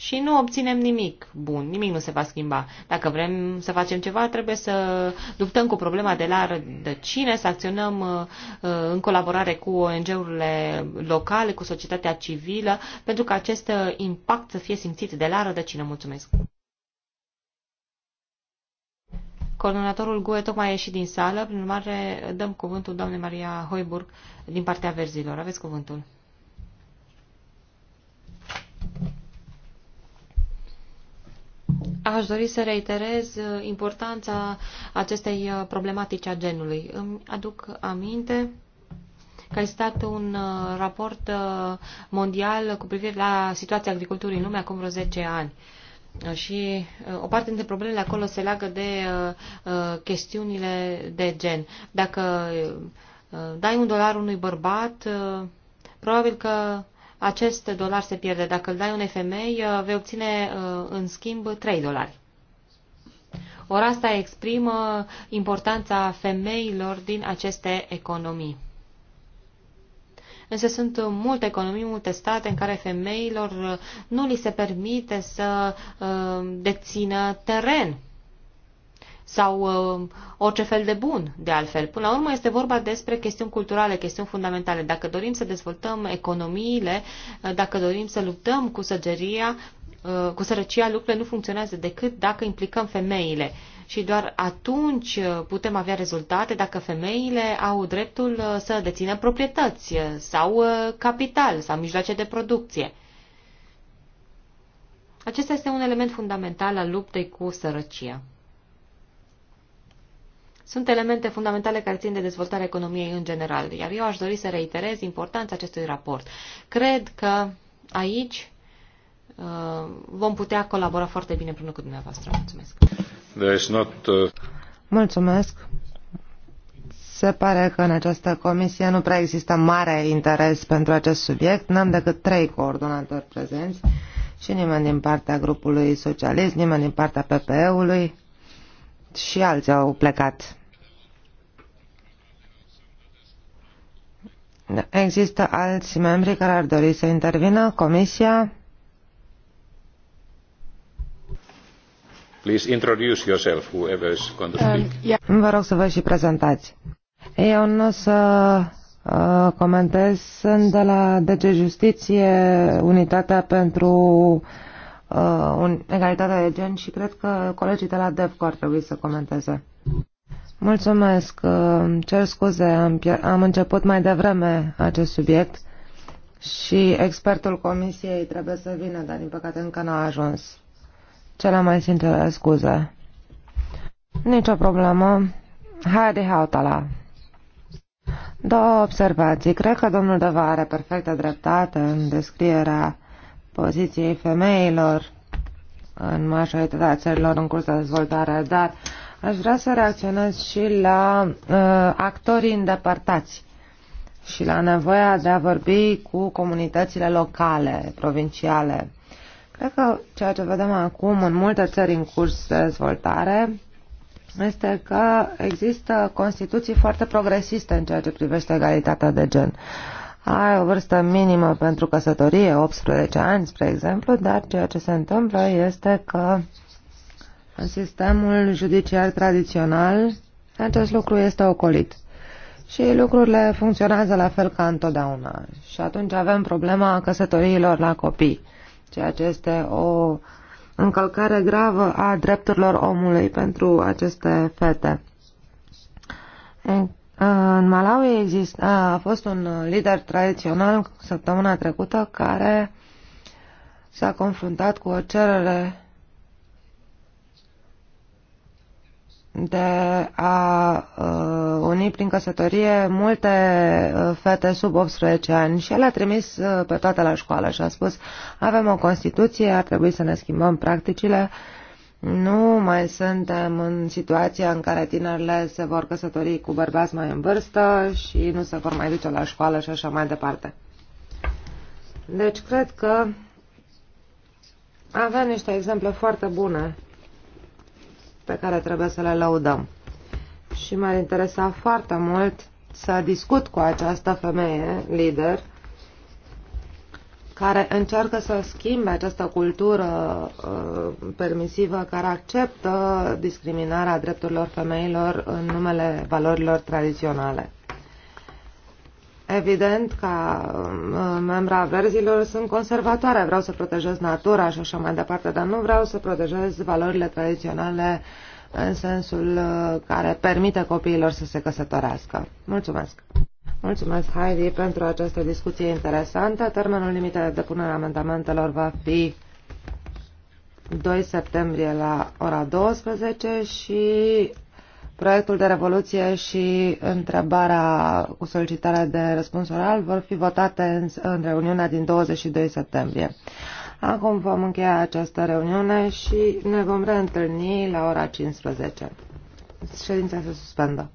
și nu obținem nimic bun, nimic nu se va schimba. Dacă vrem să facem ceva, trebuie să luptăm cu problema de la rădăcine, să acționăm uh, uh, în colaborare cu ONG-urile locale, cu societatea civilă, pentru că acest uh, impact să fie simțit de la rădăcine. Mulțumesc! Coordonatorul GUE tocmai a ieșit din sală, prin urmare dăm cuvântul doamnei Maria Hoiburg din partea verzilor. Aveți cuvântul. Aș dori să reiterez uh, importanța acestei uh, problematici a genului. Îmi aduc aminte că este stat un uh, raport mondial cu privire la situația agriculturii în lume acum vreo 10 ani. Și o parte dintre problemele acolo se leagă de chestiunile de gen. Dacă dai un dolar unui bărbat, probabil că acest dolar se pierde. Dacă îl dai unei femei, uh, vei obține uh, în schimb 3 dolari. Ori asta exprimă importanța femeilor din aceste economii. Însă sunt multe economii, multe state în care femeilor uh, nu li se permite să dețină teren sau uh, orice fel de bun, de altfel. Până la urmă este vorba despre chestiuni culturale, chestiuni fundamentale. Dacă dorim să dezvoltăm economiile, uh, dacă dorim să luptăm cu săgeria, uh, cu sărăcia, lucrurile nu funcționează decât dacă implicăm femeile. Și doar atunci uh, putem avea rezultate dacă femeile au dreptul uh, să dețină proprietăți sau capital sau mijloace de producție. Acesta este un element fundamental al luptei cu sărăcia. Sunt elemente fundamentale care țin de dezvoltarea economiei în general, iar eu aș dori să reiterez importanța acestui raport. Cred că aici uh, vom putea colabora foarte bine împreună cu dumneavoastră. Mulțumesc. Not, uh... Mulțumesc. Se pare că în această comisie nu prea există mare interes pentru acest subiect. N-am decât trei coordonatori prezenți și nimeni din partea grupului socialist, nimeni din partea PPE-ului și alții au plecat. Există alți membri care ar dori să intervină? Comisia? Please introduce yourself, whoever is going to um, speak. Vă rog să vă și prezentați. Eu nu o să uh, comentez. Sunt de la DG Justiție, Unitatea pentru uh, un, Egalitatea de Gen și cred că colegii de la DEVCO ar trebui să comenteze. Mulțumesc. Cer scuze, am, am început mai devreme acest subiect și expertul comisiei trebuie să vină, dar din păcate încă n-a ajuns. Cele mai sincer scuze. Nicio problemă. Haide, hautala. Două observații. Cred că domnul Deva are perfectă dreptate în descrierea poziției femeilor în majoritatea țărilor în curs de dezvoltare, dar Aș vrea să reacționez și la uh, actorii îndepărtați și la nevoia de a vorbi cu comunitățile locale, provinciale. Cred că ceea ce vedem acum în multe țări în curs de dezvoltare este că există constituții foarte progresiste în ceea ce privește egalitatea de gen. Ai o vârstă minimă pentru căsătorie, 18 ani, spre exemplu, dar ceea ce se întâmplă este că în sistemul judiciar tradițional, acest lucru este ocolit. Și lucrurile funcționează la fel ca întotdeauna. Și atunci avem problema căsătoriilor la copii, ceea ce este o încălcare gravă a drepturilor omului pentru aceste fete. În Malawi exist, a, a fost un lider tradițional săptămâna trecută care s-a confruntat cu o cerere de a uh, uni prin căsătorie multe uh, fete sub 18 ani și el a trimis uh, pe toate la școală și a spus avem o Constituție, ar trebui să ne schimbăm practicile, nu mai suntem în situația în care tinerile se vor căsători cu bărbați mai în vârstă și nu se vor mai duce la școală și așa mai departe. Deci cred că avem niște exemple foarte bune pe care trebuie să le laudăm. Și m-ar interesa foarte mult să discut cu această femeie, lider, care încearcă să schimbe această cultură uh, permisivă care acceptă discriminarea drepturilor femeilor în numele valorilor tradiționale. Evident, ca um, membra verzilor, sunt conservatoare, vreau să protejez natura și așa mai departe, dar nu vreau să protejez valorile tradiționale în sensul uh, care permite copiilor să se căsătorească. Mulțumesc! Mulțumesc, Heidi, pentru această discuție interesantă. Termenul limită de depunere a amendamentelor va fi 2 septembrie la ora 12 și proiectul de revoluție și întrebarea cu solicitarea de răspuns oral vor fi votate în, în reuniunea din 22 septembrie. Acum vom încheia această reuniune și ne vom reîntâlni la ora 15. Ședința se suspendă.